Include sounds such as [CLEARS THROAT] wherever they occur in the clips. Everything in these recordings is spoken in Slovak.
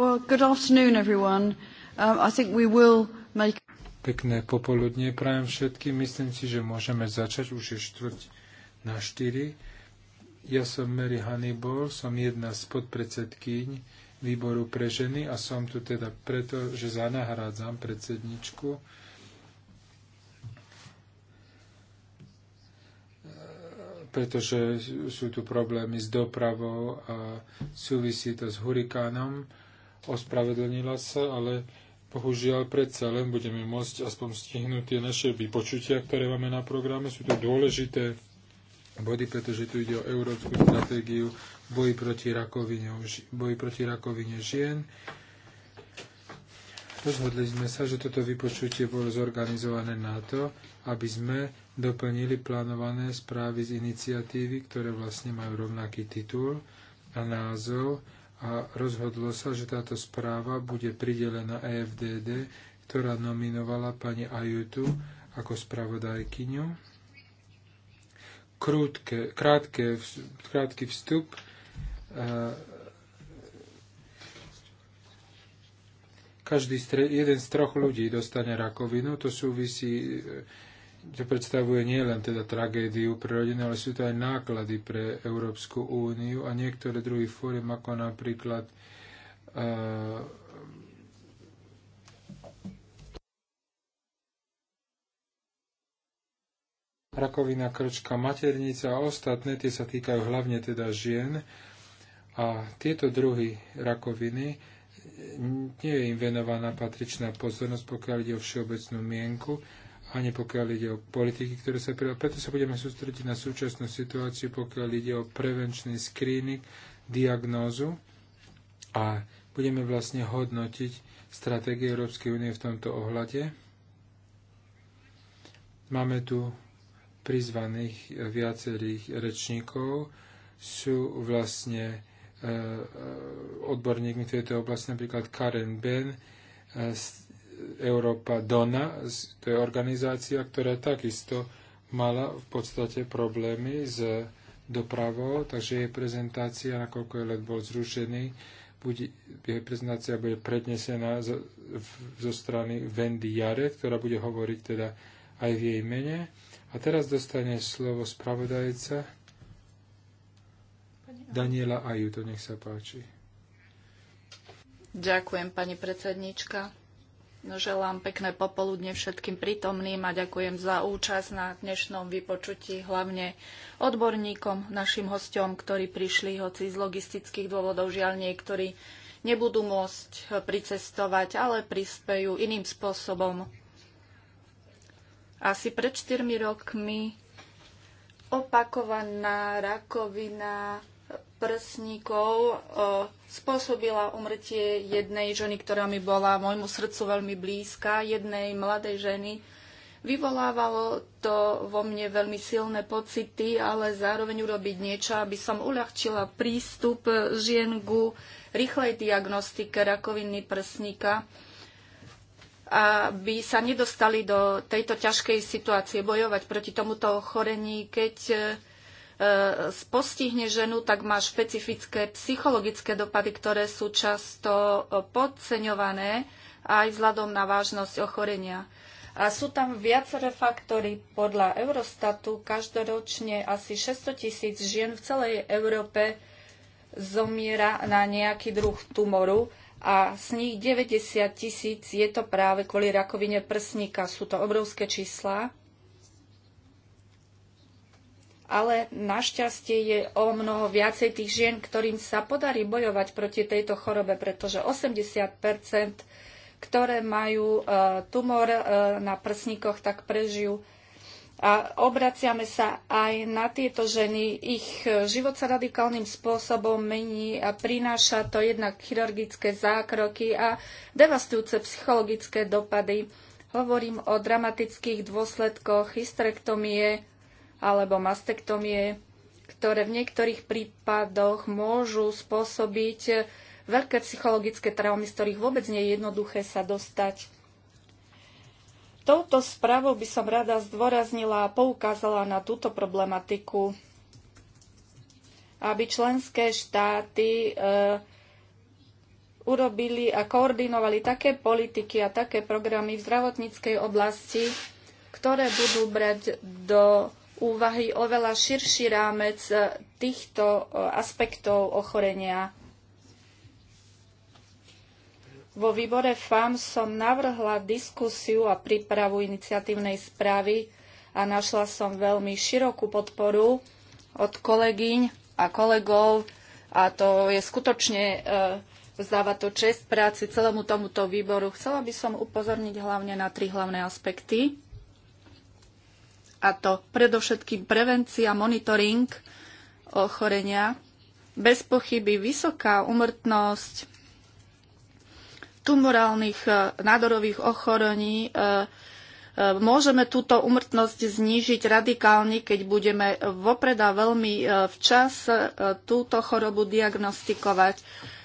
Well, good afternoon, everyone. Um, I think we will make... Pekné popoludne prajem všetkým. Myslím si, že môžeme začať. Už je štvrť na štyri. Ja som Mary Hannibal, som jedna z podpredsedkyň výboru pre ženy a som tu teda preto, že zanahrádzam predsedničku. pretože sú tu problémy s dopravou a súvisí to s hurikánom ospravedlnila sa, ale bohužiaľ predsa len budeme môcť aspoň stihnúť tie naše vypočutia, ktoré máme na programe. Sú to dôležité body, pretože tu ide o európsku stratégiu boji proti rakovine, boji proti rakovine žien. Rozhodli sme sa, že toto vypočutie bolo zorganizované na to, aby sme doplnili plánované správy z iniciatívy, ktoré vlastne majú rovnaký titul a názov a rozhodlo sa, že táto správa bude pridelená EFDD, ktorá nominovala pani Ajutu ako spravodajkyňu. Krútke, krátke, krátky vstup. E, každý jeden z troch ľudí dostane rakovinu. To súvisí e, to predstavuje nielen teda tragédiu pre rodinu, ale sú to aj náklady pre Európsku úniu a niektoré druhé fóriem, ako napríklad uh, rakovina krčka, maternica a ostatné, tie sa týkajú hlavne teda žien. A tieto druhy rakoviny eh, nie je im venovaná patričná pozornosť, pokiaľ ide o všeobecnú mienku ani pokiaľ ide o politiky, ktoré sa prijal. Preto sa budeme sústrediť na súčasnú situáciu, pokiaľ ide o prevenčný screening, diagnózu a budeme vlastne hodnotiť stratégie Európskej únie v tomto ohľade. Máme tu prizvaných viacerých rečníkov, sú vlastne e, e, odborníkmi v tejto oblasti, napríklad Karen Ben e, Európa Dona, to je organizácia, ktorá takisto mala v podstate problémy s dopravou, takže jej prezentácia, nakoľko je let bol zrušený, bude, jej prezentácia bude prednesená zo, zo strany Wendy Jare, ktorá bude hovoriť teda aj v jej mene. A teraz dostane slovo spravodajca Daniela Ajuto, nech sa páči. Ďakujem, pani predsednička. Želám pekné popoludne všetkým prítomným a ďakujem za účasť na dnešnom vypočutí, hlavne odborníkom, našim hostom, ktorí prišli, hoci z logistických dôvodov žiaľ niektorí nebudú môcť pricestovať, ale prispejú iným spôsobom. Asi pred 4 rokmi opakovaná rakovina prsníkov e, spôsobila umrtie jednej ženy, ktorá mi bola môjmu srdcu veľmi blízka, jednej mladej ženy. Vyvolávalo to vo mne veľmi silné pocity, ale zároveň urobiť niečo, aby som uľahčila prístup žien ku rýchlej diagnostike rakoviny prsníka aby sa nedostali do tejto ťažkej situácie bojovať proti tomuto ochorení, keď e, E, postihne ženu, tak má špecifické psychologické dopady, ktoré sú často e, podceňované aj vzhľadom na vážnosť ochorenia. A sú tam viaceré faktory. Podľa Eurostatu každoročne asi 600 tisíc žien v celej Európe zomiera na nejaký druh tumoru a z nich 90 tisíc je to práve kvôli rakovine prsníka. Sú to obrovské čísla ale našťastie je o mnoho viacej tých žien, ktorým sa podarí bojovať proti tejto chorobe, pretože 80 ktoré majú e, tumor e, na prsníkoch, tak prežijú. A obraciame sa aj na tieto ženy. Ich e, život sa radikálnym spôsobom mení a prináša to jednak chirurgické zákroky a devastujúce psychologické dopady. Hovorím o dramatických dôsledkoch hysterektomie, alebo mastektomie, ktoré v niektorých prípadoch môžu spôsobiť veľké psychologické traumy, z ktorých vôbec nie je jednoduché sa dostať. Touto správou by som rada zdôraznila a poukázala na túto problematiku, aby členské štáty e, urobili a koordinovali také politiky a také programy v zdravotníckej oblasti, ktoré budú brať do úvahy oveľa širší rámec e, týchto e, aspektov ochorenia. Vo výbore FAM som navrhla diskusiu a prípravu iniciatívnej správy a našla som veľmi širokú podporu od kolegyň a kolegov a to je skutočne e, vzdáva to čest práci celému tomuto výboru. Chcela by som upozorniť hlavne na tri hlavné aspekty a to predovšetkým prevencia, monitoring ochorenia, bez pochyby vysoká umrtnosť tumorálnych eh, nádorových ochorení. Eh, eh, môžeme túto umrtnosť znížiť radikálne, keď budeme vopred a veľmi včas túto chorobu diagnostikovať.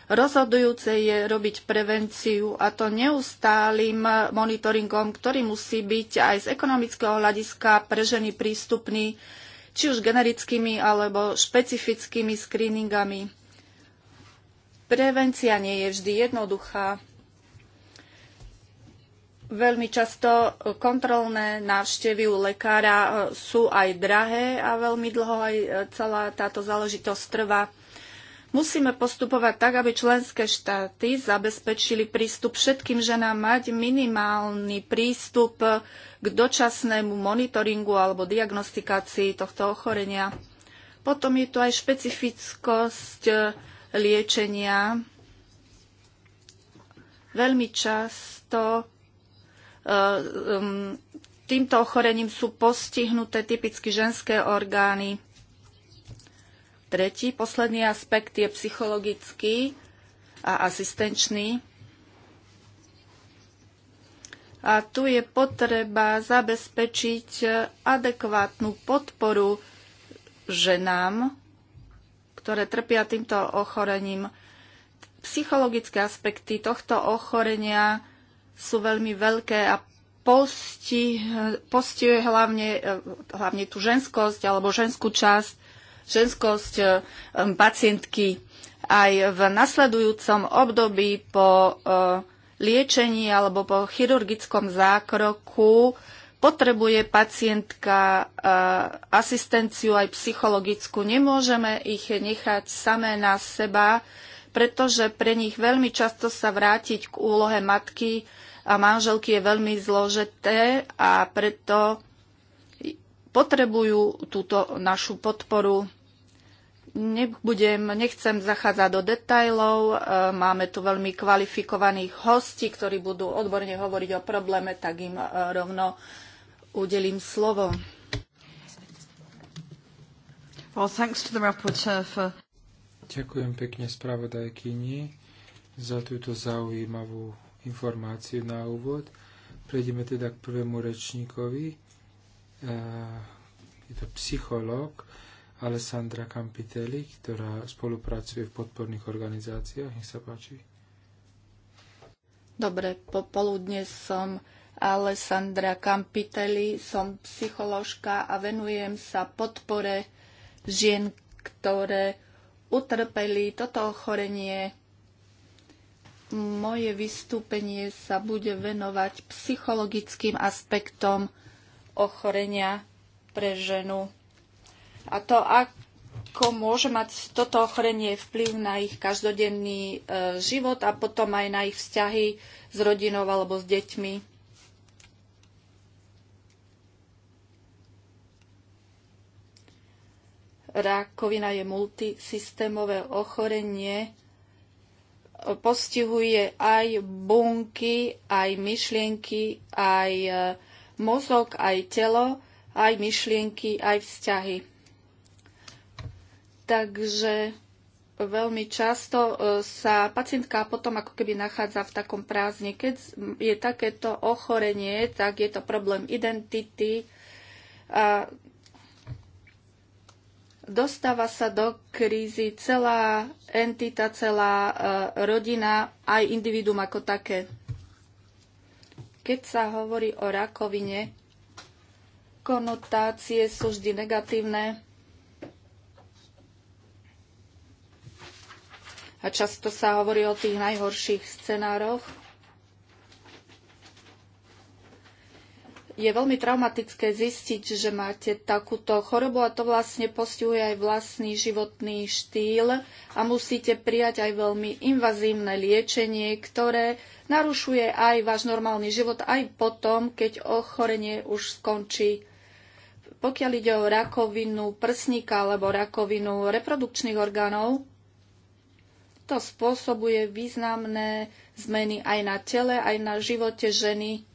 Rozhodujúce je robiť prevenciu a to neustálým monitoringom, ktorý musí byť aj z ekonomického hľadiska pre ženy prístupný, či už generickými alebo špecifickými screeningami. Prevencia nie je vždy jednoduchá. Veľmi často kontrolné návštevy u lekára sú aj drahé a veľmi dlho aj celá táto záležitosť trvá. Musíme postupovať tak, aby členské štáty zabezpečili prístup všetkým ženám mať minimálny prístup k dočasnému monitoringu alebo diagnostikácii tohto ochorenia. Potom je tu aj špecifickosť e, liečenia. Veľmi často e, týmto ochorením sú postihnuté typicky ženské orgány Tretí, posledný aspekt je psychologický a asistenčný. A tu je potreba zabezpečiť adekvátnu podporu ženám, ktoré trpia týmto ochorením. Psychologické aspekty tohto ochorenia sú veľmi veľké a postihuje hlavne, hlavne tú ženskosť alebo ženskú časť ženskosť e, pacientky aj v nasledujúcom období po e, liečení alebo po chirurgickom zákroku potrebuje pacientka e, asistenciu aj psychologickú. Nemôžeme ich nechať samé na seba, pretože pre nich veľmi často sa vrátiť k úlohe matky a manželky je veľmi zložité a preto potrebujú túto našu podporu. Nebudem, nechcem zachádzať do detajlov. E, máme tu veľmi kvalifikovaných hostí, ktorí budú odborne hovoriť o probléme, tak im e, rovno udelím slovo. Well, for... Ďakujem pekne spravodajkyni za túto zaujímavú informáciu na úvod. Prejdeme teda k prvému rečníkovi, Eh, je to psychológ Alessandra Campitelli, ktorá spolupracuje v podporných organizáciách. Nech sa páči. Dobre, popoludne som Alessandra Campitelli, som psycholožka a venujem sa podpore žien, ktoré utrpeli toto ochorenie. Moje vystúpenie sa bude venovať psychologickým aspektom ochorenia pre ženu. A to, ako môže mať toto ochorenie vplyv na ich každodenný e, život a potom aj na ich vzťahy s rodinou alebo s deťmi. Rákovina je multisystémové ochorenie, e, postihuje aj bunky, aj myšlienky, aj e, mozog, aj telo, aj myšlienky, aj vzťahy. Takže veľmi často e, sa pacientka potom ako keby nachádza v takom prázdne. Keď je takéto ochorenie, tak je to problém identity. A dostáva sa do krízy celá entita, celá e, rodina, aj individuum ako také. Keď sa hovorí o rakovine, konotácie sú vždy negatívne a často sa hovorí o tých najhorších scenároch. je veľmi traumatické zistiť, že máte takúto chorobu a to vlastne postihuje aj vlastný životný štýl a musíte prijať aj veľmi invazívne liečenie, ktoré narušuje aj váš normálny život aj potom, keď ochorenie už skončí. Pokiaľ ide o rakovinu prsníka alebo rakovinu reprodukčných orgánov, to spôsobuje významné zmeny aj na tele, aj na živote ženy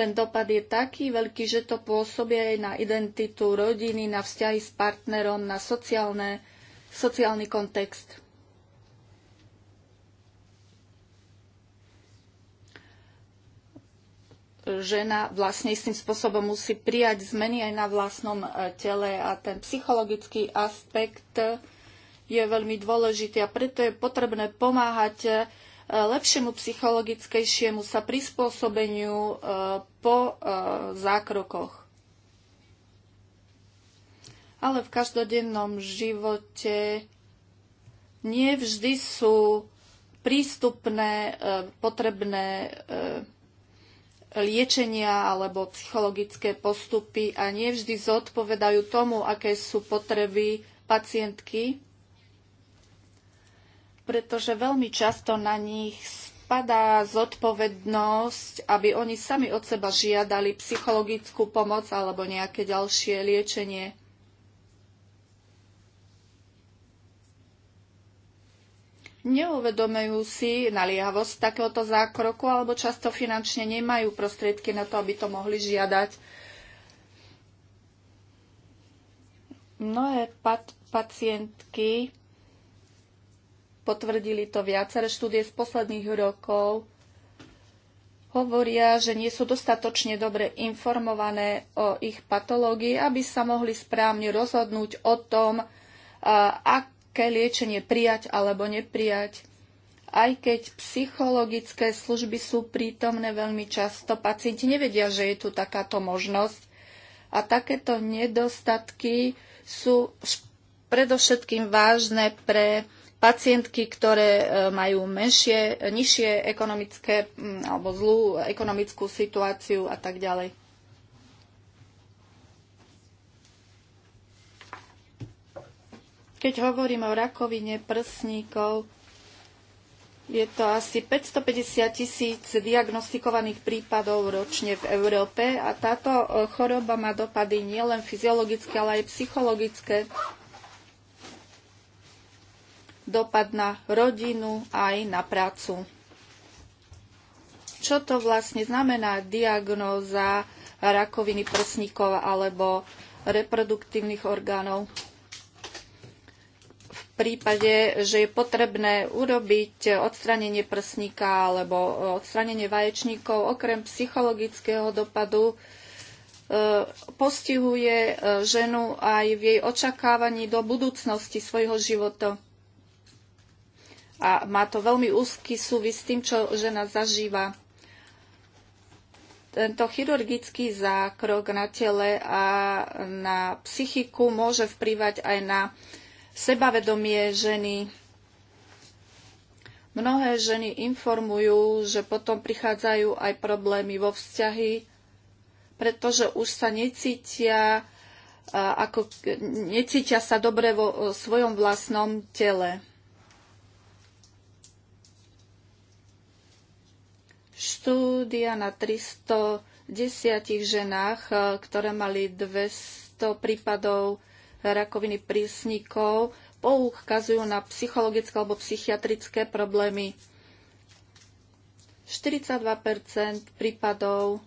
Ten dopad je taký veľký, že to pôsobí aj na identitu rodiny, na vzťahy s partnerom, na sociálne, sociálny kontext. žena vlastne istým spôsobom musí prijať zmeny aj na vlastnom e, tele a ten psychologický aspekt je veľmi dôležitý a preto je potrebné pomáhať lepšiemu psychologickejšiemu sa prispôsobeniu e, po e, zákrokoch. Ale v každodennom živote nevždy sú prístupné e, potrebné liečenia alebo psychologické postupy a nevždy zodpovedajú tomu, aké sú potreby pacientky pretože veľmi často na nich spadá zodpovednosť, aby oni sami od seba žiadali psychologickú pomoc alebo nejaké ďalšie liečenie. Neuvedomujú si naliehavosť takéhoto zákroku alebo často finančne nemajú prostriedky na to, aby to mohli žiadať. Mnohé pat- pacientky potvrdili to viaceré štúdie z posledných rokov, hovoria, že nie sú dostatočne dobre informované o ich patológii, aby sa mohli správne rozhodnúť o tom, aké liečenie prijať alebo neprijať. Aj keď psychologické služby sú prítomné veľmi často, pacienti nevedia, že je tu takáto možnosť. A takéto nedostatky sú predovšetkým vážne pre pacientky, ktoré e, majú menšie, nižšie ekonomické alebo zlú ekonomickú situáciu a tak ďalej. Keď hovorím o rakovine prsníkov, je to asi 550 tisíc diagnostikovaných prípadov ročne v Európe a táto e, choroba má dopady nielen fyziologické, ale aj psychologické dopad na rodinu aj na prácu. Čo to vlastne znamená diagnóza rakoviny prsníkov alebo reproduktívnych orgánov? V prípade, že je potrebné urobiť odstranenie prsníka alebo odstranenie vaječníkov, okrem psychologického dopadu, e, postihuje e, ženu aj v jej očakávaní do budúcnosti svojho života a má to veľmi úzky súvis s tým, čo žena zažíva. Tento chirurgický zákrok na tele a na psychiku môže vplývať aj na sebavedomie ženy. Mnohé ženy informujú, že potom prichádzajú aj problémy vo vzťahy, pretože už sa necítia, ako, necítia sa dobre vo svojom vlastnom tele. Štúdia na 310 ženách, e, ktoré mali 200 prípadov rakoviny prísnikov, poukazujú na psychologické alebo psychiatrické problémy. 42 prípadov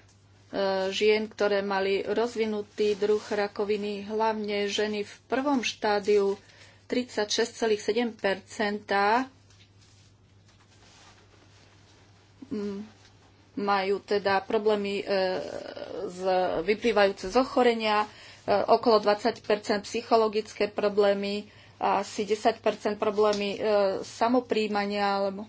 e, žien, ktoré mali rozvinutý druh rakoviny, hlavne ženy v prvom štádiu 36,7 majú teda problémy e, z, vyplývajúce z ochorenia, e, okolo 20 psychologické problémy a asi 10 problémy e, samopríjmania. Alebo...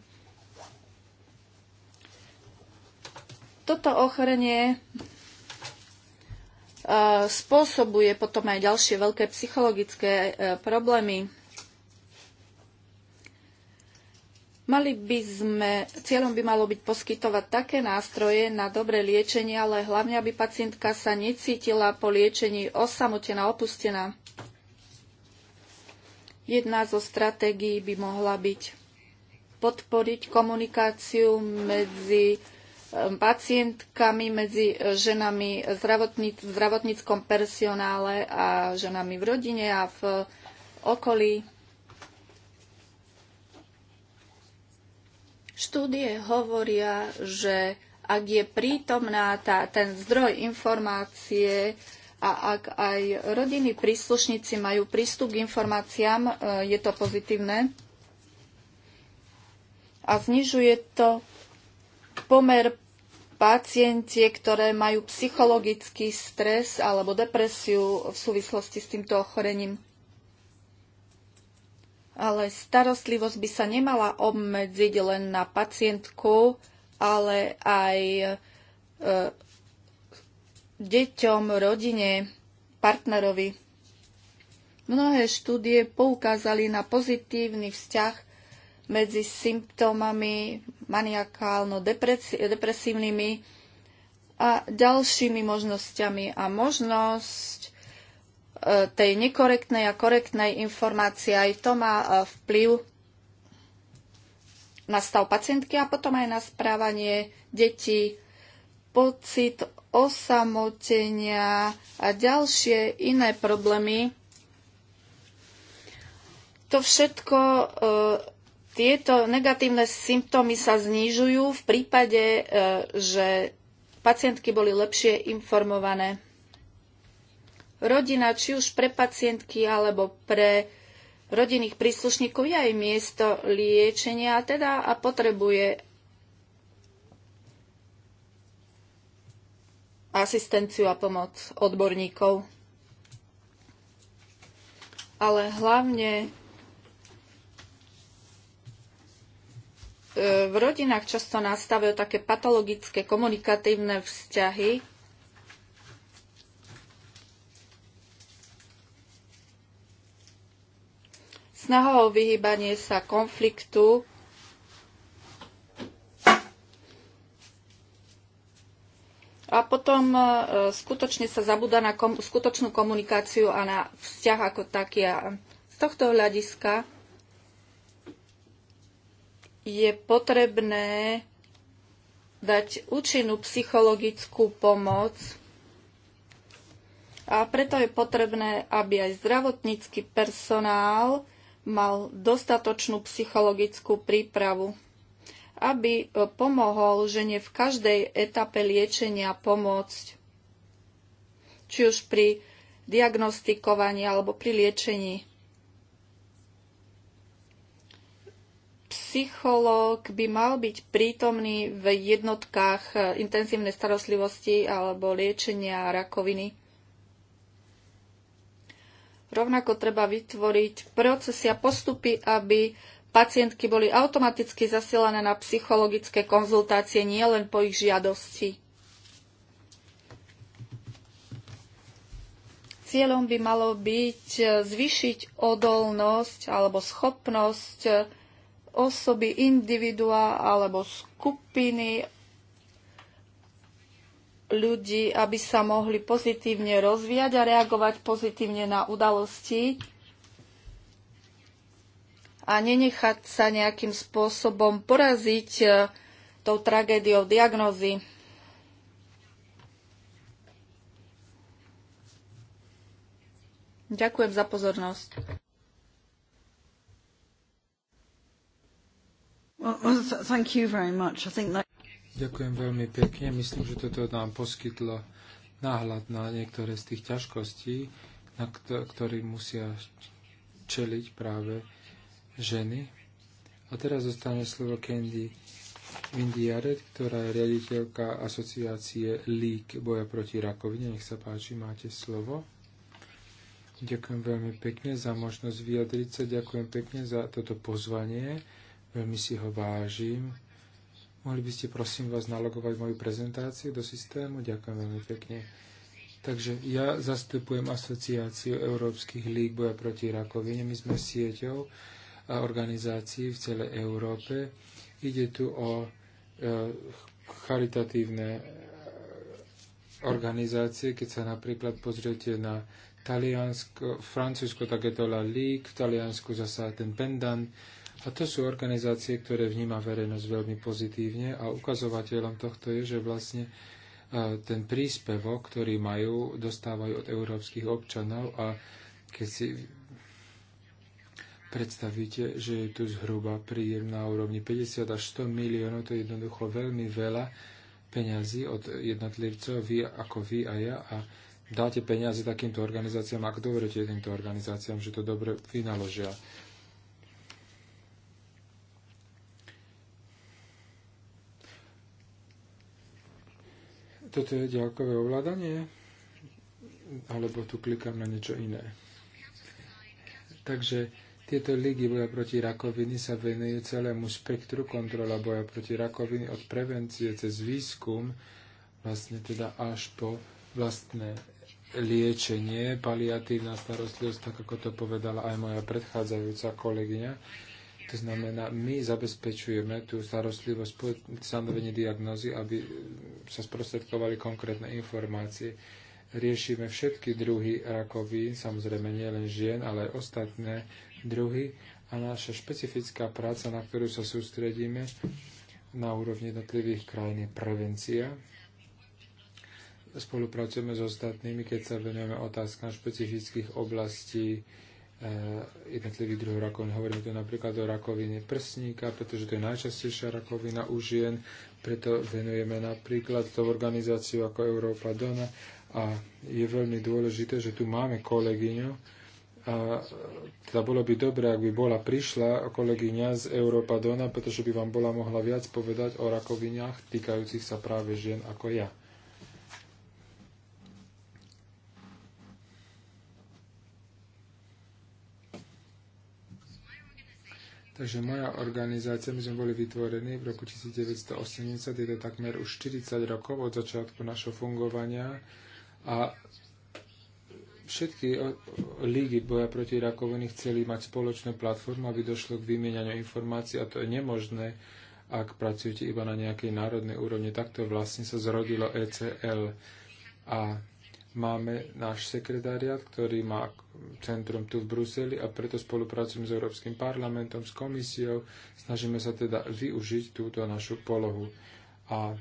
Toto ochorenie spôsobuje potom aj ďalšie veľké psychologické problémy. Mali by sme, cieľom by malo byť poskytovať také nástroje na dobré liečenie, ale hlavne, aby pacientka sa necítila po liečení osamotená, opustená. Jedna zo stratégií by mohla byť podporiť komunikáciu medzi pacientkami, medzi e, ženami v zdravotníc zdravotníckom personále a ženami v rodine a v okolí Štúdie hovoria, že ak je prítomná tá, ten zdroj informácie a ak aj rodiny príslušníci majú prístup k informáciám, e, je to pozitívne a znižuje to pomer pacientie, ktoré majú psychologický stres alebo depresiu v súvislosti s týmto ochorením. Ale starostlivosť by sa nemala obmedziť len na pacientku, ale aj e, deťom, rodine, partnerovi. Mnohé štúdie poukázali na pozitívny vzťah medzi symptómami maniakálno-depresívnymi a ďalšími možnosťami. A možnosť tej nekorektnej a korektnej informácie. Aj to má e, vplyv na stav pacientky a potom aj na správanie detí, pocit osamotenia a ďalšie iné problémy. To všetko, e, tieto negatívne symptómy sa znižujú v prípade, e, že pacientky boli lepšie informované. Rodina, či už pre pacientky alebo pre rodinných príslušníkov, je aj miesto liečenia teda a potrebuje asistenciu a pomoc odborníkov. Ale hlavne e, v rodinách často nastavujú také patologické komunikatívne vzťahy, snahou o vyhýbanie sa konfliktu A potom e, skutočne sa zabúda na kom- skutočnú komunikáciu a na vzťah ako taký. A z tohto hľadiska je potrebné dať účinnú psychologickú pomoc a preto je potrebné, aby aj zdravotnícky personál mal dostatočnú psychologickú prípravu, aby e, pomohol žene v každej etape liečenia pomôcť, či už pri diagnostikovaní alebo pri liečení. Psychológ by mal byť prítomný v jednotkách e, intenzívnej starostlivosti alebo liečenia rakoviny Rovnako treba vytvoriť procesy a postupy, aby pacientky boli automaticky zasielané na psychologické konzultácie nielen po ich žiadosti. Cieľom by malo byť zvyšiť odolnosť alebo schopnosť osoby, individua alebo skupiny ľudí, aby sa mohli pozitívne rozvíjať a reagovať pozitívne na udalosti a nenechať sa nejakým spôsobom poraziť e, tou tragédiou diagnózy. Ďakujem za pozornosť. well, thank you very much. I think that... Ďakujem veľmi pekne. Myslím, že toto nám poskytlo náhľad na niektoré z tých ťažkostí, na ktorým musia čeliť práve ženy. A teraz zostane slovo Candy Vindiaret, ktorá je riaditeľka asociácie LEAK boja proti rakovine. Nech sa páči, máte slovo. Ďakujem veľmi pekne za možnosť vyjadriť sa, ďakujem pekne za toto pozvanie, veľmi si ho vážim. Mohli by ste prosím vás nalogovať moju prezentáciu do systému? Ďakujem veľmi pekne. Takže ja zastupujem asociáciu Európskych líg boja proti rakovine. My sme sieťou a organizácií v celej Európe. Ide tu o e, charitatívne e, organizácie, keď sa napríklad pozriete na Taliansko, Francúzsko, tak je to La Ligue, v Taliansku zasa ten pendant, a to sú organizácie, ktoré vníma verejnosť veľmi pozitívne a ukazovateľom tohto je, že vlastne e, ten príspevok, ktorý majú, dostávajú od európskych občanov a keď si predstavíte, že je tu zhruba príjem na úrovni 50 až 100 miliónov, to je jednoducho veľmi veľa peňazí od jednotlivcov, vy ako vy a ja, a dáte peniaze takýmto organizáciám, ak dovolíte týmto organizáciám, že to dobre vynaložia. Toto je ďalkové ovládanie? Alebo tu klikám na niečo iné. Takže tieto ligy boja proti rakoviny sa venujú celému spektru kontrola boja proti rakoviny od prevencie cez výskum, vlastne teda až po vlastné liečenie, paliatívna starostlivosť, tak ako to povedala aj moja predchádzajúca kolegyňa. To znamená, my zabezpečujeme tú starostlivosť, stanovenie diagnózy, aby sa sprostredkovali konkrétne informácie. Riešime všetky druhy rakovín, samozrejme nie len žien, ale aj ostatné druhy. A naša špecifická práca, na ktorú sa sústredíme na úrovni jednotlivých krajín, je prevencia. Spolupracujeme s ostatnými, keď sa venujeme otázkam špecifických oblastí, jednotlivých druhov rakovín. Hovoríme tu napríklad o rakovine prsníka, pretože to je najčastejšia rakovina u žien, preto venujeme napríklad to organizáciu ako Európa Dona a je veľmi dôležité, že tu máme kolegyňu, a teda bolo by dobré, ak by bola prišla kolegyňa z Európa Dona, pretože by vám bola mohla viac povedať o rakovinách týkajúcich sa práve žien ako ja. Takže moja organizácia, my sme boli vytvorení v roku 1980, je to takmer už 40 rokov od začiatku našho fungovania a všetky lígy boja proti rakoviny chceli mať spoločnú platformu, aby došlo k vymieňaniu informácií a to je nemožné, ak pracujete iba na nejakej národnej úrovni. Takto vlastne sa zrodilo ECL a máme náš sekretariat, ktorý má centrum tu v Bruseli a preto spolupracujeme s Európskym parlamentom, s komisiou. Snažíme sa teda využiť túto našu polohu. A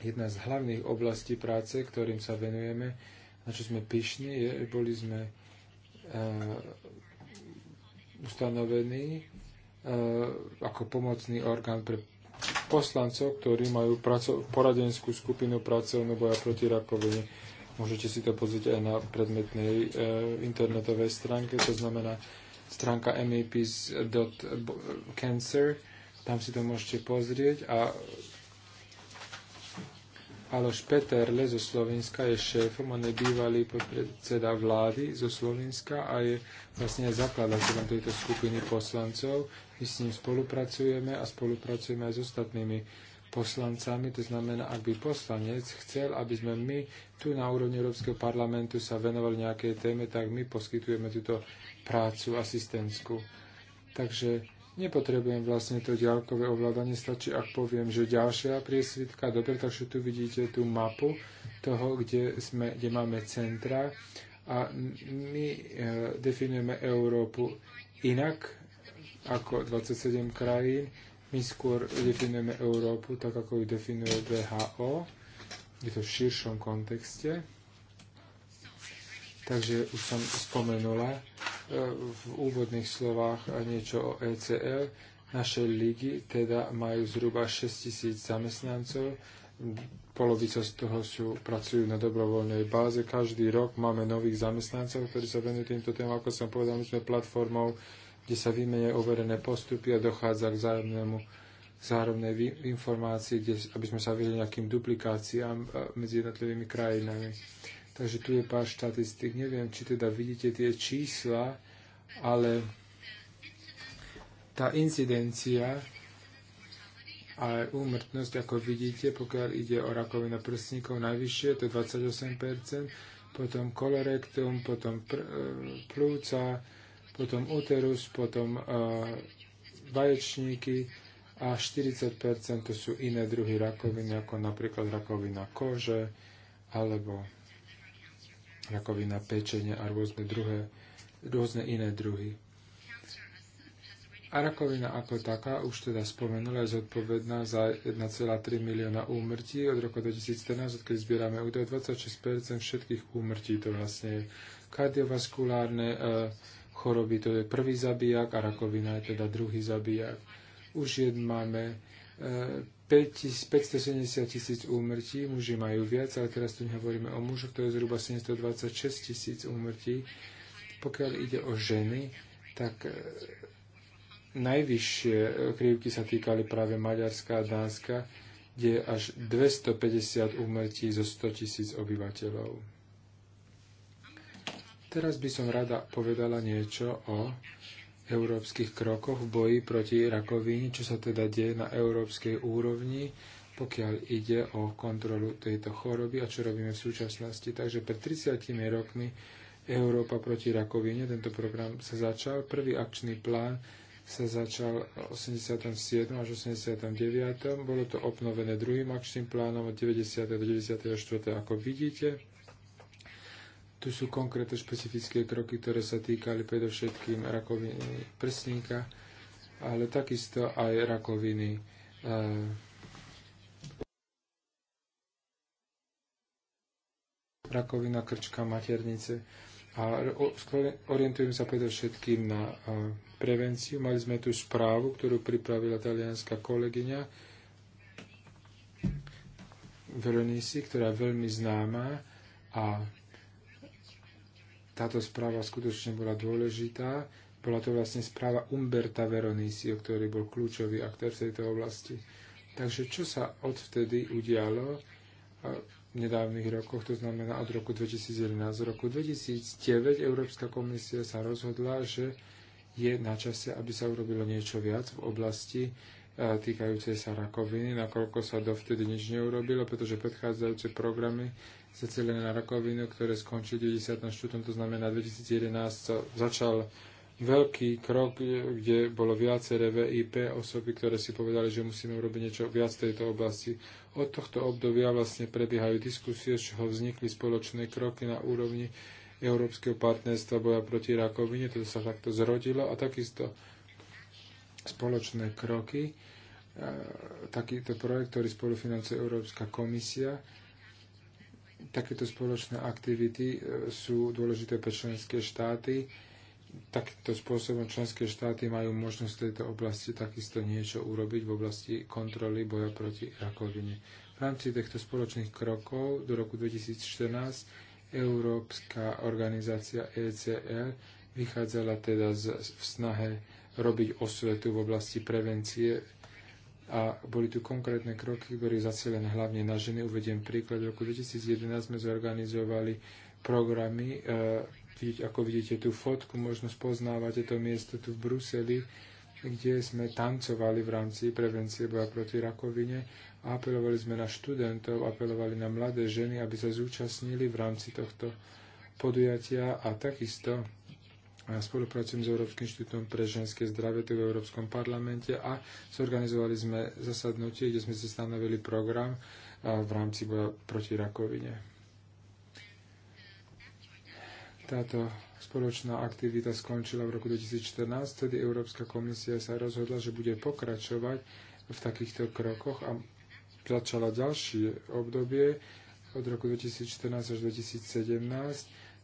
jedna z hlavných oblastí práce, ktorým sa venujeme, na čo sme pyšní, je, boli sme e, ustanovení e, ako pomocný orgán pre poslancov, ktorí majú praco- poradenskú skupinu pracovnú boja proti rakovine Môžete si to pozrieť aj na predmetnej e, internetovej stránke, to znamená stránka mapis.cancer. tam si to môžete pozrieť a Aloš Peterle zo Slovenska je šéfom, on je bývalý podpredseda vlády zo Slovenska a je vlastne aj zakladateľom tejto skupiny poslancov. My s ním spolupracujeme a spolupracujeme aj s ostatnými poslancami. To znamená, ak by poslanec chcel, aby sme my tu na úrovni Európskeho parlamentu sa venovali nejakej téme, tak my poskytujeme túto prácu asistentskú. Takže nepotrebujem vlastne to ďalkové ovládanie, stačí, ak poviem, že ďalšia priesvitka, dobre, takže tu vidíte tú mapu toho, kde, sme, kde máme centra a my e, definujeme Európu inak ako 27 krajín my skôr definujeme Európu tak, ako ju definuje VHO. Je to v širšom kontexte. Takže už som spomenula e, v úvodných slovách niečo o ECL. Naše ligy teda majú zhruba 6000 zamestnancov, polovica z toho sú, pracujú na dobrovoľnej báze. Každý rok máme nových zamestnancov, ktorí sa venujú týmto témam. Ako som povedal, my sme platformou kde sa vymenia overené postupy a dochádza k zájomnému zárovnej informácii, kde, aby sme sa vyhli nejakým duplikáciám e, medzi jednotlivými krajinami. Takže tu je pár štatistik. Neviem, či teda vidíte tie čísla, ale tá incidencia a úmrtnosť, ako vidíte, pokiaľ ide o rakovinu prsníkov najvyššie, to je 28%, potom kolorektum, potom pr- e, plúca, potom uterus, potom uh, vaječníky a 40% to sú iné druhy rakoviny, ako napríklad rakovina kože alebo rakovina pečenia a rôzne, druhé, rôzne iné druhy. A rakovina ako taká, už teda spomenula, je zodpovedná za 1,3 milióna úmrtí od roku 2014, odkedy zbierame údaje, 26% všetkých úmrtí to vlastne je. Kardiovaskulárne e, choroby to je prvý zabijak a rakovina je teda druhý zabijak. Už jed máme 570 e, tisíc úmrtí, muži majú viac, ale teraz tu nehovoríme o mužoch, to je zhruba 726 tisíc úmrtí. Pokiaľ ide o ženy, tak e, najvyššie e, krivky sa týkali práve Maďarska a Dánska, kde je až 250 úmrtí zo 100 tisíc obyvateľov. Teraz by som rada povedala niečo o európskych krokoch v boji proti rakovine, čo sa teda deje na európskej úrovni, pokiaľ ide o kontrolu tejto choroby a čo robíme v súčasnosti. Takže pred 30 rokmi Európa proti rakovine, tento program sa začal, prvý akčný plán sa začal v 87. až 89. Bolo to obnovené druhým akčným plánom od 90. do 94. ako vidíte. Tu sú konkrétne špecifické kroky, ktoré sa týkali predovšetkým rakoviny prsníka, ale takisto aj rakoviny eh, rakovina krčka maternice. A orientujem sa predovšetkým na eh, prevenciu. Mali sme tu správu, ktorú pripravila talianská kolegyňa Veronisi, ktorá je veľmi známa a táto správa skutočne bola dôležitá. Bola to vlastne správa Umberta o ktorý bol kľúčový aktér v tejto oblasti. Takže čo sa odvtedy udialo e, v nedávnych rokoch, to znamená od roku 2011. roku 2009 Európska komisia sa rozhodla, že je na čase, aby sa urobilo niečo viac v oblasti e, týkajúcej sa rakoviny, nakoľko sa dovtedy nič neurobilo, pretože predchádzajúce programy zacelené na rakovinu, ktoré skončil 90. 94. To znamená, 2011 sa začal veľký krok, kde bolo viaceré VIP osoby, ktoré si povedali, že musíme urobiť niečo viac v tejto oblasti. Od tohto obdobia vlastne prebiehajú diskusie, z čoho vznikli spoločné kroky na úrovni Európskeho partnerstva boja proti rakovine. To sa takto zrodilo a takisto spoločné kroky, e, takýto projekt, ktorý spolufinancuje Európska komisia, takéto spoločné aktivity e, sú dôležité pre členské štáty. Takýmto spôsobom členské štáty majú možnosť v tejto oblasti takisto niečo urobiť v oblasti kontroly boja proti rakovine. V rámci týchto spoločných krokov do roku 2014 Európska organizácia ECR vychádzala teda z, v snahe robiť osvetu v oblasti prevencie a boli tu konkrétne kroky, ktoré zacielené hlavne na ženy. Uvediem príklad. V roku 2011 sme zorganizovali programy. E, ako vidíte tú fotku, možno spoznávate to miesto tu v Bruseli, kde sme tancovali v rámci prevencie boja proti rakovine a apelovali sme na študentov, apelovali na mladé ženy, aby sa zúčastnili v rámci tohto podujatia a takisto a spolupracujem s Európskym inštitútom pre ženské zdravie tu v Európskom parlamente a zorganizovali sme zasadnutie, kde sme si stanovili program v rámci boja proti rakovine. Táto spoločná aktivita skončila v roku 2014, tedy Európska komisia sa rozhodla, že bude pokračovať v takýchto krokoch a začala ďalšie obdobie od roku 2014 až 2017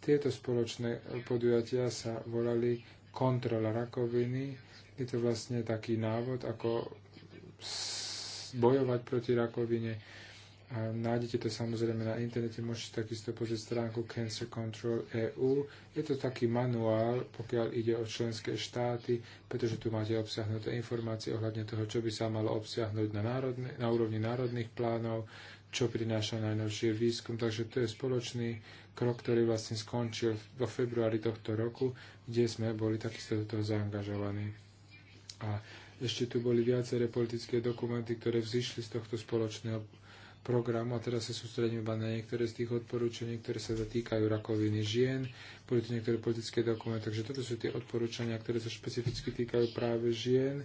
tieto spoločné podujatia sa volali kontrola rakoviny. Je to vlastne taký návod, ako bojovať proti rakovine. A nájdete to samozrejme na internete, môžete takisto pozrieť stránku Cancer Control EU. Je to taký manuál, pokiaľ ide o členské štáty, pretože tu máte obsiahnuté informácie ohľadne toho, čo by sa malo obsiahnuť na, národne, na úrovni národných plánov, čo prináša najnovšie výskum. Takže to je spoločný krok, ktorý vlastne skončil vo februári tohto roku, kde sme boli takisto do toho zaangažovaní. A ešte tu boli viaceré politické dokumenty, ktoré vzýšli z tohto spoločného programu a teraz sa sústredím iba na niektoré z tých odporúčaní, ktoré sa zatýkajú rakoviny žien, boli tu niektoré politické dokumenty, takže toto sú tie odporúčania, ktoré sa špecificky týkajú práve žien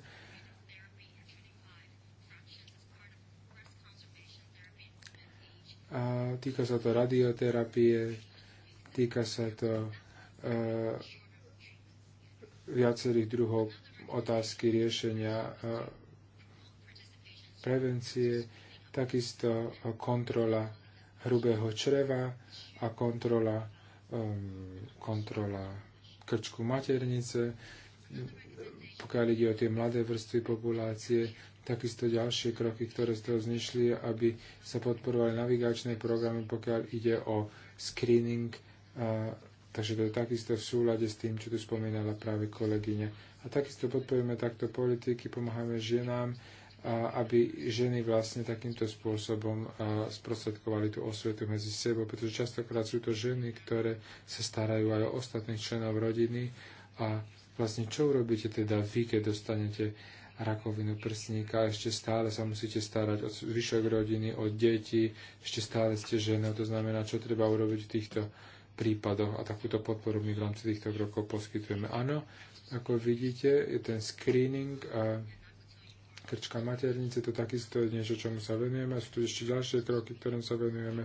A týka sa to radioterapie, týka sa to e, viacerých druhov otázky riešenia e, prevencie, takisto kontrola hrubého čreva a kontrola, um, kontrola krčku maternice, pokiaľ ide o tie mladé vrstvy populácie, Takisto ďalšie kroky, ktoré z toho znešli, aby sa podporovali navigačné programy, pokiaľ ide o screening. A, takže to je takisto v súlade s tým, čo tu spomínala práve kolegyňa. A takisto podporujeme takto politiky, pomáhame ženám, a aby ženy vlastne takýmto spôsobom sprostredkovali tú osvetu medzi sebou, pretože častokrát sú to ženy, ktoré sa starajú aj o ostatných členov rodiny a vlastne čo urobíte teda vy, keď dostanete rakovinu prsníka, ešte stále sa musíte starať o zvyšok rodiny, o deti, ešte stále ste ženou, to znamená, čo treba urobiť v týchto prípadoch a takúto podporu my v rámci týchto rokov poskytujeme. Áno, ako vidíte, je ten screening a krčka maternice, to takisto je niečo, čomu sa venujeme. Sú tu ešte ďalšie kroky, ktorým sa venujeme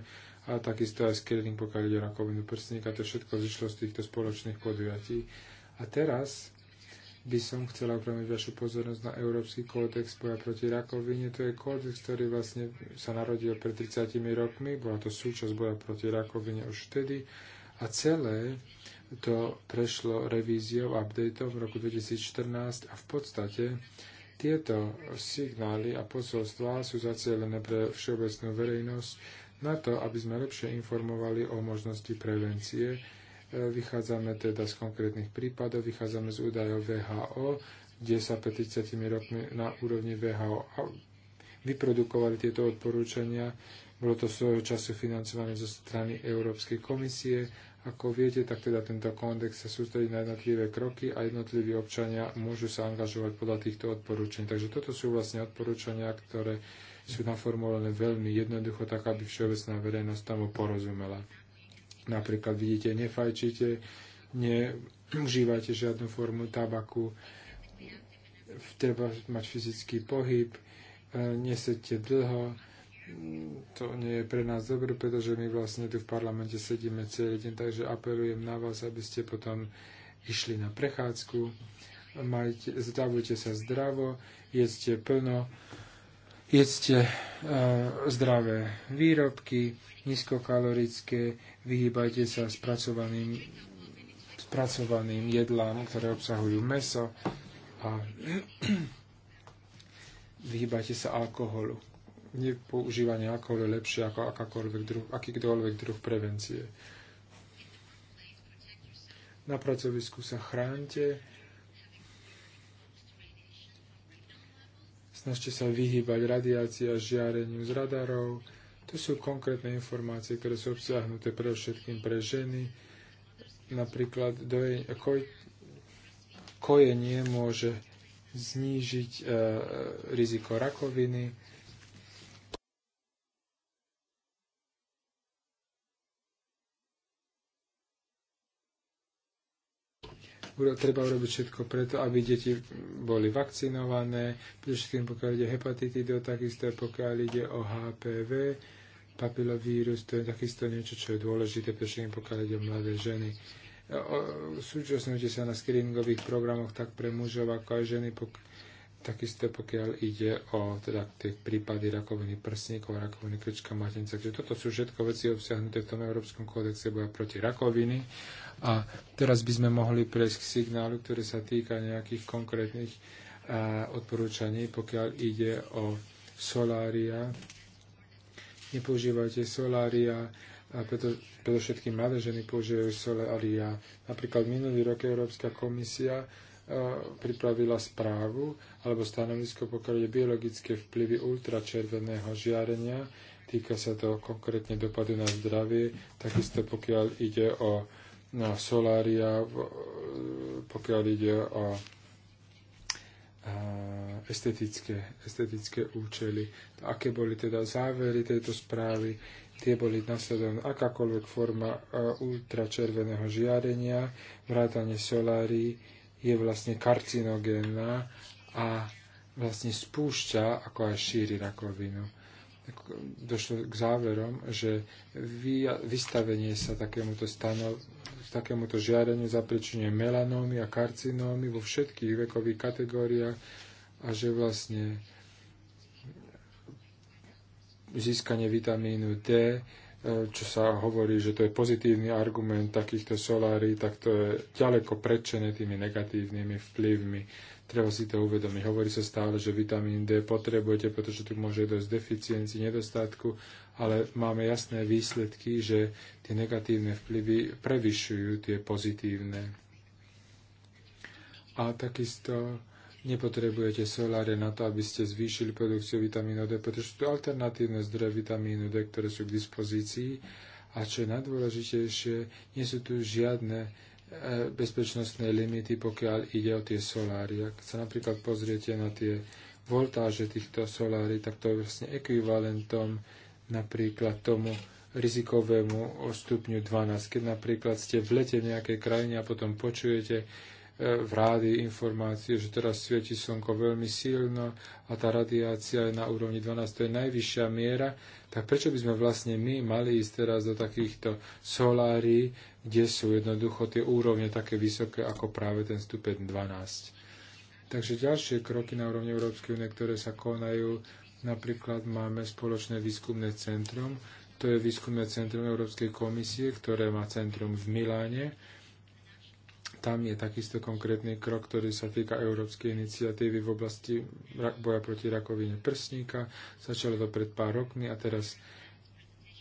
a takisto aj screening, pokiaľ ide rakovinu prsníka, to všetko zišlo z týchto spoločných podujatí. A teraz by som chcela upriamiť vašu pozornosť na Európsky kódex boja proti rakovine. To je kódex, ktorý vlastne sa narodil pred 30 rokmi. Bola to súčasť boja proti rakovine už vtedy. A celé to prešlo revíziou, updateom v roku 2014 a v podstate tieto signály a posolstvá sú zacielené pre všeobecnú verejnosť na to, aby sme lepšie informovali o možnosti prevencie E, vychádzame teda z konkrétnych prípadov, vychádzame z údajov VHO, kde sa pred 30 rokmi na úrovni VHO vyprodukovali tieto odporúčania. Bolo to svojho času financované zo strany Európskej komisie. Ako viete, tak teda tento kódex sa sústredí na jednotlivé kroky a jednotliví občania môžu sa angažovať podľa týchto odporúčaní. Takže toto sú vlastne odporúčania, ktoré sú naformulované veľmi jednoducho, tak aby všeobecná verejnosť tomu porozumela. Napríklad vidíte, nefajčite, neužívate žiadnu formu tabaku, treba mať fyzický pohyb, e, nesedte dlho, to nie je pre nás dobre, pretože my vlastne tu v parlamente sedíme celý deň, takže apelujem na vás, aby ste potom išli na prechádzku, majte, zdravujte sa zdravo, jedzte plno, jedzte e, zdravé výrobky, nízkokalorické, vyhýbajte sa spracovaným, spracovaným jedlám, ktoré obsahujú meso a [CLEARS THROAT] vyhýbajte sa alkoholu. Nepoužívanie alkoholu je lepšie ako druh, akýkoľvek druh prevencie. Na pracovisku sa chránte, snažte sa vyhýbať radiácii a žiareniu z radarov. To sú konkrétne informácie, ktoré sú obsiahnuté pre všetkým pre ženy. Napríklad doje, koj, kojenie môže znížiť e, e riziko rakoviny treba urobiť všetko preto, aby deti boli vakcinované, predovšetkým pokiaľ ide hepatitido, takisto pokiaľ ide o HPV, papilovírus, to je takisto niečo, čo je dôležité, predovšetkým pokiaľ ide o mladé ženy. Súčasnúte sa na screeningových programoch tak pre mužov, ako aj ženy, pokiaľ Takisto pokiaľ ide o teda tie prípady rakoviny prsníkov, rakoviny krčka matenca. Takže toto sú všetko veci obsiahnuté v tom Európskom kódexe boja proti rakoviny. A teraz by sme mohli prejsť k signálu, ktorý sa týka nejakých konkrétnych a, e, odporúčaní, pokiaľ ide o solária. Nepoužívajte solária, a preto, preto všetky mladé ženy používajú solária. Napríklad minulý rok Európska komisia pripravila správu alebo stanovisko pokiaľ biologické vplyvy ultračerveného žiarenia. Týka sa to konkrétne dopadu na zdravie, takisto pokiaľ ide o na solária, pokiaľ ide o estetické, estetické účely. Aké boli teda závery tejto správy? Tie boli nasledovné akákoľvek forma ultračerveného žiarenia, vrátanie solárií, je vlastne karcinogénna a vlastne spúšťa, ako aj šíri rakovinu. Došlo k záverom, že vystavenie sa takémuto, stanov, takémuto žiareniu zaprečuje melanómy a karcinómy vo všetkých vekových kategóriách a že vlastne získanie vitamínu D čo sa hovorí, že to je pozitívny argument takýchto solári, tak to je ďaleko predčené tými negatívnymi vplyvmi. Treba si to uvedomiť. Hovorí sa stále, že vitamín D potrebujete, pretože tu môže dosť deficiencii, nedostatku, ale máme jasné výsledky, že tie negatívne vplyvy prevyšujú tie pozitívne. A takisto Nepotrebujete soláre na to, aby ste zvýšili produkciu vitamínu D, pretože sú to alternatívne zdroje vitamínu D, ktoré sú k dispozícii. A čo je najdôležitejšie, nie sú tu žiadne e, bezpečnostné limity, pokiaľ ide o tie soláry. Ak sa napríklad pozriete na tie voltáže týchto solári, tak to je vlastne ekvivalentom napríklad tomu rizikovému stupňu 12. Keď napríklad ste v lete v nejakej krajine a potom počujete, v rádi informácie, že teraz svieti slnko veľmi silno a tá radiácia je na úrovni 12, to je najvyššia miera, tak prečo by sme vlastne my mali ísť teraz do takýchto solári, kde sú jednoducho tie úrovne také vysoké ako práve ten stupeň 12. Takže ďalšie kroky na úrovni Európskej únie, ktoré sa konajú, napríklad máme spoločné výskumné centrum, to je výskumné centrum Európskej komisie, ktoré má centrum v Miláne, tam je takisto konkrétny krok, ktorý sa týka európskej iniciatívy v oblasti boja proti rakovine prsníka. Začalo to pred pár rokmi a teraz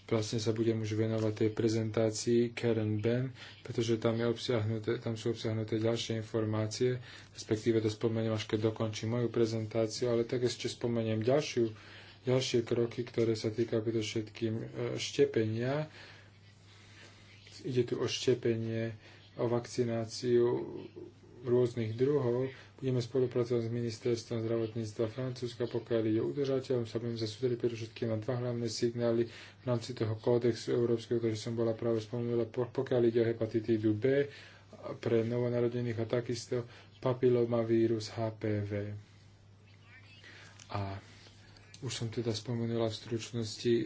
vlastne sa budem už venovať tej prezentácii Karen Ben, pretože tam, je obsiahnuté, tam sú obsiahnuté ďalšie informácie, respektíve to spomeniem až keď dokončím moju prezentáciu, ale tak ešte spomeniem ďalšiu, ďalšie kroky, ktoré sa týkajú predovšetkým e, štepenia. Ide tu o štepenie o vakcináciu rôznych druhov. Budeme spolupracovať s ministerstvom zdravotníctva Francúzska, pokiaľ ide udržateľom. Sa budeme zasúdili predovšetkým na dva hlavné signály v rámci toho kódexu európskeho, ktorý som bola práve spomenula, pokiaľ ide o hepatitídu B pre novonarodených a takisto papilomavírus HPV. A už som teda spomenula v stručnosti e,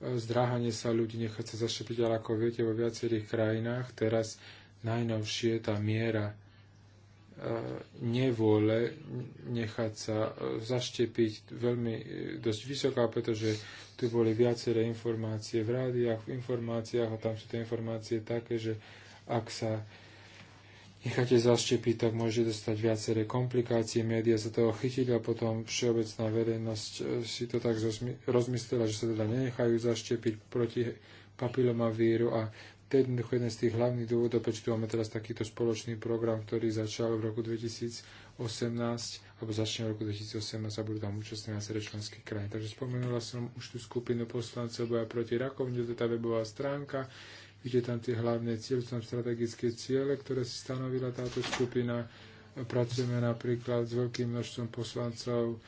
zdráhanie sa ľudí nechať sa zašepiť, ale ako viete, vo viacerých krajinách teraz najnovšie tá miera e, nevôle nechať sa e, zaštepiť veľmi e, dosť vysoká, pretože tu boli viaceré informácie v rádiách, v informáciách a tam sú tie informácie také, že ak sa necháte zaštepiť, tak môže dostať viaceré komplikácie, Média sa toho chytili a potom všeobecná verejnosť eh, si to tak rozmyslela, že sa teda nenechajú zaštepiť proti papilomavíru a to je jednoducho jeden z tých hlavných dôvodov, prečo tu máme teraz takýto spoločný program, ktorý začal v roku 2018, alebo začne v roku 2018 a budú tam účastné viaceré členské krajiny. Takže spomenula som už tú skupinu poslancov boja proti rakovine, to je tá webová stránka, Ide tam tie hlavné cieľ, tam strategické ciele, ktoré si stanovila táto skupina Pracujeme napríklad s veľkým množstvom poslancov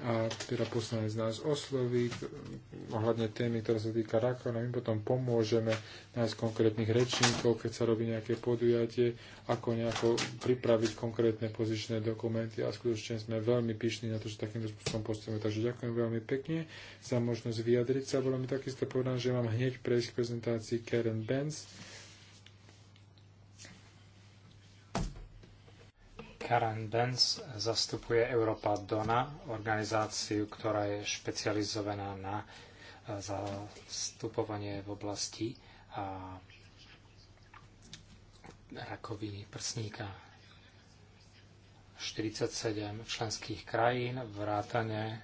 a teda poslanec nás osloví ohľadne témy, ktorá sa týka rakoviny. My potom pomôžeme nájsť konkrétnych rečníkov, keď sa robí nejaké podujatie, ako nejako pripraviť konkrétne pozičné dokumenty a skutočne sme veľmi pyšní na to, že takýmto spôsobom postupujeme. Takže ďakujem veľmi pekne za možnosť vyjadriť sa. Bolo mi takisto povedané, že mám hneď prejsť k prezentácii Karen Benz Karen Benz zastupuje Europa Dona, organizáciu, ktorá je špecializovaná na eh, zastupovanie v oblasti a rakoviny prsníka. 47 členských krajín, vrátane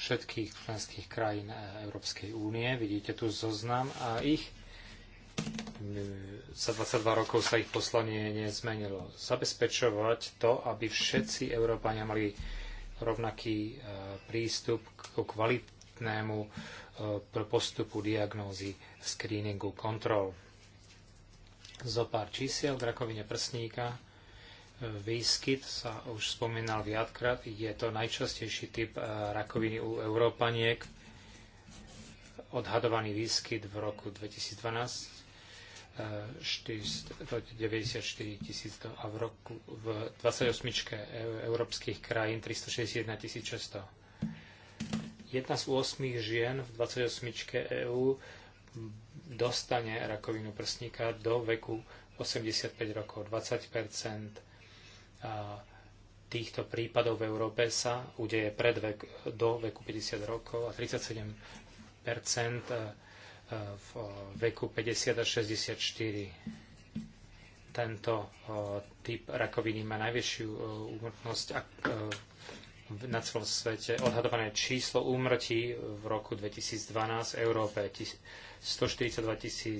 všetkých členských krajín eh, Európskej únie. Vidíte tu zoznam a ich za 22 rokov sa ich poslanie nezmenilo. Zabezpečovať to, aby všetci Európania mali rovnaký e, prístup k kvalitnému e, postupu diagnózy, screeningu, kontrol. Zo pár čísiel k rakovine prsníka. E, výskyt sa už spomínal viackrát. Je to najčastejší typ rakoviny u Európaniek. Odhadovaný výskyt v roku 2012 494 tisíc a v, roku, v 28 e- európskych krajín 361 600. Jedna z 8 žien v 28 EÚ dostane rakovinu prsníka do veku 85 rokov. 20 týchto prípadov v Európe sa udeje pred vek, do veku 50 rokov a 37 v veku 50 až 64. Tento typ rakoviny má najvyššiu úmrtnosť na celom svete. Odhadované číslo úmrtí v roku 2012 v Európe 142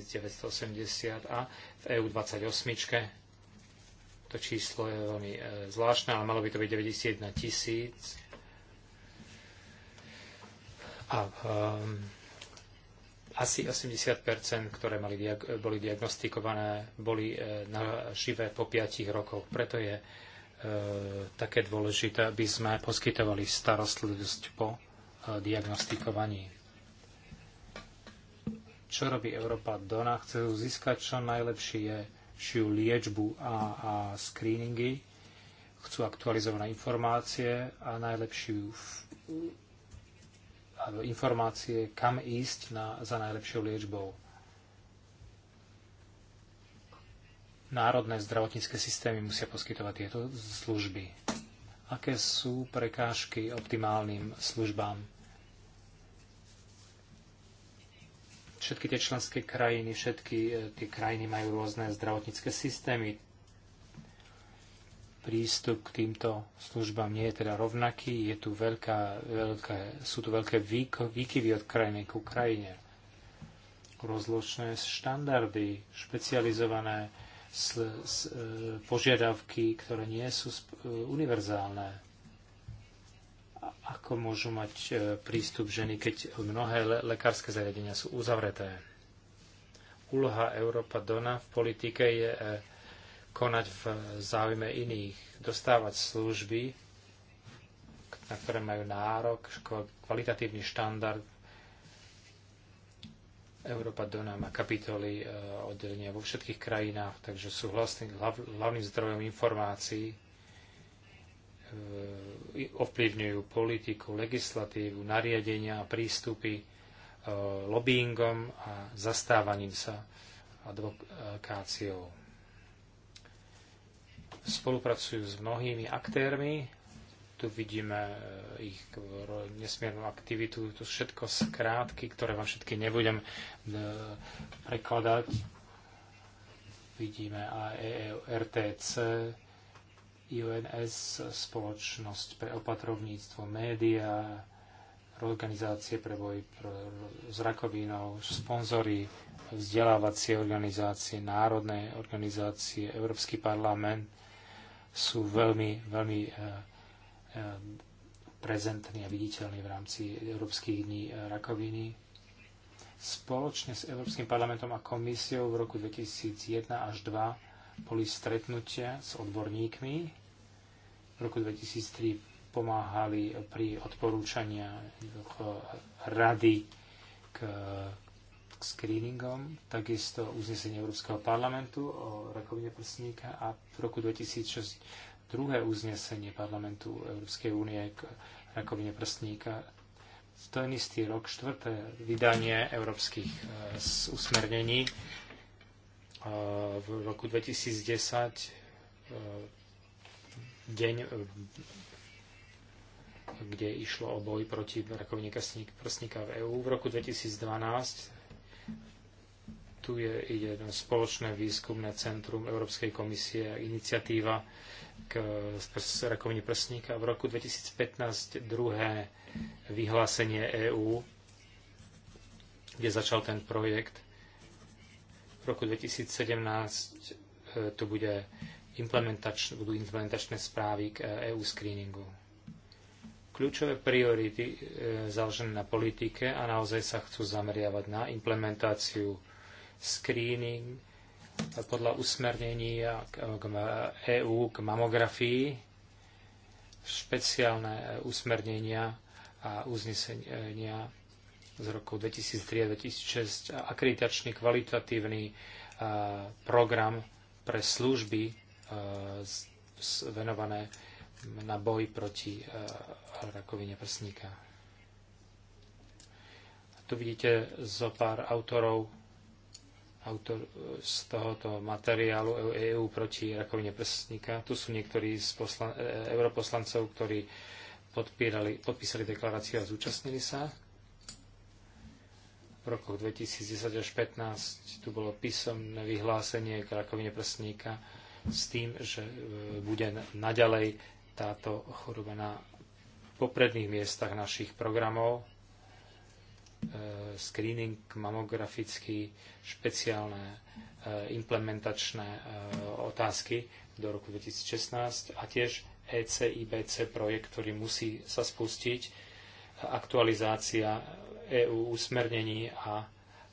980 a v EU 28 to číslo je veľmi e, zvláštne, ale malo by to byť 91 tisíc. A um, asi 80 ktoré mali, boli diagnostikované, boli e, na živé po 5 rokoch. Preto je e, také dôležité, aby sme poskytovali starostlivosť po e, diagnostikovaní. Čo robí Európa Dona? Chce získať čo najlepšiu liečbu a, a screeningy chcú aktualizované informácie a najlepšiu informácie, kam ísť na, za najlepšou liečbou. Národné zdravotnícke systémy musia poskytovať tieto služby. Aké sú prekážky optimálnym službám? Všetky tie členské krajiny, všetky eh, tie krajiny majú rôzne zdravotnícke systémy prístup k týmto službám nie je teda rovnaký, je tu veľká, veľké, sú tu veľké výkyvy od krajiny k krajine. Rozločné štandardy, špecializované sl, s, e, požiadavky, ktoré nie sú e, univerzálne. Ako môžu mať e, prístup ženy, keď mnohé le, lekárske zariadenia sú uzavreté? Úloha Európa Dona v politike je konať v záujme iných, dostávať služby, na ktoré majú nárok, kvalitatívny štandard. Európa Dona má kapitoly e, oddelenia vo všetkých krajinách, takže sú hlavným zdrojom informácií, e, ovplyvňujú politiku, legislatívu, nariadenia a prístupy e, lobbyingom a zastávaním sa advokáciou Spolupracujú s mnohými aktérmi. Tu vidíme e, ich nesmiernu aktivitu. To sú všetko skrátky, ktoré vám všetky nebudem e, prekladať. Vidíme aj e RTC, IONS, Spoločnosť pre opatrovníctvo, média, organizácie pre boj s rakovinou, sponzory, vzdelávacie organizácie, národné organizácie, Európsky parlament, sú veľmi, veľmi eh, eh, prezentní a viditeľní v rámci Európskych dní eh, rakoviny. Spoločne s Európskym parlamentom a komisiou v roku 2001 až 2 boli stretnutia s odborníkmi. V roku 2003 pomáhali pri odporúčania rady k screeningom, takisto uznesenie Európskeho parlamentu o rakovine prsníka a v roku 2006 druhé uznesenie parlamentu Európskej únie k rakovine prsníka. V ten istý rok štvrté vydanie európskych e, usmernení e, v roku 2010 e, deň, kde išlo o boj proti rakovine prsníka v EÚ. V roku 2012 tu je jedno spoločné výskumné centrum Európskej komisie a iniciatíva k rakovine prsníka. V roku 2015 druhé vyhlásenie EÚ, kde začal ten projekt. V roku 2017 e, tu bude implementač, budú implementačné správy k EU screeningu kľúčové priority e, založené na politike a naozaj sa chcú zameriavať na implementáciu screening podľa usmernení EÚ e k mamografii, špeciálne e, usmernenia a uznesenia z roku 2003 a 2006 a akreditačný kvalitatívny program pre služby venované na boj proti e, rakovine prsníka. A tu vidíte zo pár autorov autor e, z tohoto materiálu EU proti rakovine prsníka. Tu sú niektorí z poslan- e, europoslancov, ktorí podpísali deklaráciu a zúčastnili sa. V rokoch 2010 až 2015 tu bolo písomné vyhlásenie k rakovine prsníka s tým, že bude naďalej táto choroba na popredných miestach našich programov. E, screening mamografický, špeciálne e, implementačné e, otázky do roku 2016 a tiež ECIBC projekt, ktorý musí sa spustiť, aktualizácia EU usmernení a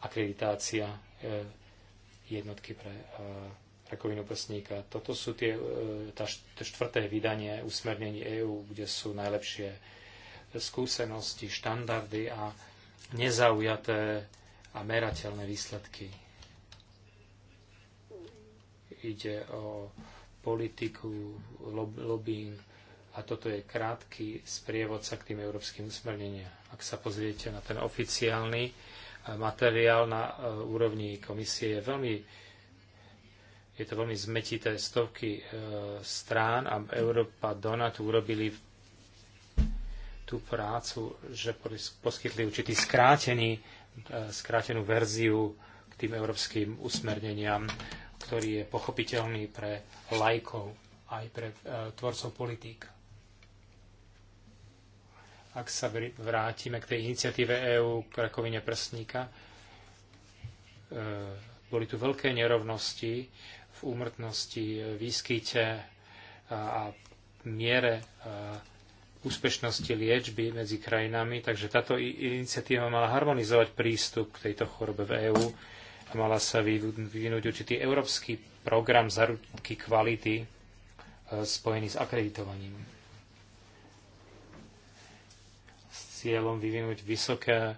akreditácia jednotky pre rakovinu prsníka. Toto sú tie, e, tá, štvrté vydanie usmernení EÚ, kde sú najlepšie skúsenosti, štandardy a nezaujaté a merateľné výsledky. Ide o politiku, lobbying a toto je krátky sprievodca k tým európskym usmerneniam. Ak sa pozriete na ten oficiálny materiál na e, úrovni komisie, je veľmi je to veľmi zmetité stovky e, strán a Európa Donat urobili tú prácu, že poskytli určitý skrátený, e, skrátenú verziu k tým európskym usmerneniam, ktorý je pochopiteľný pre lajkov aj pre e, tvorcov politík. Ak sa vrátime k tej iniciatíve EÚ k rakovine prsníka, e, boli tu veľké nerovnosti v úmrtnosti, výskyte a miere úspešnosti liečby medzi krajinami, takže táto iniciatíva mala harmonizovať prístup k tejto chorobe v EÚ a mala sa vyvinúť určitý európsky program zaruky kvality e, spojený s akreditovaním. S cieľom vyvinúť vysoké,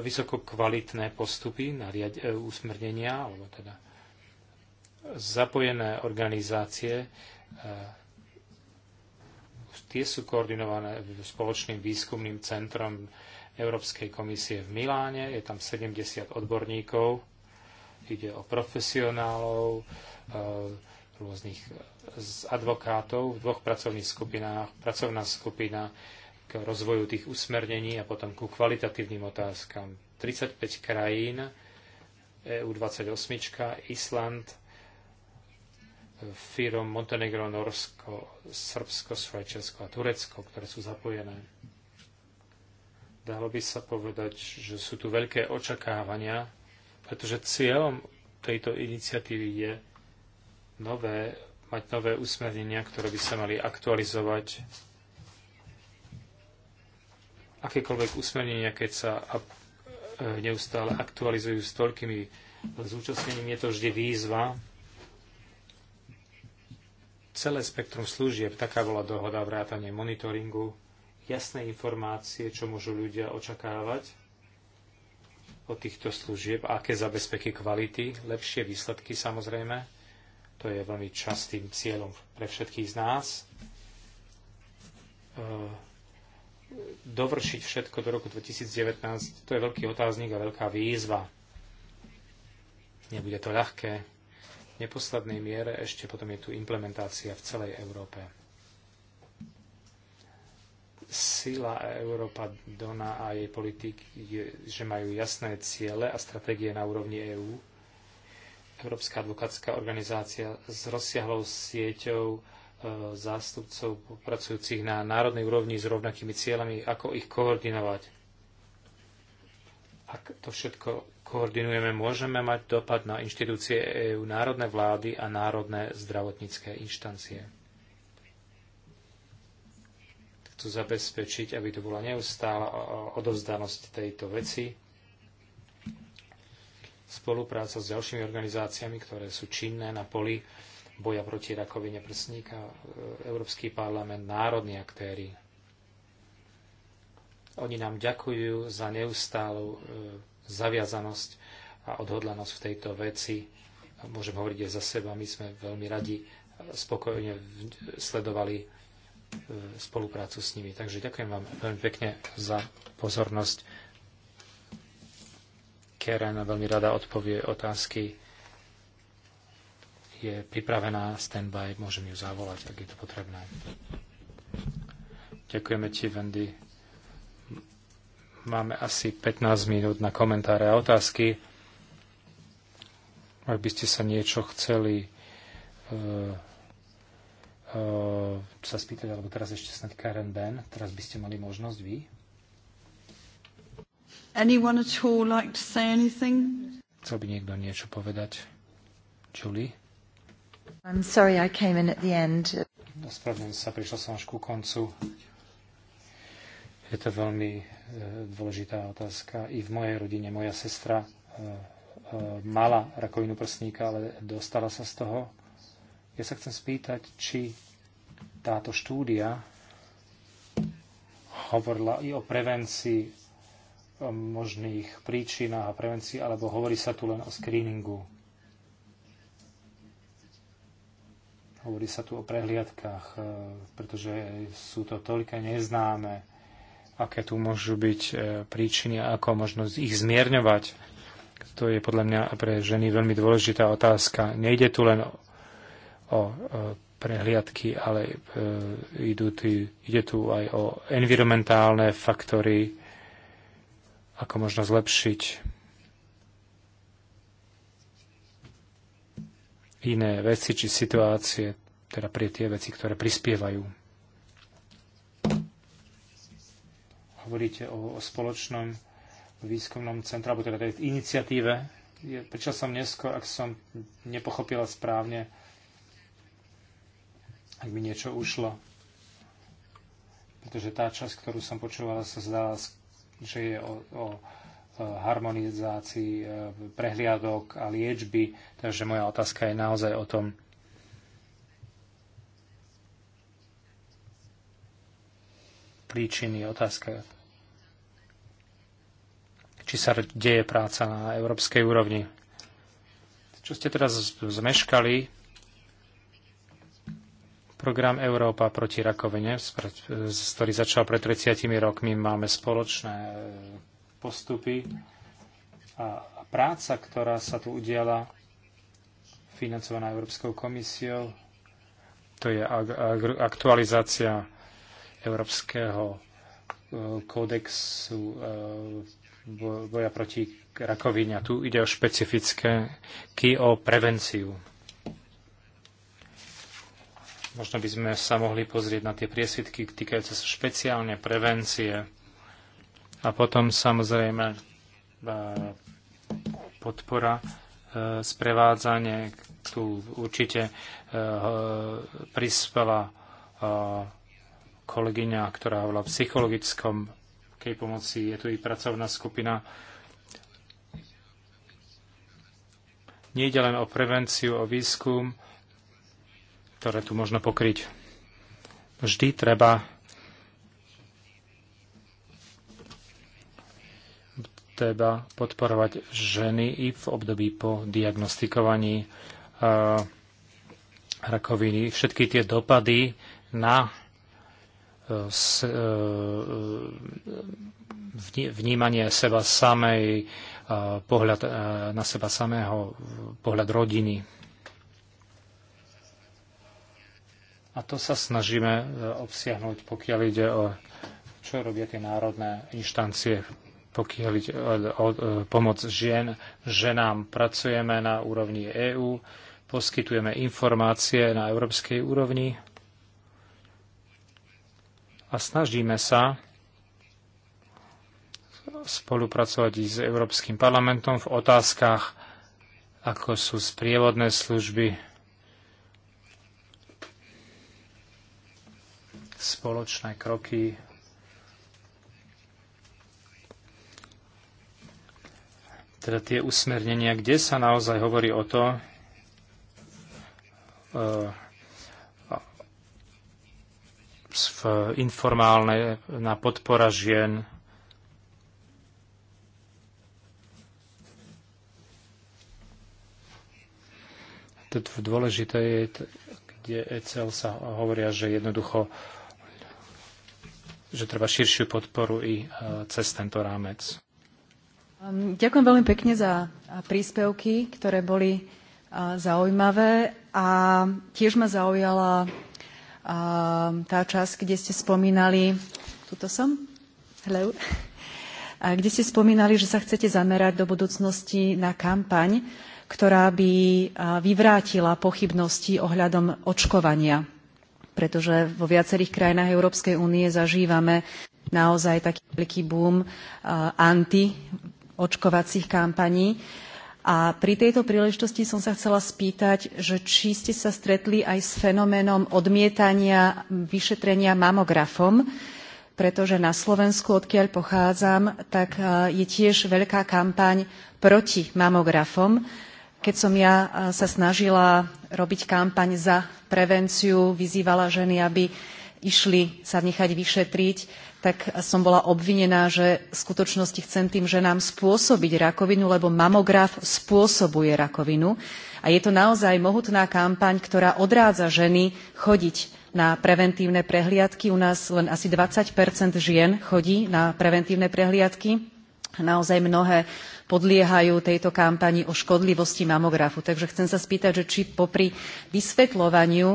vysokokvalitné postupy na riad, e, usmernenia, alebo teda zapojené organizácie, e, tie sú koordinované spoločným výskumným centrom Európskej komisie v Miláne. Je tam 70 odborníkov, ide o profesionálov, e, rôznych e, advokátov v dvoch pracovných skupinách. Pracovná skupina k rozvoju tých usmernení a potom ku kvalitatívnym otázkam. 35 krajín, EU 28, Island, firm Montenegro, Norsko, Srbsko, Švajčiarsko a Turecko, ktoré sú zapojené. Dalo by sa povedať, že sú tu veľké očakávania, pretože cieľom tejto iniciatívy je nové, mať nové usmernenia, ktoré by sa mali aktualizovať. Akékoľvek usmernenia, keď sa e, neustále aktualizujú s toľkými zúčastnením, je to vždy výzva celé spektrum služieb, taká bola dohoda, vrátanie monitoringu, jasné informácie, čo môžu ľudia očakávať od týchto služieb, aké zabezpeky kvality, lepšie výsledky samozrejme. To je veľmi častým cieľom pre všetkých z nás. E, dovršiť všetko do roku 2019, to je veľký otáznik a veľká výzva. Nebude to ľahké neposlednej miere ešte potom je tu implementácia v celej Európe. Sila Európa Dona a jej politik je, že majú jasné ciele a stratégie na úrovni EÚ. Európska advokátska organizácia s rozsiahlou sieťou e, zástupcov pracujúcich na národnej úrovni s rovnakými cieľami, ako ich koordinovať. Ak to všetko koordinujeme, môžeme mať dopad na inštitúcie EÚ, národné vlády a národné zdravotnícke inštancie. Chcú zabezpečiť, aby to bola neustála odovzdanosť tejto veci, spolupráca s ďalšími organizáciami, ktoré sú činné na poli boja proti rakovine prsníka, Európsky parlament, národní aktéry. Oni nám ďakujú za neustálu e, zaviazanosť a odhodlanosť v tejto veci. Môžem hovoriť aj za seba, my sme veľmi radi spokojne sledovali e, spoluprácu s nimi. Takže ďakujem vám veľmi pekne za pozornosť. Keren veľmi rada odpovie otázky. Je pripravená standby, môžem ju zavolať, ak je to potrebné. Ďakujeme ti, Vendy. Máme asi 15 minút na komentáre a otázky. Ak by ste sa niečo chceli uh, uh, sa spýtať, alebo teraz ešte snad Karen Ben, teraz by ste mali možnosť vy. Anyone at all like to say anything? Chcel by niekto niečo povedať? Julie? I'm sorry, I came in at the end. Ospravedlňujem sa, prišla som až ku koncu. Je to veľmi e, dôležitá otázka. I v mojej rodine moja sestra e, e, mala rakovinu prsníka, ale dostala sa z toho. Ja sa chcem spýtať, či táto štúdia hovorila i o prevencii o možných príčinách a prevencii, alebo hovorí sa tu len o screeningu. Hovorí sa tu o prehliadkách, pretože sú to toľké neznáme aké tu môžu byť e, príčiny a ako možno ich zmierňovať. To je podľa mňa pre ženy veľmi dôležitá otázka. Nejde tu len o, o e, prehliadky, ale e, idú tý, ide tu aj o environmentálne faktory, ako možno zlepšiť iné veci či situácie, teda prie tie veci, ktoré prispievajú hovoríte o, o spoločnom výskumnom centre, alebo teda tej iniciatíve. Prečo som neskôr, ak som nepochopila správne, ak mi niečo ušlo. Pretože tá časť, ktorú som počúvala, sa zdala, že je o, o harmonizácii e, prehliadok a liečby. Takže moja otázka je naozaj o tom, príčiny, otázka či sa deje práca na európskej úrovni. Čo ste teraz zmeškali, program Európa proti rakovine, ktorý začal pred 30 rokmi, máme spoločné e, postupy a práca, ktorá sa tu udiala, financovaná Európskou komisiou, to je aktualizácia Európskeho e, kódexu e, boja proti rakovine. A tu ide o špecifické ký o prevenciu. Možno by sme sa mohli pozrieť na tie priesvitky týkajúce sa špeciálne prevencie. A potom samozrejme e, podpora e, sprevádzanie tu určite e, prispela kolegyňa, ktorá hovorila v psychologickom kej pomoci. Je tu i pracovná skupina. Nejde len o prevenciu, o výskum, ktoré tu možno pokryť. Vždy treba treba podporovať ženy i v období po diagnostikovaní eh, rakoviny. Všetky tie dopady na E, vnímanie seba samej, e, pohľad e, na seba samého, pohľad rodiny. A to sa snažíme obsiahnuť, pokiaľ ide o čo robia tie národné inštancie, pokiaľ ide o, pomoc žien, ženám. Pracujeme na úrovni EÚ, poskytujeme informácie na európskej úrovni a snažíme sa spolupracovať s Európskym parlamentom v otázkach, ako sú sprievodné služby, spoločné kroky teda tie usmernenia, kde sa naozaj hovorí o to, e, informálne na podpora žien. Dôležité je, kde ECL sa hovoria, že jednoducho že treba širšiu podporu i e, cez tento rámec. Um, ďakujem veľmi pekne za príspevky, ktoré boli zaujímavé a tiež ma zaujala tá časť, kde ste spomínali, tuto som, hello, a kde ste spomínali, že sa chcete zamerať do budúcnosti na kampaň, ktorá by vyvrátila pochybnosti ohľadom očkovania. Pretože vo viacerých krajinách Európskej únie zažívame naozaj taký veľký boom antiočkovacích kampaní a pri tejto príležitosti som sa chcela spýtať, že či ste sa stretli aj s fenoménom odmietania vyšetrenia mamografom, pretože na Slovensku, odkiaľ pochádzam, tak e, je tiež veľká kampaň proti mamografom. Keď som ja e, sa snažila robiť kampaň za prevenciu, vyzývala ženy, aby išli sa nechať vyšetriť, tak som bola obvinená, že v skutočnosti chcem tým ženám spôsobiť rakovinu, lebo mamograf spôsobuje rakovinu. A je to naozaj mohutná kampaň, ktorá odrádza ženy chodiť na preventívne prehliadky. U nás len asi 20 žien chodí na preventívne prehliadky. Naozaj mnohé podliehajú tejto kampani o škodlivosti mamografu. Takže chcem sa spýtať, že či popri vysvetľovaniu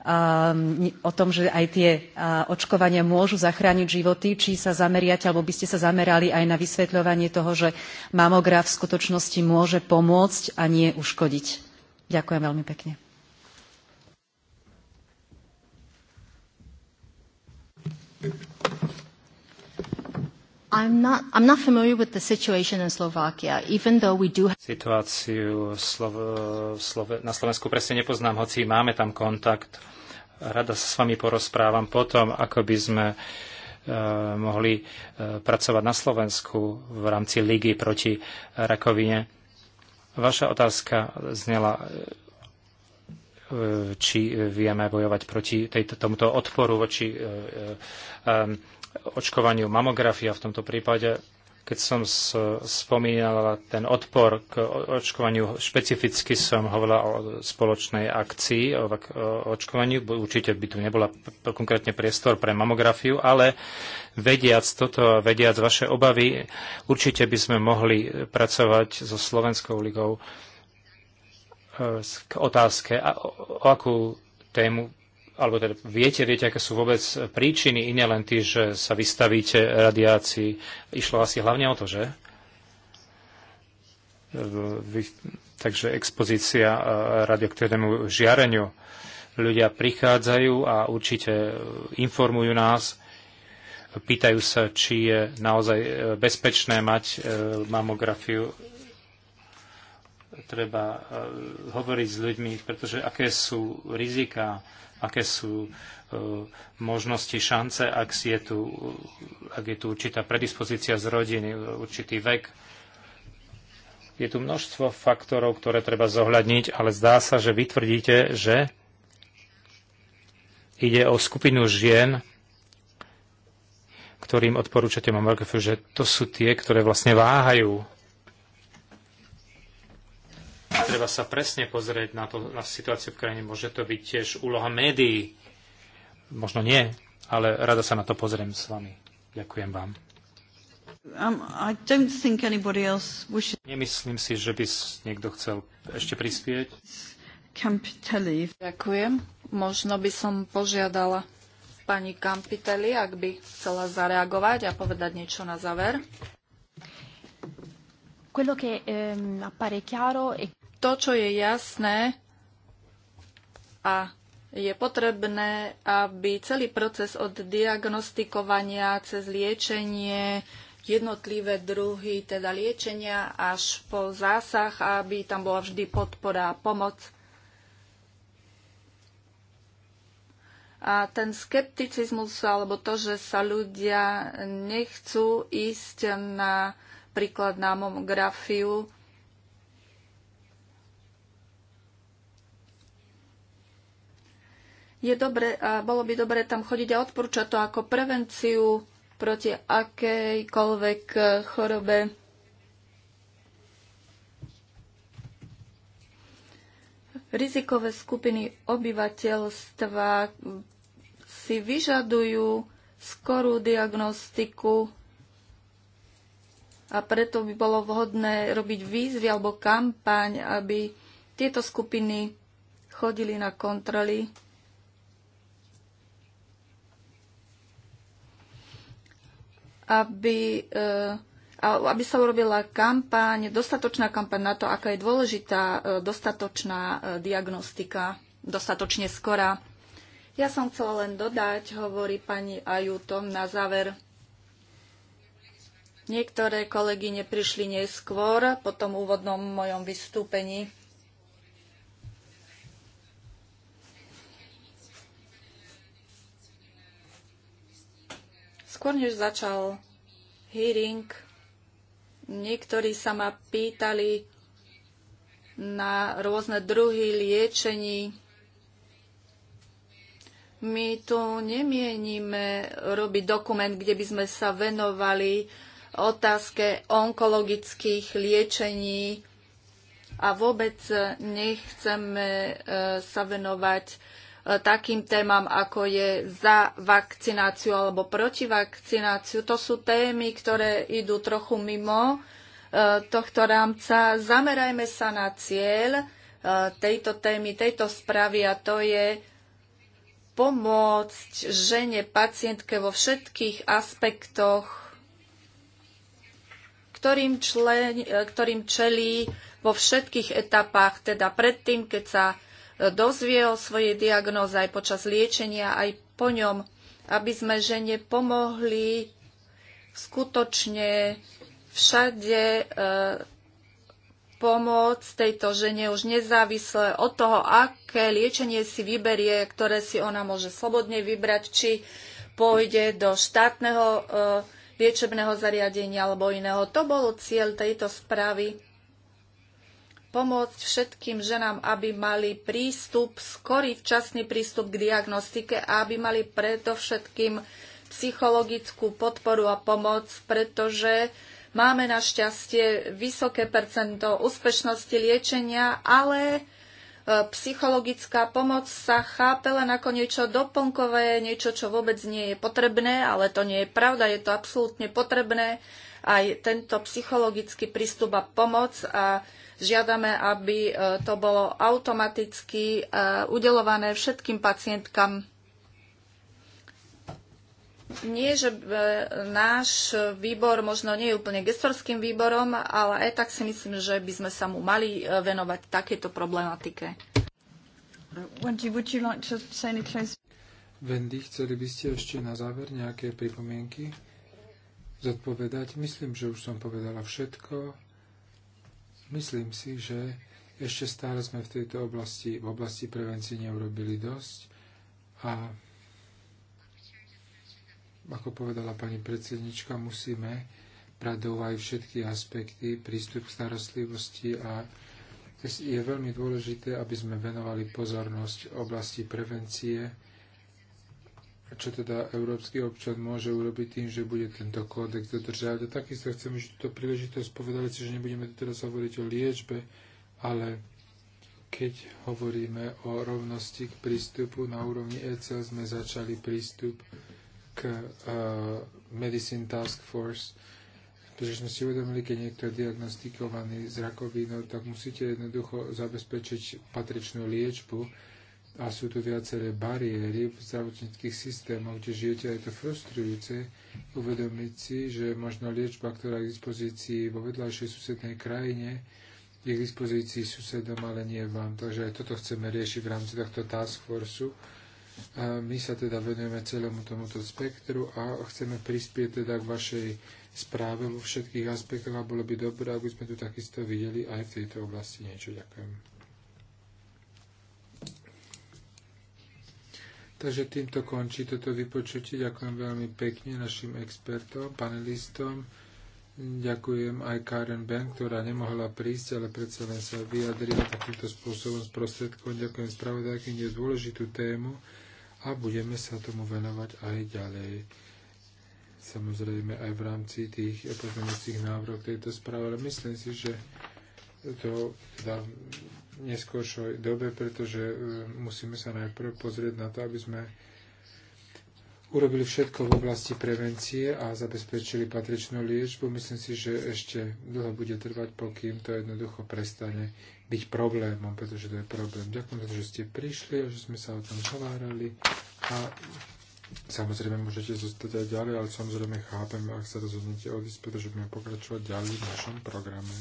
Ehm, o tom, že aj tie eh, očkovania môžu zachrániť životy, či sa zameriate, alebo by ste sa zamerali aj na vysvetľovanie toho, že mamograf v skutočnosti môže pomôcť a nie uškodiť. Ďakujem veľmi pekne. I'm not, I'm not familiar with the situation in Slovakia, even though we do... have... Situáciu Slovo, Slovo, na Slovensku presne nepoznám, hoci máme tam kontakt. Rada sa s vami porozprávam potom, ako by sme e, mohli e, pracovať na Slovensku v rámci Ligy proti rakovine. Vaša otázka znela, e, či vieme bojovať proti tejto, tomuto odporu voči e, e, očkovaniu mamografia v tomto prípade, keď som spomínala ten odpor k očkovaniu, špecificky som hovorila o spoločnej akcii, o, očkovaniu. Určite by tu nebola konkrétne priestor pre mamografiu, ale vediac toto, vediac vaše obavy, určite by sme mohli pracovať so Slovenskou ligou e, k otázke, o akú tému alebo teda viete, viete, aké sú vôbec príčiny, iné len tý, že sa vystavíte radiácii. Išlo asi hlavne o to, že? Vy, takže expozícia e, radioaktívnemu žiareniu. Ľudia prichádzajú a určite e, informujú nás, pýtajú sa, či je naozaj e, bezpečné mať mamografiu treba hovoriť s ľuďmi, pretože aké sú rizika, aké sú e, možnosti, šance, ak je, tu, ak je tu určitá predispozícia z rodiny, určitý vek. Je tu množstvo faktorov, ktoré treba zohľadniť, ale zdá sa, že vytvrdíte, že ide o skupinu žien, ktorým odporúčate veľké, že to sú tie, ktoré vlastne váhajú treba sa presne pozrieť na, to, na situáciu v krajine. Môže to byť tiež úloha médií. Možno nie, ale rada sa na to pozriem s vami. Ďakujem vám. Um, I don't think else wishes... Nemyslím si, že by niekto chcel ešte prispieť. Campitelli. Ďakujem. Možno by som požiadala pani Campitelli, ak by chcela zareagovať a povedať niečo na záver. Quello che ehm, appare chiaro è to, čo je jasné a je potrebné, aby celý proces od diagnostikovania cez liečenie, jednotlivé druhy, teda liečenia až po zásah, aby tam bola vždy podpora a pomoc. A ten skepticizmus, alebo to, že sa ľudia nechcú ísť na príklad na mamografiu, je dobre a bolo by dobre tam chodiť a odporúčať to ako prevenciu proti akejkoľvek eh, chorobe. Rizikové skupiny obyvateľstva si vyžadujú skorú diagnostiku a preto by bolo vhodné robiť výzvy alebo kampaň, aby tieto skupiny chodili na kontroly aby, eh, aby sa urobila kampaň, dostatočná kampaň na to, aká je dôležitá eh, dostatočná eh, diagnostika, dostatočne skorá. Ja som chcela len dodať, hovorí pani Ajutom na záver. Niektoré kolegyne prišli neskôr po tom úvodnom mojom vystúpení. Skôr než začal hearing, niektorí sa ma pýtali na rôzne druhy liečení. My tu nemienime robiť dokument, kde by sme sa venovali otázke onkologických liečení a vôbec nechceme e, sa venovať E, takým témam, ako je za vakcináciu alebo proti vakcináciu. To sú témy, ktoré idú trochu mimo e, tohto rámca. Zamerajme sa na cieľ e, tejto témy, tejto správy a to je pomôcť žene, pacientke vo všetkých aspektoch ktorým, člen, ktorým čelí vo všetkých etapách, teda predtým, keď sa dozvie o svojej diagnóze aj počas liečenia, aj po ňom, aby sme žene pomohli skutočne všade e, pomôcť tejto žene už nezávisle od toho, aké liečenie si vyberie, ktoré si ona môže slobodne vybrať, či pôjde do štátneho e, liečebného zariadenia alebo iného. To bol cieľ tejto správy pomôcť všetkým ženám, aby mali prístup, skorý včasný prístup k diagnostike a aby mali predovšetkým psychologickú podporu a pomoc, pretože máme našťastie vysoké percento úspešnosti liečenia, ale e, psychologická pomoc sa chápe len ako niečo doplnkové, niečo, čo vôbec nie je potrebné, ale to nie je pravda, je to absolútne potrebné. Aj tento psychologický prístup a pomoc a Žiadame, aby e, to bolo automaticky e, udelované všetkým pacientkám. Nie, že e, náš výbor možno nie je úplne gestorským výborom, ale aj tak si myslím, že by sme sa mu mali venovať takéto problematike. Wendy, chceli by ste ešte na záver nejaké pripomienky zodpovedať? Myslím, že už som povedala všetko. Myslím si, že ešte stále sme v tejto oblasti, v oblasti prevencie neurobili dosť a ako povedala pani predsednička, musíme brať do úvahy všetky aspekty, prístup k starostlivosti a je veľmi dôležité, aby sme venovali pozornosť oblasti prevencie a čo teda európsky občan môže urobiť tým, že bude tento kódex dodržiavať. A takisto chcem už túto príležitosť povedať si, že nebudeme teraz hovoriť o liečbe, ale keď hovoríme o rovnosti k prístupu na úrovni ECL, sme začali prístup k uh, Medicine Task Force, pretože sme si uvedomili, keď niekto je diagnostikovaný s rakovinou, tak musíte jednoducho zabezpečiť patričnú liečbu a sú tu viaceré bariéry v zdravotníckých systémoch, kde žijete, aj je to frustrujúce uvedomiť si, že možno liečba, ktorá je k dispozícii vo vedľajšej susednej krajine, je k dispozícii susedom, ale nie vám. Takže aj toto chceme riešiť v rámci tohto task forceu. A my sa teda venujeme celému tomuto spektru a chceme prispieť teda k vašej správe vo všetkých aspektoch a bolo by dobré, aby sme tu takisto videli aj v tejto oblasti niečo. Ďakujem. Takže týmto končí toto vypočutie. Ďakujem veľmi pekne našim expertom, panelistom. Ďakujem aj Karen Ben, ktorá nemohla prísť, ale predsa len sa vyjadrila takýmto spôsobom sprostredkom. Ďakujem spravodajkyni je dôležitú tému a budeme sa tomu venovať aj ďalej. Samozrejme aj v rámci tých pozmeňujúcich návrhov tejto správy, ale myslím si, že to teda neskôršej dobe, pretože e, musíme sa najprv pozrieť na to, aby sme urobili všetko v oblasti prevencie a zabezpečili patričnú liečbu. Myslím si, že ešte dlho bude trvať, pokým to jednoducho prestane byť problémom, pretože to je problém. Ďakujem za že ste prišli a že sme sa o tom zhovárali a samozrejme môžete zostať aj ďalej, ale samozrejme chápem, ak sa rozhodnete odísť, pretože budeme pokračovať ďalej v našom programe.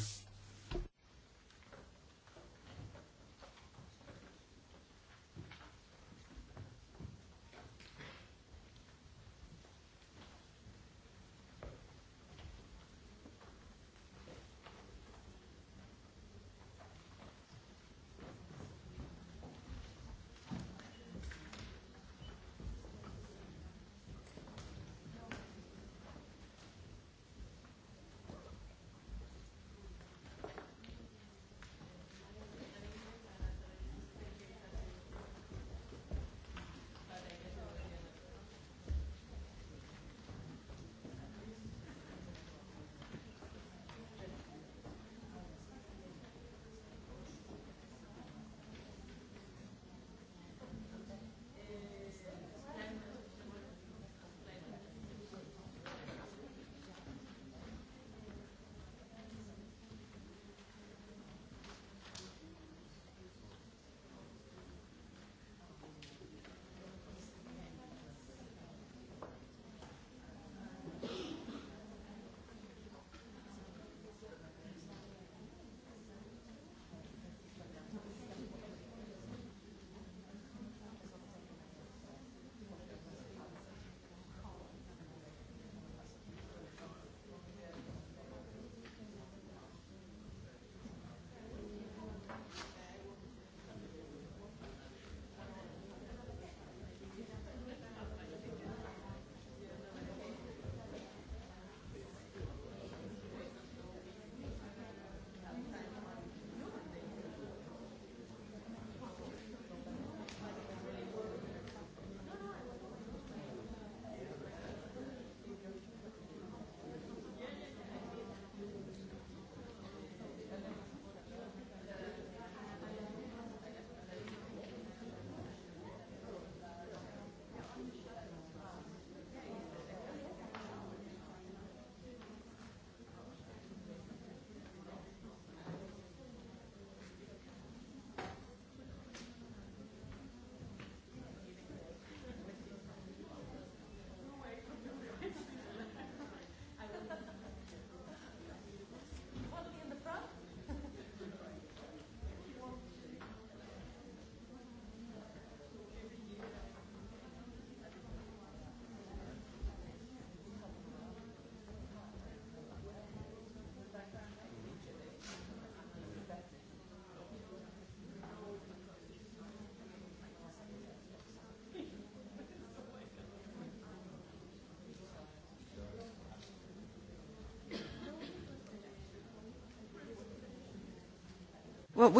Um,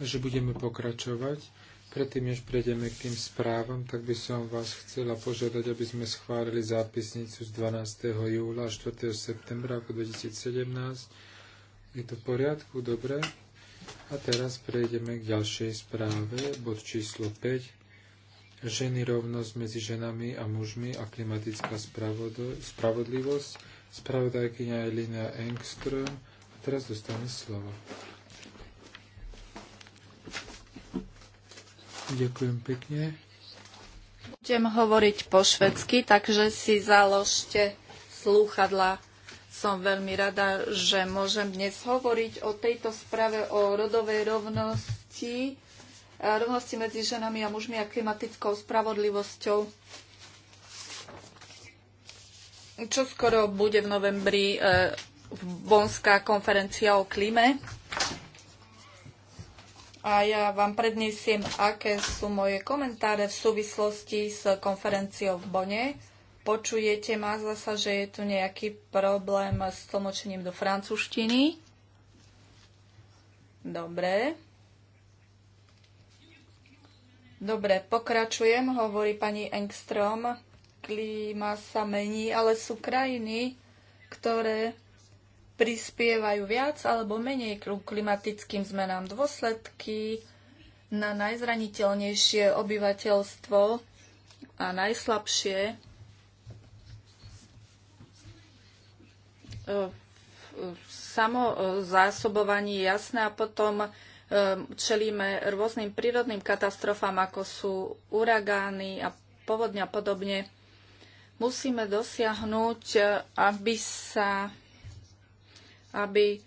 Takže budeme pokračovať. Predtým, než prejdeme k tým správam, tak by som vás chcela požiadať, aby sme schválili zápisnicu z 12. júla a 4. septembra roku 2017. Je to v poriadku? Dobre. A teraz prejdeme k ďalšej správe, bod číslo 5. Ženy rovnosť medzi ženami a mužmi a klimatická spravodlivosť. Spravodajkyňa Elina Engström Teraz dostane slovo. Ďakujem pekne. Budem hovoriť po švedsky, takže si založte slúchadla. Som veľmi rada, že môžem dnes hovoriť o tejto sprave o rodovej rovnosti, rovnosti medzi ženami a mužmi a klimatickou spravodlivosťou. Čo skoro bude v novembri e, Bonská konferencia o klíme. A ja vám predniesiem, aké sú moje komentáre v súvislosti s konferenciou v Bone. Počujete ma zasa, že je tu nejaký problém s tlmočením do francúzštiny. Dobre. Dobre, pokračujem, hovorí pani Engstrom. Klíma sa mení, ale sú krajiny, ktoré prispievajú viac alebo menej k klimatickým zmenám. Dôsledky na najzraniteľnejšie obyvateľstvo a najslabšie e, samo je jasné a potom e, čelíme rôznym prírodným katastrofám, ako sú uragány a povodňa podobne. Musíme dosiahnuť, aby sa aby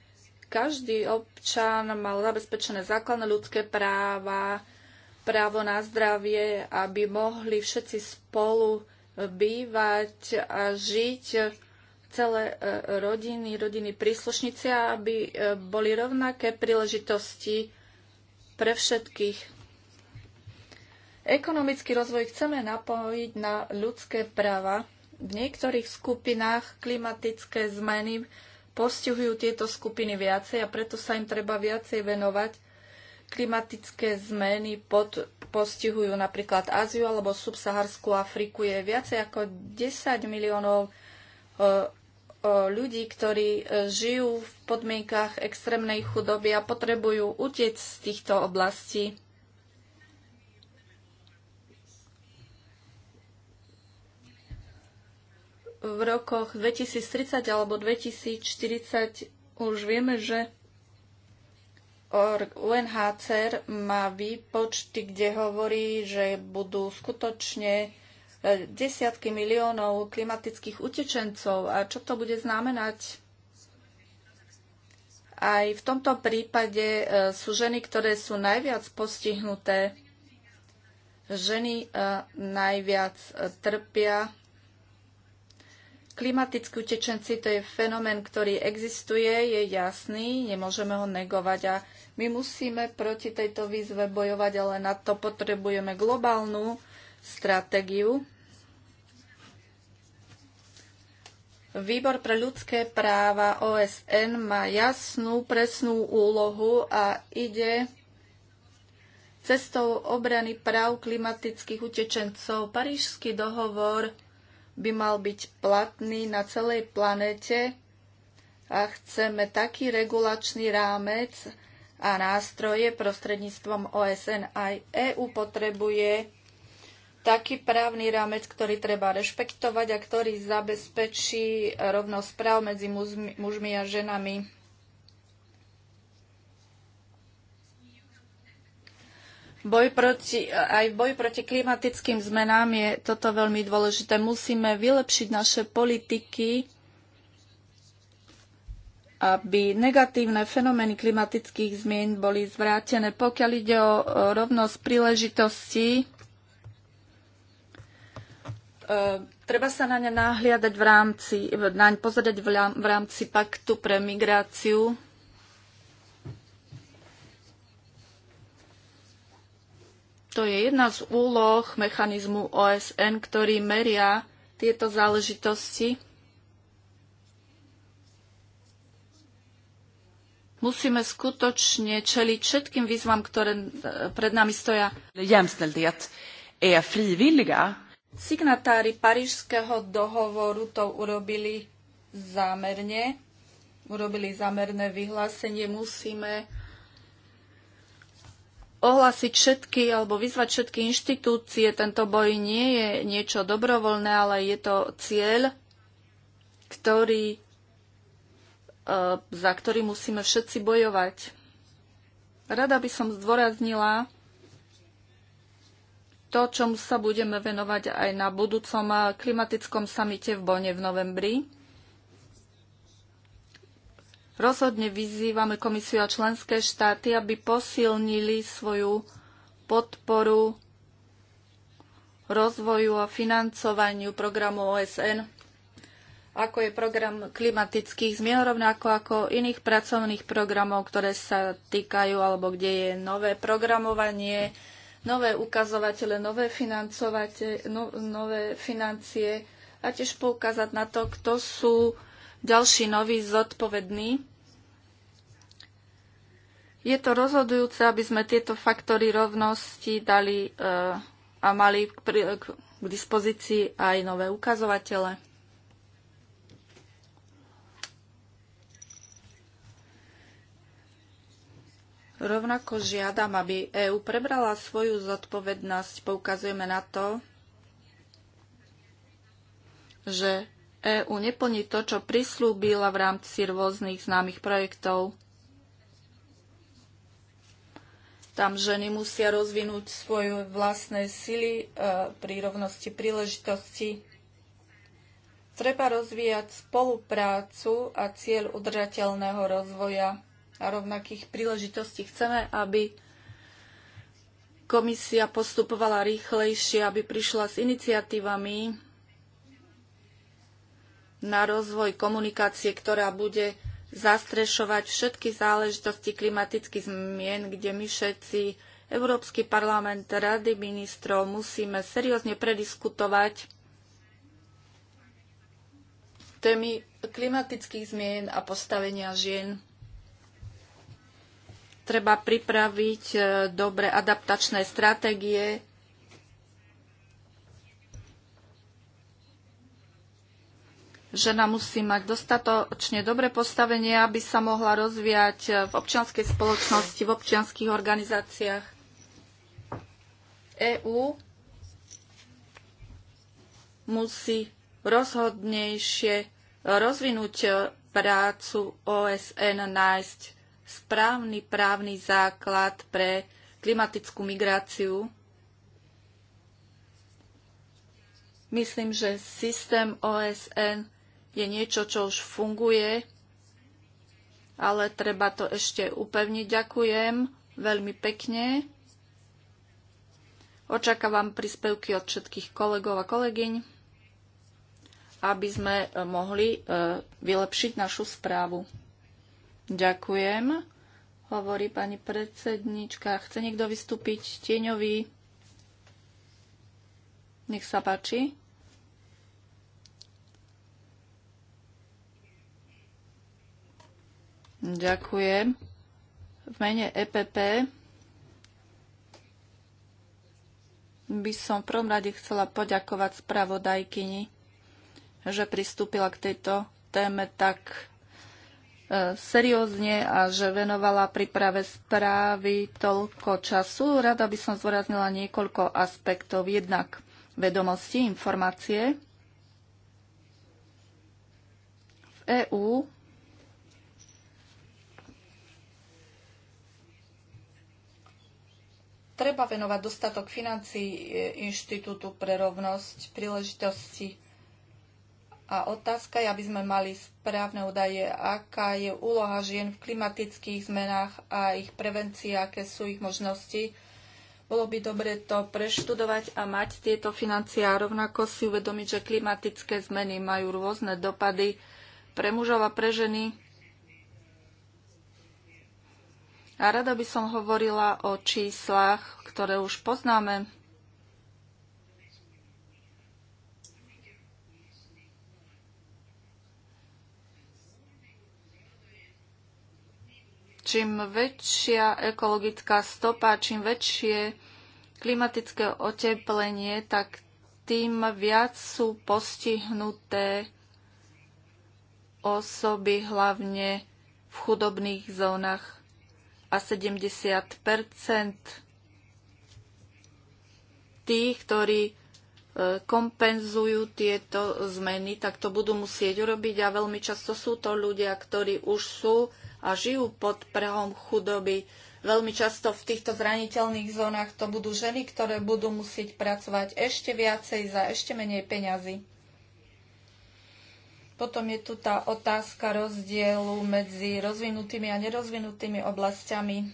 každý občan mal zabezpečené základné ľudské práva, právo na zdravie, aby mohli všetci spolu bývať a žiť celé e, rodiny, rodiny príslušníci, aby e, boli rovnaké príležitosti pre všetkých. Ekonomický rozvoj chceme napojiť na ľudské práva. V niektorých skupinách klimatické zmeny postihujú tieto skupiny viacej a preto sa im treba viacej venovať. Klimatické zmeny pod, postihujú napríklad Áziu alebo subsaharskú Afriku. Je viacej ako 10 miliónov e, e, ľudí, ktorí e, žijú v podmienkach extrémnej chudoby a potrebujú utiec z týchto oblastí. v rokoch 2030 alebo 2040 už vieme, že UNHCR má výpočty, kde hovorí, že budú skutočne e, desiatky miliónov klimatických utečencov. A čo to bude znamenať? Aj v tomto prípade e, sú ženy, ktoré sú najviac postihnuté. Ženy e, najviac trpia Klimatickí utečenci to je fenomén, ktorý existuje, je jasný, nemôžeme ho negovať a my musíme proti tejto výzve bojovať, ale na to potrebujeme globálnu stratégiu. Výbor pre ľudské práva OSN má jasnú, presnú úlohu a ide cestou obrany práv klimatických utečencov. Parížský dohovor by mal byť platný na celej planete a chceme taký regulačný rámec a nástroje prostredníctvom OSN aj EU potrebuje taký právny rámec, ktorý treba rešpektovať a ktorý zabezpečí rovnosť práv medzi mužmi a ženami. Boj proti, aj boj proti klimatickým zmenám je toto veľmi dôležité. Musíme vylepšiť naše politiky, aby negatívne fenomény klimatických zmien boli zvrátené. Pokiaľ ide o rovnosť príležitostí, e, treba sa na ne nahliadať v rámci, naň pozerať v rámci paktu pre migráciu. To je jedna z úloh mechanizmu OSN, ktorý meria tieto záležitosti. Musíme skutočne čeliť všetkým výzvam, ktoré e, pred nami stoja. Signatári Parížského dohovoru to urobili zámerne, urobili zámerné vyhlásenie. Musíme ohlasiť všetky alebo vyzvať všetky inštitúcie. Tento boj nie je niečo dobrovoľné, ale je to cieľ, ktorý, e, za ktorý musíme všetci bojovať. Rada by som zdôraznila to, čomu sa budeme venovať aj na budúcom klimatickom samite v Bone v novembri. Rozhodne vyzývame komisiu a členské štáty, aby posilnili svoju podporu rozvoju a financovaniu programu OSN, ako je program klimatických zmien, rovnako ako iných pracovných programov, ktoré sa týkajú alebo kde je nové programovanie, nové ukazovatele, nové, no, nové financie a tiež poukázať na to, kto sú ďalší nový zodpovedný. Je to rozhodujúce, aby sme tieto faktory rovnosti dali eh, a mali k dispozícii aj nové ukazovatele. Rovnako žiadam, aby EÚ prebrala svoju zodpovednosť. Poukazujeme na to, že EÚ neplní to, čo prislúbila v rámci rôznych známych projektov. Tam ženy musia rozvinúť svoje vlastné sily e, pri rovnosti príležitosti. Treba rozvíjať spoluprácu a cieľ udržateľného rozvoja a rovnakých príležitostí. Chceme, aby komisia postupovala rýchlejšie, aby prišla s iniciatívami na rozvoj komunikácie, ktorá bude zastrešovať všetky záležitosti klimatických zmien, kde my všetci, Európsky parlament, Rady ministrov, musíme seriózne prediskutovať témy klimatických zmien a postavenia žien. Treba pripraviť eh, dobre adaptačné stratégie Žena musí mať dostatočne dobre postavenie, aby sa mohla rozvíjať v občianskej spoločnosti, v občianských organizáciách. EÚ musí rozhodnejšie rozvinúť prácu OSN, nájsť správny právny základ pre klimatickú migráciu. Myslím, že systém OSN je niečo, čo už funguje, ale treba to ešte upevniť. Ďakujem veľmi pekne. Očakávam príspevky od všetkých kolegov a kolegyň, aby sme e, mohli e, vylepšiť našu správu. Ďakujem, hovorí pani predsednička. Chce niekto vystúpiť tieňový? Nech sa páči. Ďakujem. V mene EPP by som v prvom rade chcela poďakovať spravodajkyni, že pristúpila k tejto téme tak e, seriózne a že venovala príprave správy toľko času. Rada by som zvoraznila niekoľko aspektov. Jednak vedomosti, informácie. V EÚ treba venovať dostatok financí e, Inštitútu pre rovnosť príležitosti. A otázka je, aby sme mali správne údaje, aká je úloha žien v klimatických zmenách a ich prevencia, aké sú ich možnosti. Bolo by dobre to preštudovať a mať tieto financie a rovnako si uvedomiť, že klimatické zmeny majú rôzne dopady pre mužov a pre ženy A rada by som hovorila o číslach, ktoré už poznáme. Čím väčšia ekologická stopa, čím väčšie klimatické oteplenie, tak tým viac sú postihnuté osoby hlavne v chudobných zónach a 70 tých, ktorí e, kompenzujú tieto zmeny, tak to budú musieť urobiť a veľmi často sú to ľudia, ktorí už sú a žijú pod prehom chudoby. Veľmi často v týchto zraniteľných zónach to budú ženy, ktoré budú musieť pracovať ešte viacej za ešte menej peňazí. Potom je tu tá otázka rozdielu medzi rozvinutými a nerozvinutými oblastiami.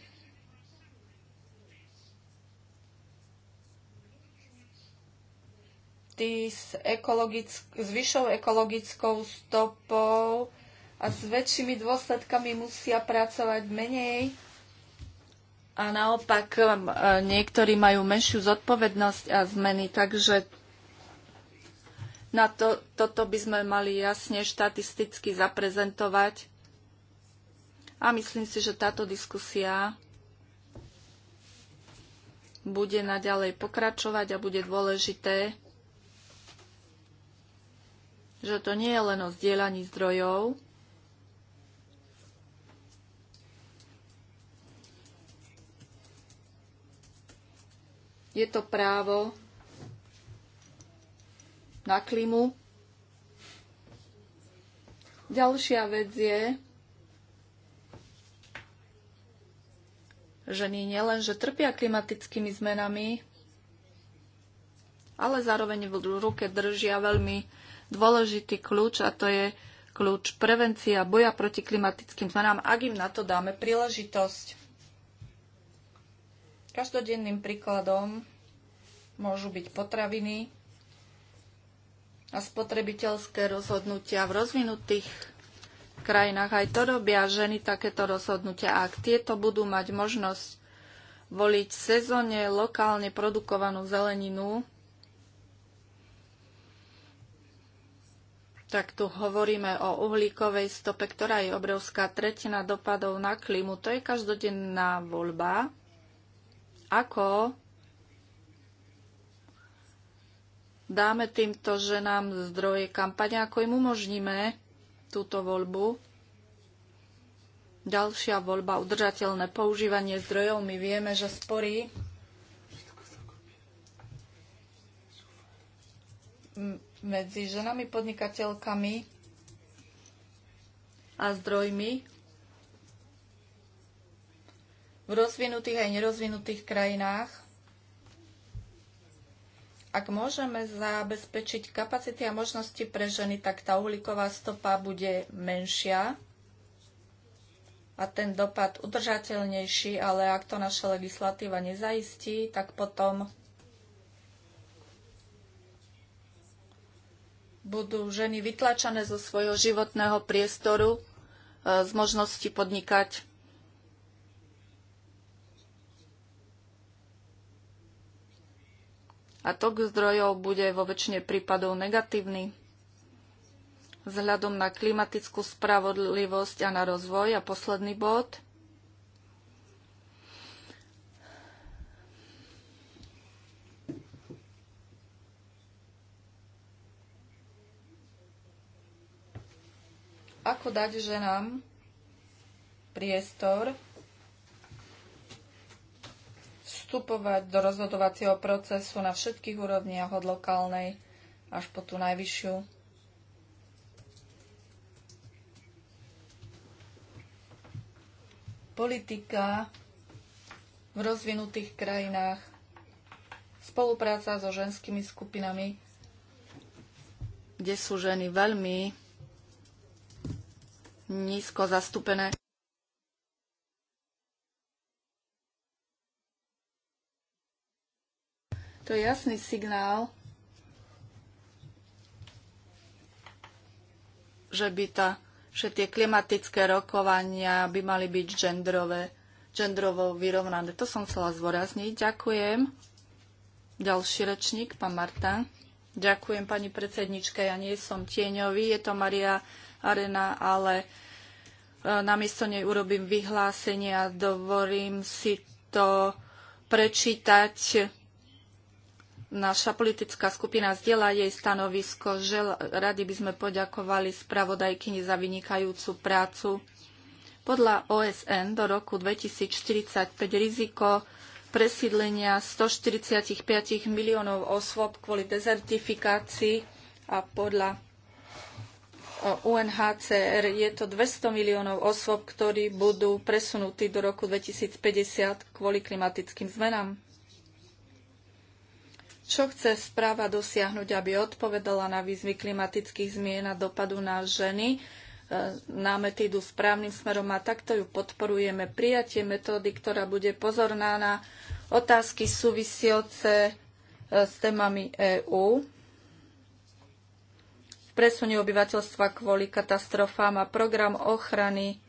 Tí s, ekologick- s vyššou ekologickou stopou a s väčšími dôsledkami musia pracovať menej. A naopak e, niektorí majú menšiu zodpovednosť a zmeny, takže na to, toto by sme mali jasne štatisticky zaprezentovať. A myslím si, že táto diskusia bude naďalej pokračovať a bude dôležité, že to nie je len o zdieľaní zdrojov, je to právo na klimu. Ďalšia vec je, ženy nielen, že trpia klimatickými zmenami, ale zároveň v ruke držia veľmi dôležitý kľúč a to je kľúč prevencia boja proti klimatickým zmenám, ak im na to dáme príležitosť. Každodenným príkladom môžu byť potraviny, a spotrebiteľské rozhodnutia v rozvinutých krajinách aj to robia ženy takéto rozhodnutia. A ak tieto budú mať možnosť voliť sezóne lokálne produkovanú zeleninu, tak tu hovoríme o uhlíkovej stope, ktorá je obrovská tretina dopadov na klímu. To je každodenná voľba, ako dáme týmto ženám zdroje kampania, ako im umožníme túto voľbu. Ďalšia voľba, udržateľné používanie zdrojov. My vieme, že spory medzi ženami podnikateľkami a zdrojmi v rozvinutých aj nerozvinutých krajinách ak môžeme zabezpečiť kapacity a možnosti pre ženy, tak tá uhlíková stopa bude menšia a ten dopad udržateľnejší, ale ak to naša legislatíva nezaistí, tak potom budú ženy vytlačené zo svojho životného priestoru e, z možnosti podnikať. a tok zdrojov bude vo väčšine prípadov negatívny. Vzhľadom na klimatickú spravodlivosť a na rozvoj a posledný bod. Ako dať ženám priestor vstupovať do rozhodovacieho procesu na všetkých úrovniach od lokálnej až po tú najvyššiu. Politika v rozvinutých krajinách, spolupráca so ženskými skupinami, kde sú ženy veľmi nízko zastúpené. To je jasný signál, že by tá, že tie klimatické rokovania by mali byť genderové, genderovo vyrovnané. To som chcela zvorazniť. Ďakujem. Ďalší rečník, pán Marta. Ďakujem, pani predsednička. Ja nie som tieňový, je to Maria Arena, ale e, namiesto nej urobím vyhlásenie a dovolím si to prečítať Naša politická skupina zdieľa jej stanovisko, že rady by sme poďakovali spravodajkyni za vynikajúcu prácu. Podľa OSN do roku 2045 riziko presídlenia 145 miliónov osôb kvôli dezertifikácii a podľa UNHCR je to 200 miliónov osôb, ktorí budú presunutí do roku 2050 kvôli klimatickým zmenám. Čo chce správa dosiahnuť, aby odpovedala na výzvy klimatických zmien a dopadu na ženy? E, námety idú správnym smerom a takto ju podporujeme. Prijatie metódy, ktorá bude pozorná na otázky súvisiace e, s témami EÚ, presunie obyvateľstva kvôli katastrofám a program ochrany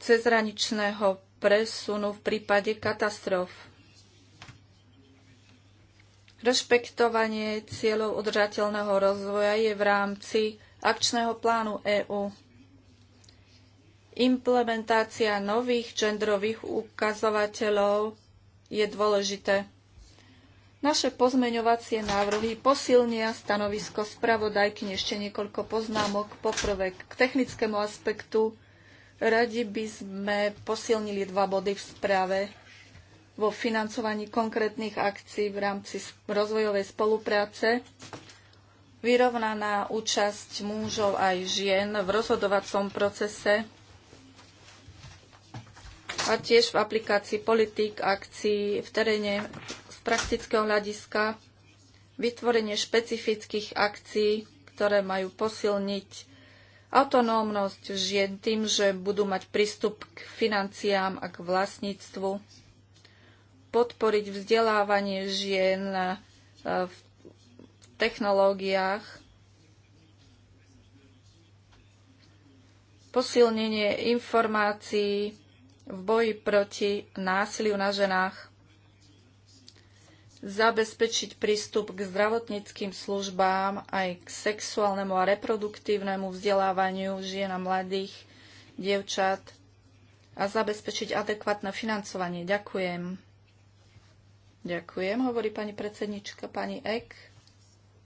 cezhraničného presunu v prípade katastrof. Rešpektovanie cieľov udržateľného rozvoja je v rámci akčného plánu EÚ. Implementácia nových genderových ukazovateľov je dôležité. Naše pozmeňovacie návrhy posilnia stanovisko spravodajky ešte niekoľko poznámok. Poprvé k technickému aspektu radi by sme posilnili dva body v správe vo financovaní konkrétnych akcií v rámci rozvojovej spolupráce, vyrovnaná účasť mužov aj žien v rozhodovacom procese a tiež v aplikácii politik, akcií v teréne z praktického hľadiska, vytvorenie špecifických akcií, ktoré majú posilniť autonómnosť žien tým, že budú mať prístup k financiám a k vlastníctvu podporiť vzdelávanie žien e, v technológiách, posilnenie informácií v boji proti násiliu na ženách, zabezpečiť prístup k zdravotníckým službám aj k sexuálnemu a reproduktívnemu vzdelávaniu žien a mladých dievčat a zabezpečiť adekvátne financovanie. Ďakujem. Ďakujem, hovorí pani predsednička, pani Ek.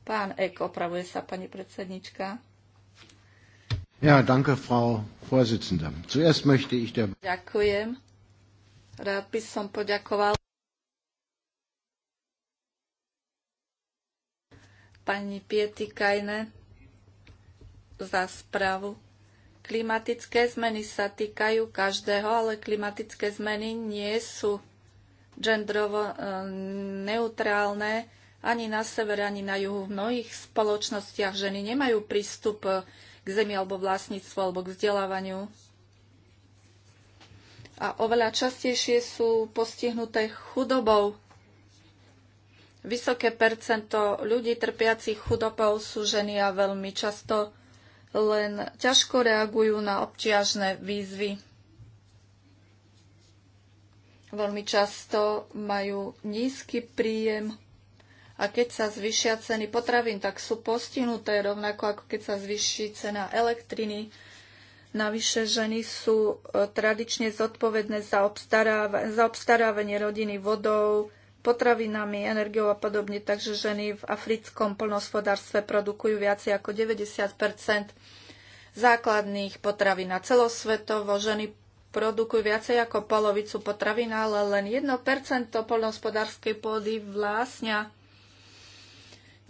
Pán Ek, opravuje sa pani predsednička. Ja, danke, Frau Vorsitzende. Zuerst möchte ich der... Ďakujem. Rád by som poďakoval pani Piety Kajne za správu. Klimatické zmeny sa týkajú každého, ale klimatické zmeny nie sú gendrovo e, neutrálne. Ani na severe, ani na juhu v mnohých spoločnostiach ženy nemajú prístup k zemi alebo vlastníctvu alebo k vzdelávaniu. A oveľa častejšie sú postihnuté chudobou. Vysoké percento ľudí trpiacich chudobou sú ženy a veľmi často len ťažko reagujú na obťažné výzvy veľmi často majú nízky príjem a keď sa zvyšia ceny potravín, tak sú postihnuté rovnako ako keď sa zvyší cena elektriny. Navyše ženy sú e, tradične zodpovedné za, obstaráv- za obstarávanie rodiny vodou, potravinami, energiou a podobne, takže ženy v africkom plnohospodárstve produkujú viacej ako 90 základných potravín. A celosvetovo ženy produkujú viacej ako polovicu potravín, ale len 1% poľnohospodárskej pôdy vlastňa.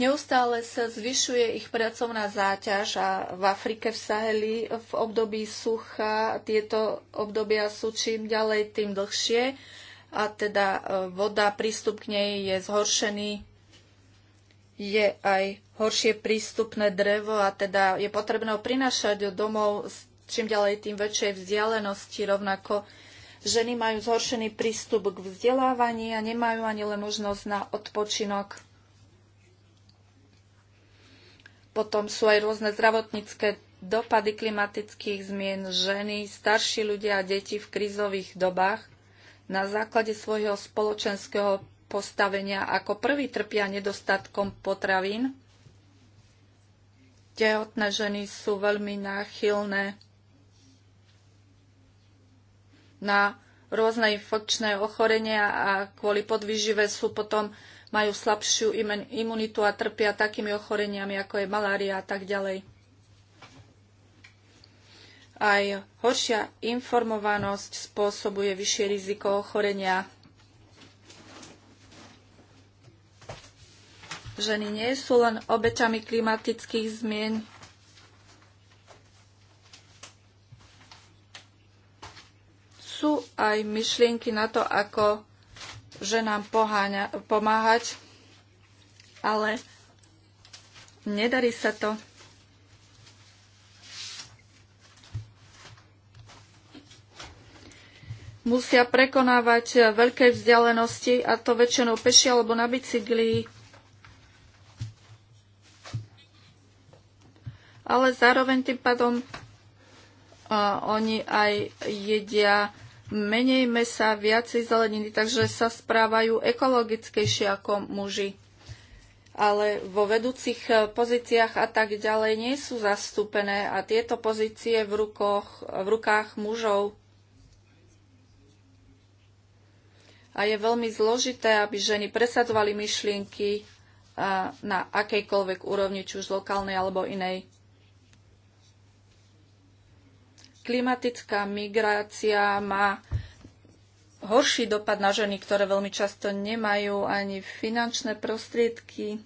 Neustále sa zvyšuje ich pracovná záťaž a v Afrike, v Saheli, v období sucha tieto obdobia sú čím ďalej, tým dlhšie a teda e, voda, prístup k nej je zhoršený. Je aj horšie prístupné drevo a teda je potrebné prinašať domov z čím ďalej, tým väčšej vzdialenosti. Rovnako ženy majú zhoršený prístup k vzdelávaní a nemajú ani len možnosť na odpočinok. Potom sú aj rôzne zdravotnícke dopady klimatických zmien ženy, starší ľudia a deti v krízových dobách na základe svojho spoločenského postavenia ako prvý trpia nedostatkom potravín. Tehotné ženy sú veľmi náchylné na rôzne infekčné ochorenia a kvôli podvýžive sú potom majú slabšiu imunitu a trpia takými ochoreniami, ako je malária a tak ďalej. Aj horšia informovanosť spôsobuje vyššie riziko ochorenia. Ženy nie sú len obeťami klimatických zmien, sú aj myšlienky na to, ako ženám poháňa, pomáhať, ale nedarí sa to. Musia prekonávať veľké vzdialenosti a to väčšinou peši alebo na bicykli. Ale zároveň tým pádom uh, oni aj jedia menej mesa, viacej zeleniny, takže sa správajú ekologickejšie ako muži. Ale vo vedúcich eh, pozíciách a tak ďalej nie sú zastúpené a tieto pozície v, rukoch, v rukách mužov. A je veľmi zložité, aby ženy presadzovali myšlienky eh, na akejkoľvek úrovni, či už lokálnej alebo inej klimatická migrácia má horší dopad na ženy, ktoré veľmi často nemajú ani finančné prostriedky.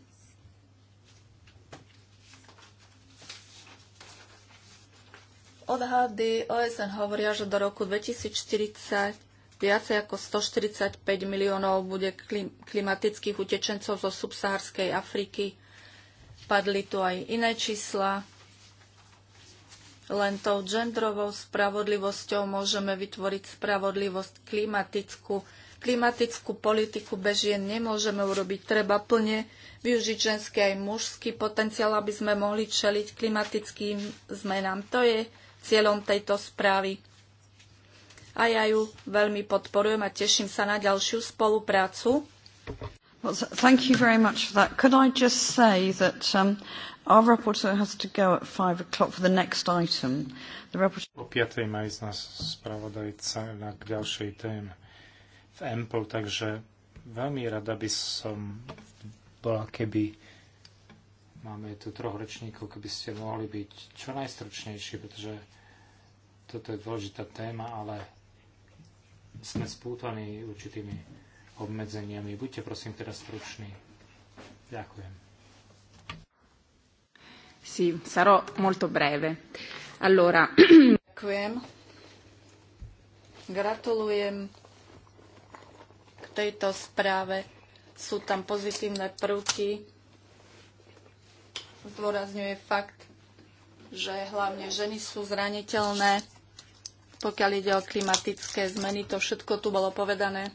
Odhady OSN hovoria, že do roku 2040 viacej ako 145 miliónov bude klimatických utečencov zo subsahárskej Afriky. Padli tu aj iné čísla. Len tou genderovou spravodlivosťou môžeme vytvoriť spravodlivosť klimatickú. Klimatickú politiku bez žien nemôžeme urobiť. Treba plne využiť ženský aj mužský potenciál, aby sme mohli čeliť klimatickým zmenám. To je cieľom tejto správy. A ja ju veľmi podporujem a teším sa na ďalšiu spoluprácu. Well, thank you very much for that. Could I just say that um, our rapporteur has to go at five o'clock for the next item. The rapporteur... O 5. má ísť nás spravodajca na k ďalšej téme v EMPL, takže veľmi rada by som bola, keby máme tu troch rečníkov, keby ste mohli byť čo najstručnejší, pretože toto je dôležitá téma, ale sme spútaní určitými obmedzeniami. Buďte prosím teraz struční. Ďakujem. Sì, sarò molto breve. Allora... [CLEARS THROAT] Ďakujem. Gratulujem k tejto správe. Sú tam pozitívne prvky. Zdôrazňuje fakt, že hlavne ženy sú zraniteľné, pokiaľ ide o klimatické zmeny. To všetko tu bolo povedané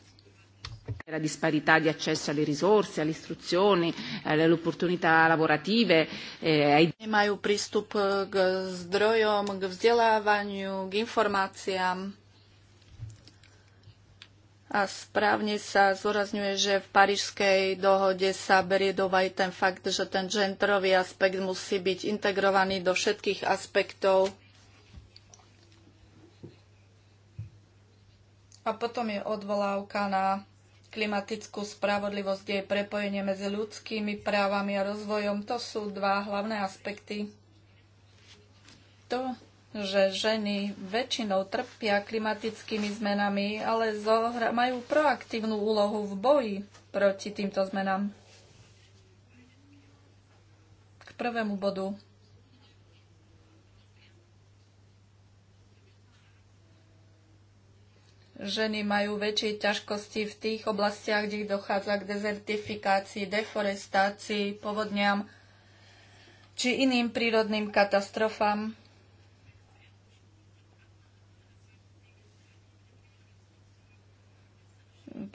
la disparità di accesso alle risorse, all'istruzione, alle opportunità lavorative. Eh, aj... Nemajú prístup k zdrojom, k vzdelávaniu, k informáciám. A správne sa zúrazňuje, že v Parížskej dohode sa berie do aj ten fakt, že ten genderový aspekt musí byť integrovaný do všetkých aspektov. A potom je odvolávka na klimatickú spravodlivosť, je prepojenie medzi ľudskými právami a rozvojom. To sú dva hlavné aspekty. To, že ženy väčšinou trpia klimatickými zmenami, ale zohra- majú proaktívnu úlohu v boji proti týmto zmenám. K prvému bodu ženy majú väčšie ťažkosti v tých oblastiach, kde dochádza k dezertifikácii, deforestácii, povodňam či iným prírodným katastrofám.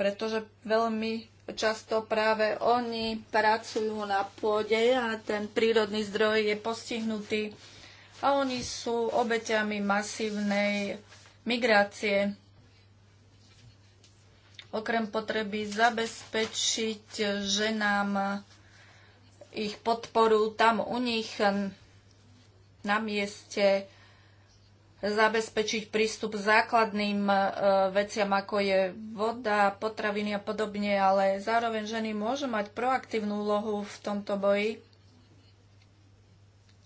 Pretože veľmi často práve oni pracujú na pôde a ten prírodný zdroj je postihnutý a oni sú obeťami masívnej migrácie okrem potreby zabezpečiť ženám ich podporu tam u nich na mieste, zabezpečiť prístup základným e, veciam, ako je voda, potraviny a podobne, ale zároveň ženy môžu mať proaktívnu úlohu v tomto boji.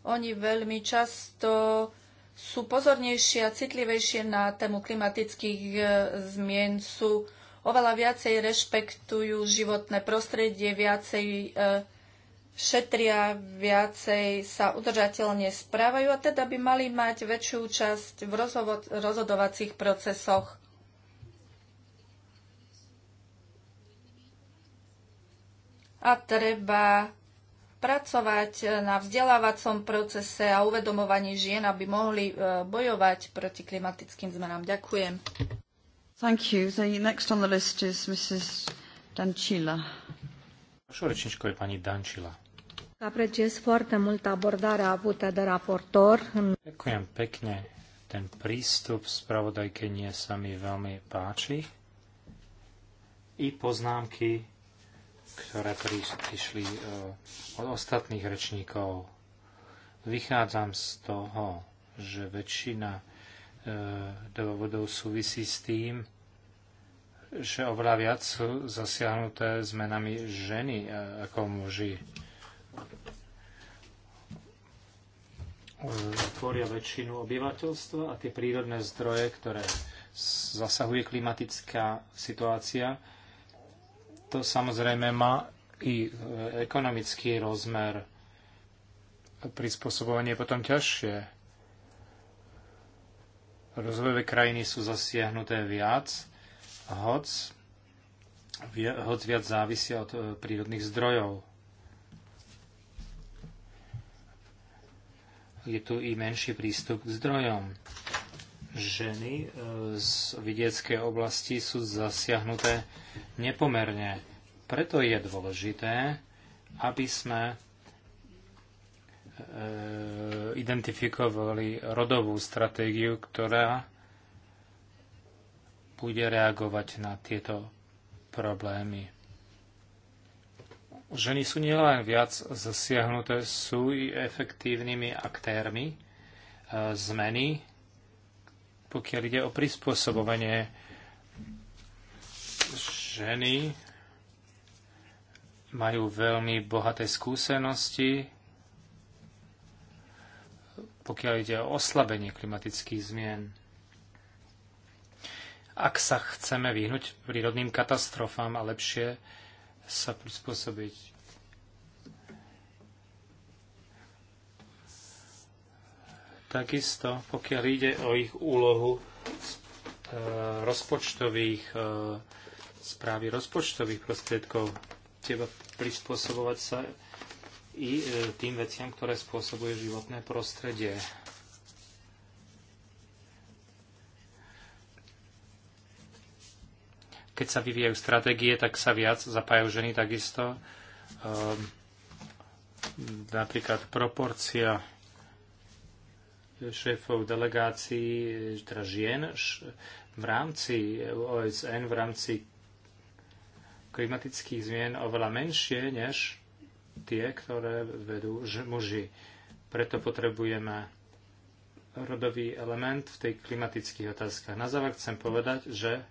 Oni veľmi často sú pozornejšie a citlivejšie na tému klimatických e, zmien, sú oveľa viacej rešpektujú životné prostredie, viacej e, šetria, viacej sa udržateľne správajú a teda by mali mať väčšiu časť v rozhodovacích procesoch. A treba pracovať e, na vzdelávacom procese a uvedomovaní žien, aby mohli e, bojovať proti klimatickým zmenám. Ďakujem. Thank you. The next on the list is Mrs. Dancila. je pani Apreciez foarte mult abordarea avută de raportor. Ďakujem pekne. Ten prístup spravodajkenie sa mi veľmi páči. I poznámky, ktoré prišli e, od ostatných rečníkov. Vychádzam z toho, že väčšina E, dôvodov súvisí s tým, že oveľa viac sú zasiahnuté zmenami ženy e, ako muži. E, tvoria väčšinu obyvateľstva a tie prírodné zdroje, ktoré zasahuje klimatická situácia, to samozrejme má i ekonomický rozmer. Prispôsobovanie je potom ťažšie Rozvojové krajiny sú zasiahnuté viac, hoc, hoc viac závisia od e, prírodných zdrojov. Je tu i menší prístup k zdrojom. Ženy e, z vidieckej oblasti sú zasiahnuté nepomerne. Preto je dôležité, aby sme Eh, identifikovali rodovú stratégiu, ktorá bude reagovať na tieto problémy. Ženy sú nielen viac zasiahnuté, sú i efektívnymi aktérmi eh, zmeny, pokiaľ ide o prispôsobovanie ženy majú veľmi bohaté skúsenosti, pokiaľ ide o oslabenie klimatických zmien. Ak sa chceme vyhnúť prírodným katastrofám a lepšie sa prispôsobiť Takisto, pokiaľ ide o ich úlohu e, rozpočtových e, správy rozpočtových prostriedkov, treba prispôsobovať sa i e, tým veciam, ktoré spôsobuje životné prostredie. Keď sa vyvíjajú stratégie, tak sa viac zapájajú ženy takisto. Um, napríklad proporcia šéfov delegácií, teda žien, v rámci OSN, v rámci klimatických zmien oveľa menšie než tie, ktoré vedú muži. Preto potrebujeme rodový element v tej klimatických otázkach. Na záver chcem povedať, že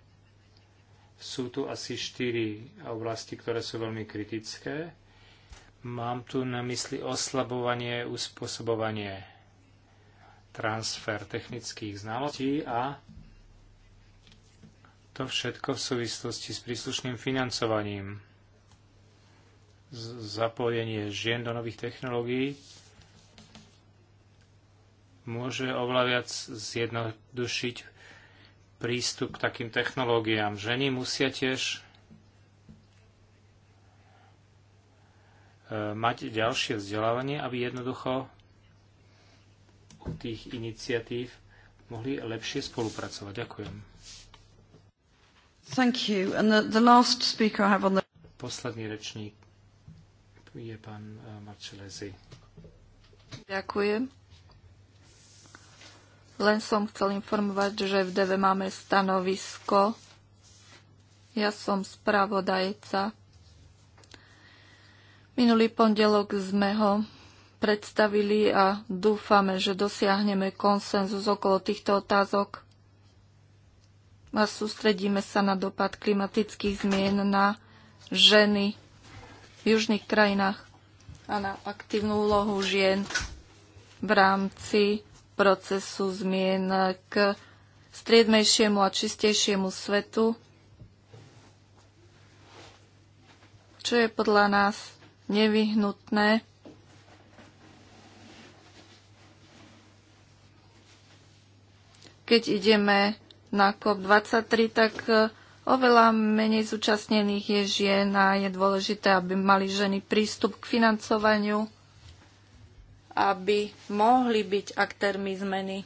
sú tu asi štyri oblasti, ktoré sú veľmi kritické. Mám tu na mysli oslabovanie, uspôsobovanie, transfer technických znalostí a to všetko v súvislosti s príslušným financovaním zapojenie žien do nových technológií môže oveľa viac zjednodušiť prístup k takým technológiám. Ženy musia tiež e, mať ďalšie vzdelávanie, aby jednoducho u tých iniciatív mohli lepšie spolupracovať. Ďakujem. Thank you. And the, the last speaker I have on the... Posledný rečník je pán eh, Ďakujem. Len som chcel informovať, že v DV máme stanovisko. Ja som spravodajca. Minulý pondelok sme ho predstavili a dúfame, že dosiahneme konsenzus okolo týchto otázok a sústredíme sa na dopad klimatických zmien na ženy v južných krajinách a na aktívnu úlohu žien v rámci procesu zmien k striedmejšiemu a čistejšiemu svetu, čo je podľa nás nevyhnutné. Keď ideme na COP23, tak Oveľa menej zúčastnených je žien a je dôležité, aby mali ženy prístup k financovaniu, aby mohli byť aktérmi zmeny.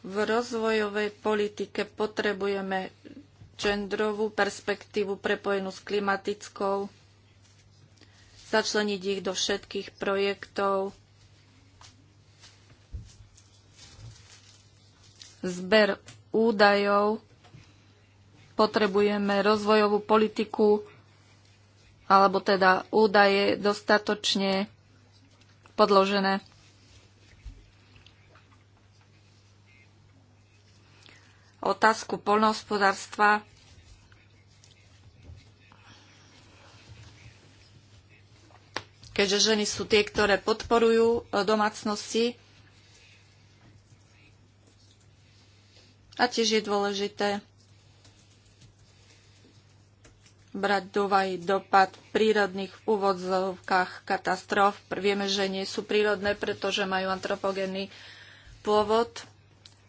V rozvojovej politike potrebujeme genderovú perspektívu prepojenú s klimatickou, začleniť ich do všetkých projektov, zber údajov, potrebujeme rozvojovú politiku, alebo teda údaje dostatočne podložené. Otázku polnohospodárstva keďže ženy sú tie, ktoré podporujú domácnosti A tiež je dôležité brať do vaj dopad prírodných v úvodzovkách katastrof. Vieme, že nie sú prírodné, pretože majú antropogénny pôvod,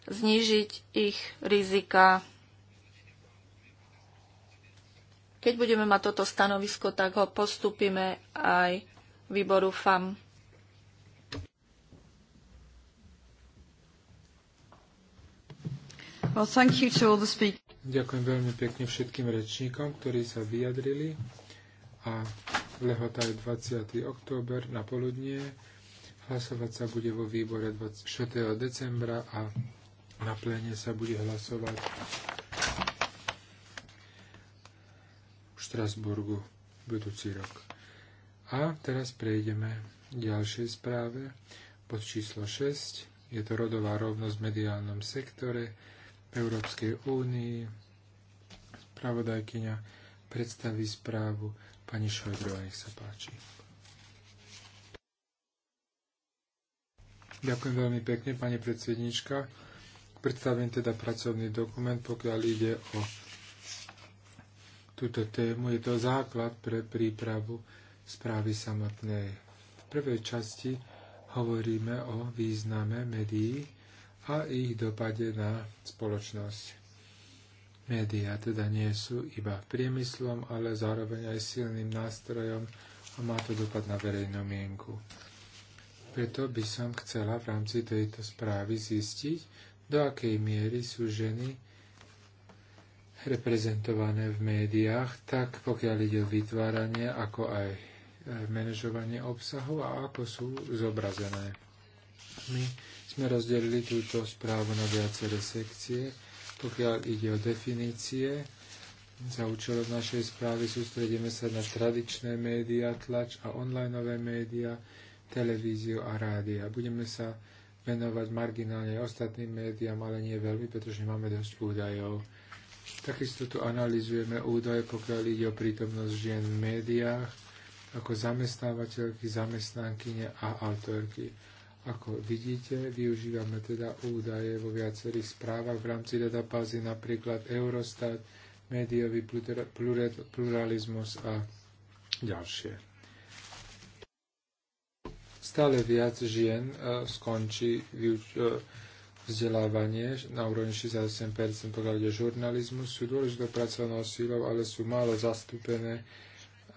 znížiť ich rizika. Keď budeme mať toto stanovisko, tak ho postupíme aj výboru FAM. Well, thank you to all the Ďakujem veľmi pekne všetkým rečníkom, ktorí sa vyjadrili. A lehota je 20. október na poludnie. Hlasovať sa bude vo výbore 26. decembra a na pléne sa bude hlasovať v Štrasburgu budúci rok. A teraz prejdeme k ďalšej správe pod číslo 6. Je to rodová rovnosť v mediálnom sektore. Európskej únii. Spravodajkyňa predstaví správu. Pani Šojdrova, nech sa páči. Ďakujem veľmi pekne, pani predsednička. Predstavím teda pracovný dokument, pokiaľ ide o túto tému. Je to základ pre prípravu správy samotnej. V prvej časti hovoríme o význame médií a ich dopade na spoločnosť. Média teda nie sú iba priemyslom, ale zároveň aj silným nástrojom a má to dopad na verejnú mienku. Preto by som chcela v rámci tejto správy zistiť, do akej miery sú ženy reprezentované v médiách, tak pokiaľ ide o vytváranie, ako aj e, manažovanie obsahu a ako sú zobrazené. My sme rozdelili túto správu na viaceré sekcie. Pokiaľ ide o definície, za účelom našej správy sústredíme sa na tradičné médiá, tlač a onlineové médiá, televíziu a rádia. Budeme sa venovať marginálne ostatným médiám, ale nie veľmi, pretože máme dosť údajov. Takisto tu analizujeme údaje, pokiaľ ide o prítomnosť žien v médiách, ako zamestnávateľky, zamestnankyne a autorky. Ako vidíte, využívame teda údaje vo viacerých správach v rámci databázy, napríklad Eurostat, médiový pluralizmus a ďalšie. Stále viac žien e, skončí e, vzdelávanie na úrovni 67%, pokiaľ ide žurnalizmu, sú dôležitou pracovnou sílou, ale sú málo zastúpené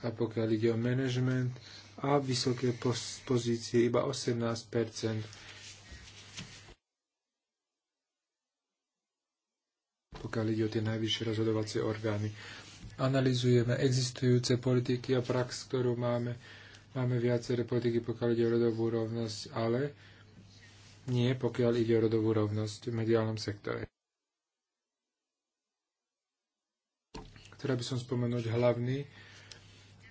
a pokiaľ ide o manažment, a vysoké pozície iba 18 pokiaľ ide o tie najvyššie rozhodovacie orgány. Analizujeme existujúce politiky a prax, ktorú máme. Máme viaceré politiky, pokiaľ ide o rodovú rovnosť, ale nie, pokiaľ ide o rodovú rovnosť v mediálnom sektore. Chcela teda by som spomenúť hlavný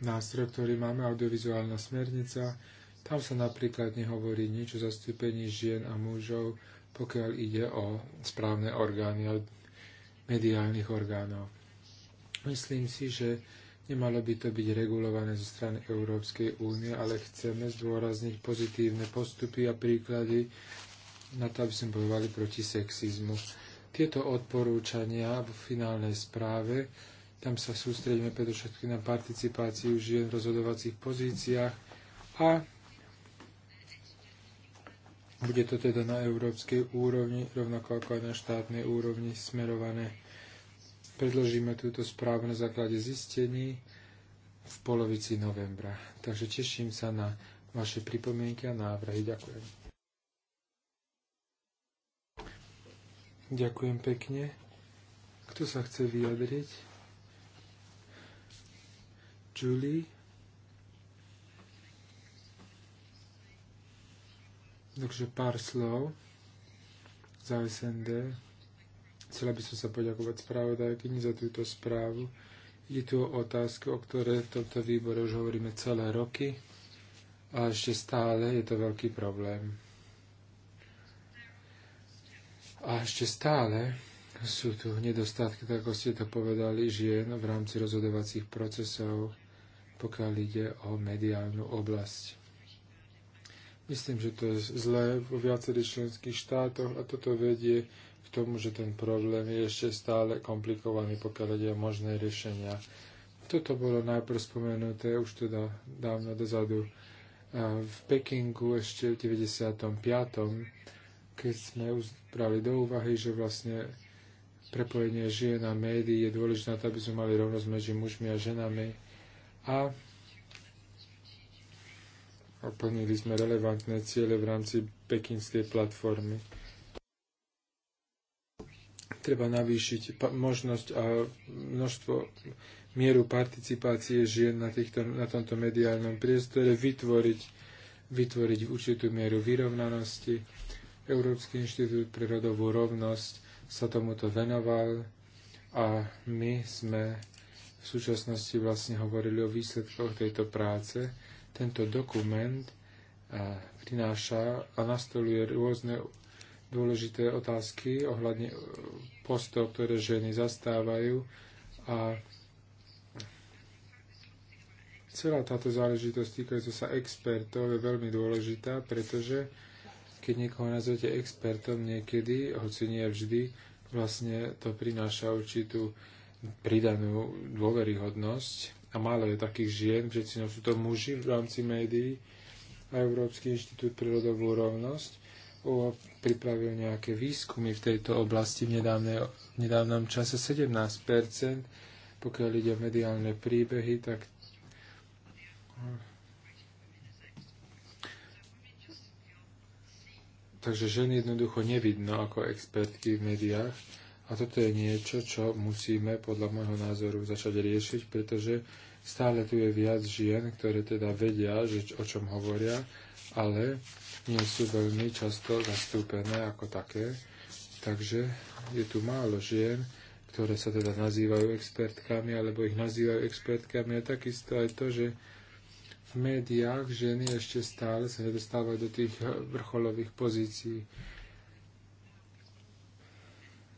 nástroj, ktorý máme, audiovizuálna smernica. Tam sa napríklad nehovorí nič o zastúpení žien a mužov, pokiaľ ide o správne orgány a mediálnych orgánov. Myslím si, že nemalo by to byť regulované zo strany Európskej únie, ale chceme zdôrazniť pozitívne postupy a príklady na to, aby sme bojovali proti sexizmu. Tieto odporúčania v finálnej správe tam sa sústredíme predovšetkým na participáciu žien v rozhodovacích pozíciách a bude to teda na európskej úrovni, rovnako ako aj na štátnej úrovni smerované. Predložíme túto správu na základe zistení v polovici novembra. Takže teším sa na vaše pripomienky a návrhy. Ďakujem. Ďakujem pekne. Kto sa chce vyjadriť? Julie. Takže pár slov za SND. Chcela by som sa poďakovať spravodajkyni za túto správu. Je tu o o ktoré v tomto výbore už hovoríme celé roky a ešte stále je to veľký problém. A ešte stále sú tu nedostatky, tak ako ste to povedali, žien v rámci rozhodovacích procesov pokiaľ ide o mediálnu oblasť. Myslím, že to je zlé vo viacerých členských štátoch a toto vedie k tomu, že ten problém je ešte stále komplikovaný, pokiaľ ide o možné riešenia. Toto bolo najprv spomenuté už teda dávno dozadu eh, v Pekingu ešte v 95. keď sme brali do úvahy, že vlastne prepojenie žien a médií je dôležité, aby sme mali rovnosť medzi mužmi a ženami a oplnili sme relevantné ciele v rámci pekinskej platformy. Treba navýšiť možnosť a množstvo mieru participácie žien na, týchto, na tomto mediálnom priestore, vytvoriť, vytvoriť určitú mieru vyrovnanosti. Európsky inštitút pre rodovú rovnosť sa tomuto venoval a my sme v súčasnosti vlastne hovorili o výsledkoch tejto práce. Tento dokument prináša a nastoluje rôzne dôležité otázky ohľadne e, postov, ktoré ženy zastávajú a celá táto záležitosť týkajúca sa expertov je veľmi dôležitá, pretože keď niekoho nazvete expertom niekedy, hoci nie vždy, vlastne to prináša určitú pridanú dôveryhodnosť a málo je takých žien, všetci sú to muži v rámci médií a Európsky inštitút pre rodovú rovnosť pripravil nejaké výskumy v tejto oblasti v, nedávnej, v nedávnom čase 17%, pokiaľ ide o mediálne príbehy, tak Takže ženy jednoducho nevidno ako expertky v médiách a toto je niečo, čo musíme podľa môjho názoru začať riešiť, pretože stále tu je viac žien, ktoré teda vedia, že, o čom hovoria, ale nie sú veľmi často zastúpené ako také. Takže je tu málo žien, ktoré sa teda nazývajú expertkami, alebo ich nazývajú expertkami. A takisto aj to, že v médiách ženy ešte stále sa nedostávajú do tých vrcholových pozícií.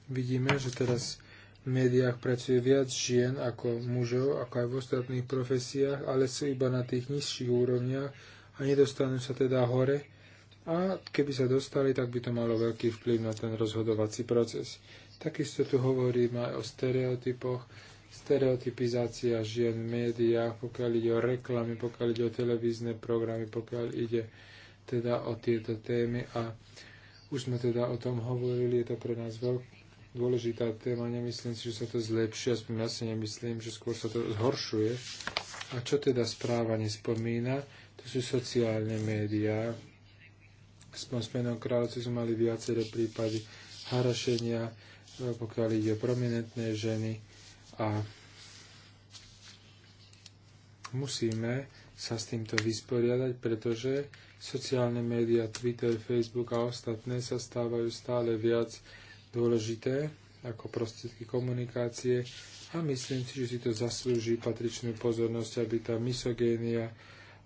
Vidíme, že teraz v médiách pracuje viac žien ako mužov, ako aj v ostatných profesiách, ale sú iba na tých nižších úrovniach a nedostanú sa teda hore. A keby sa dostali, tak by to malo veľký vplyv na ten rozhodovací proces. Takisto tu hovoríme aj o stereotypoch, stereotypizácia žien v médiách, pokiaľ ide o reklamy, pokiaľ ide o televízne programy, pokiaľ ide teda o tieto témy a už sme teda o tom hovorili, je to pre nás veľký dôležitá téma, nemyslím si, že sa to zlepšia, aspoň ja si nemyslím, že skôr sa to zhoršuje. A čo teda správa nespomína? To sú sociálne médiá. Aspoň s Spojenom Kráľovci sme mali viaceré prípady harašenia, e, pokiaľ ide o prominentné ženy. A musíme sa s týmto vysporiadať, pretože sociálne médiá, Twitter, Facebook a ostatné sa stávajú stále viac dôležité ako prostriedky komunikácie a myslím si, že si to zaslúži patričnú pozornosť, aby tá misogénia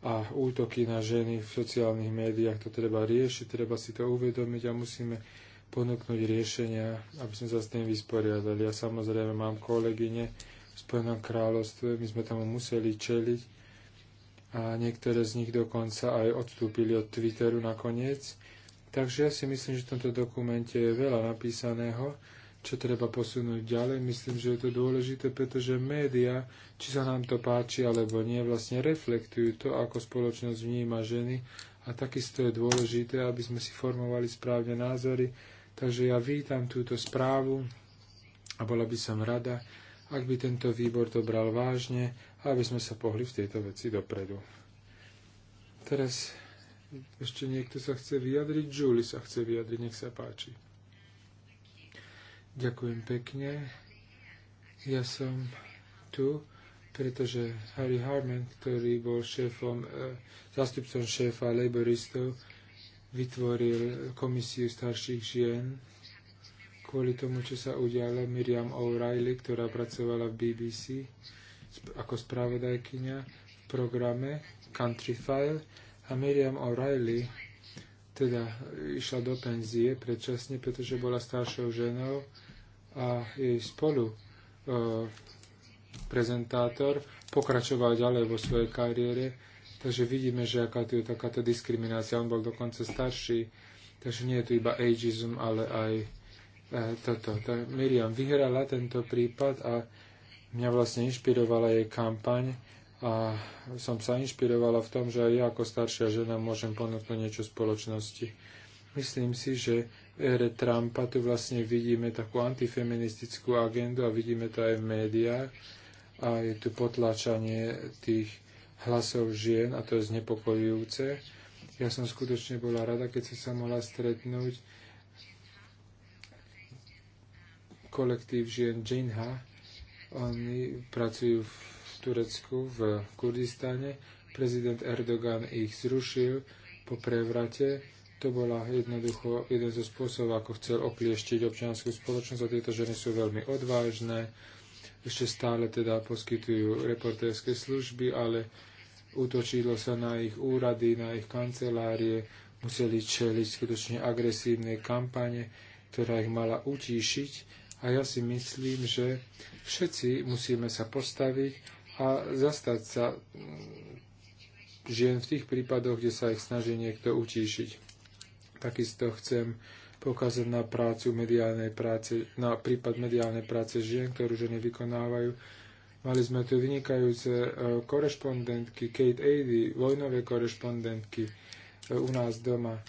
a útoky na ženy v sociálnych médiách to treba riešiť, treba si to uvedomiť a musíme ponúknuť riešenia, aby sme sa s tým vysporiadali. Ja samozrejme mám kolegyne v Spojenom kráľovstve, my sme tomu museli čeliť a niektoré z nich dokonca aj odstúpili od Twitteru nakoniec Takže ja si myslím, že v tomto dokumente je veľa napísaného, čo treba posunúť ďalej. Myslím, že je to dôležité, pretože média, či sa nám to páči alebo nie, vlastne reflektujú to, ako spoločnosť vníma ženy a takisto je dôležité, aby sme si formovali správne názory. Takže ja vítam túto správu a bola by som rada, ak by tento výbor to bral vážne a aby sme sa pohli v tejto veci dopredu. Teraz ešte niekto sa chce vyjadriť? Julie sa chce vyjadriť, nech sa páči. Ďakujem pekne. Ja som tu, pretože Harry Harman, ktorý bol šéfom, e, zástupcom šéfa laboristov, vytvoril komisiu starších žien kvôli tomu, čo sa udialo Miriam O'Reilly, ktorá pracovala v BBC ako spravodajkyňa v programe Country File a Miriam O'Reilly teda išla do penzie predčasne, pretože bola staršou ženou a jej spolu e, prezentátor pokračoval ďalej vo svojej kariére. Takže vidíme, že aká tu je takáto diskriminácia. On bol dokonca starší, takže nie je tu iba ageism, ale aj e, toto. Tá Miriam vyhrala tento prípad a mňa vlastne inšpirovala jej kampaň, a som sa inšpirovala v tom, že aj ja ako staršia žena môžem ponúknuť niečo spoločnosti. Myslím si, že v ére Trumpa tu vlastne vidíme takú antifeministickú agendu a vidíme to aj v médiách a je tu potláčanie tých hlasov žien a to je znepokojujúce. Ja som skutočne bola rada, keď som sa mohla stretnúť kolektív žien Jinha. Oni pracujú v Turecku v Kurdistane. Prezident Erdogan ich zrušil po prevrate. To bola jednoducho jeden zo spôsobov, ako chcel oklieštiť občianskú spoločnosť a tieto ženy sú veľmi odvážne. Ešte stále teda poskytujú reportérske služby, ale útočilo sa na ich úrady, na ich kancelárie, museli čeliť skutočne agresívnej kampane, ktorá ich mala utíšiť. A ja si myslím, že všetci musíme sa postaviť a zastať sa mm, žien v tých prípadoch, kde sa ich snaží niekto utíšiť. Takisto chcem pokazať na prácu mediálnej práce, na prípad mediálnej práce žien, ktorú ženy vykonávajú. Mali sme tu vynikajúce e, korešpondentky, Kate Aidy, vojnové korešpondentky e, u nás doma.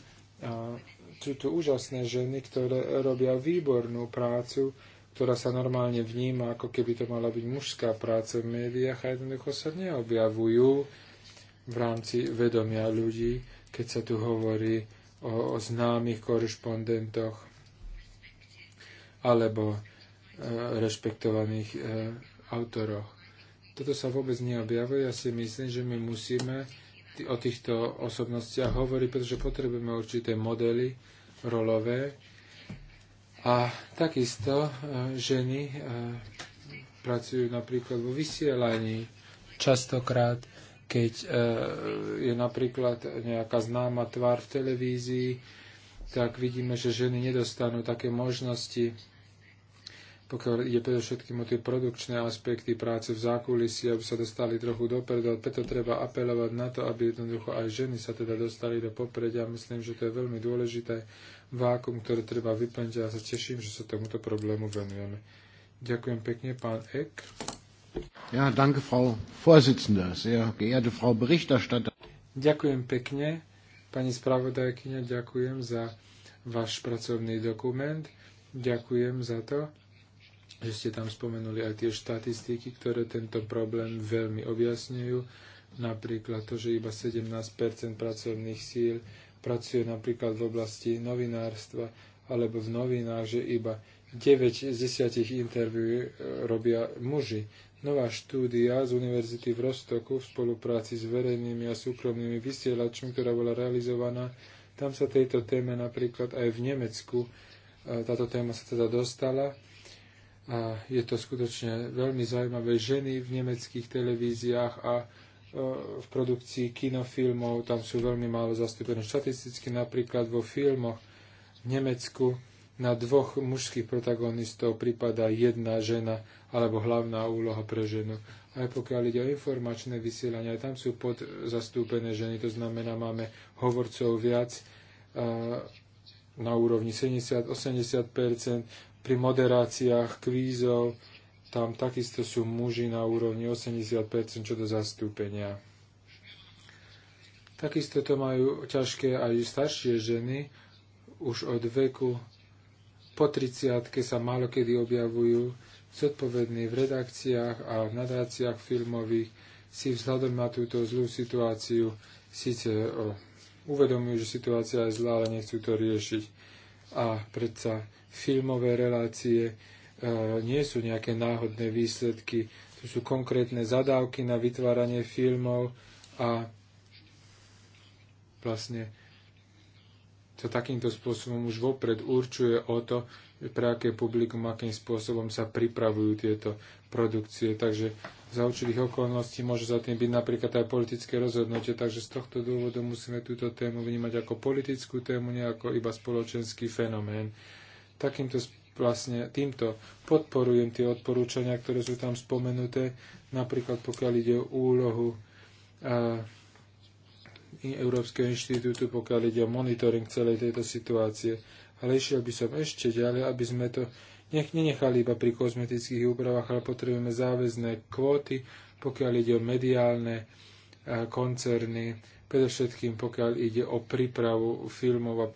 A sú tu úžasné ženy, ktoré robia výbornú prácu ktorá sa normálne vníma, ako keby to mala byť mužská práca v médiách a jednoducho sa neobjavujú v rámci vedomia ľudí, keď sa tu hovorí o, o známych korešpondentoch alebo e, rešpektovaných e, autoroch. Toto sa vôbec neobjavuje. Ja si myslím, že my musíme o týchto osobnostiach hovoriť, pretože potrebujeme určité modely rolové, a takisto e, ženy e, pracujú napríklad vo vysielaní. Častokrát, keď e, je napríklad nejaká známa tvár v televízii, tak vidíme, že ženy nedostanú také možnosti, pokiaľ ide predovšetkým o tie produkčné aspekty práce v zákulisí, aby sa dostali trochu dopredu. Preto treba apelovať na to, aby jednoducho aj ženy sa teda dostali do popredia. Myslím, že to je veľmi dôležité vákum, ktoré treba vyplniť a ja sa teším, že sa tomuto problému venujeme. Ďakujem pekne, pán Ek. Ja, danke, Frau Vorsitzende, sehr geehrte Frau Berichterstatter. Ďakujem pekne, pani spravodajkyňa, ďakujem za váš pracovný dokument. Ďakujem za to, že ste tam spomenuli aj tie štatistiky, ktoré tento problém veľmi objasňujú. Napríklad to, že iba 17 pracovných síl pracuje napríklad v oblasti novinárstva alebo v novinách, že iba 9 z 10 interviú e, robia muži. Nová štúdia z Univerzity v Rostoku v spolupráci s verejnými a súkromnými vysielačmi, ktorá bola realizovaná, tam sa tejto téme napríklad aj v Nemecku, e, táto téma sa teda dostala a je to skutočne veľmi zaujímavé. Ženy v nemeckých televíziách a v produkcii kinofilmov, tam sú veľmi málo zastúpené štatisticky, napríklad vo filmoch v Nemecku na dvoch mužských protagonistov prípada jedna žena alebo hlavná úloha pre ženu. Aj pokiaľ ide o informačné vysielania, tam sú podzastúpené ženy, to znamená, máme hovorcov viac na úrovni 70-80%, pri moderáciách kvízov tam takisto sú muži na úrovni 80%, čo do zastúpenia. Takisto to majú ťažké aj staršie ženy, už od veku po 30 sa málo kedy objavujú zodpovední v redakciách a v nadáciách filmových si vzhľadom na túto zlú situáciu síce o, uvedomujú, že situácia je zlá, ale nechcú to riešiť. A predsa filmové relácie E, nie sú nejaké náhodné výsledky. Tu sú konkrétne zadávky na vytváranie filmov a vlastne to takýmto spôsobom už vopred určuje o to, pre aké publikum, akým spôsobom sa pripravujú tieto produkcie. Takže za určitých okolností môže za tým byť napríklad aj politické rozhodnutie. Takže z tohto dôvodu musíme túto tému vnímať ako politickú tému, nie ako iba spoločenský fenomén. Takýmto spôsobom vlastne týmto podporujem tie odporúčania, ktoré sú tam spomenuté, napríklad pokiaľ ide o úlohu Európskeho inštitútu, pokiaľ ide o monitoring celej tejto situácie. Ale išiel by som ešte ďalej, aby sme to nech nenechali iba pri kozmetických úpravách, ale potrebujeme záväzné kvóty, pokiaľ ide o mediálne koncerny, predovšetkým pokiaľ ide o prípravu filmov a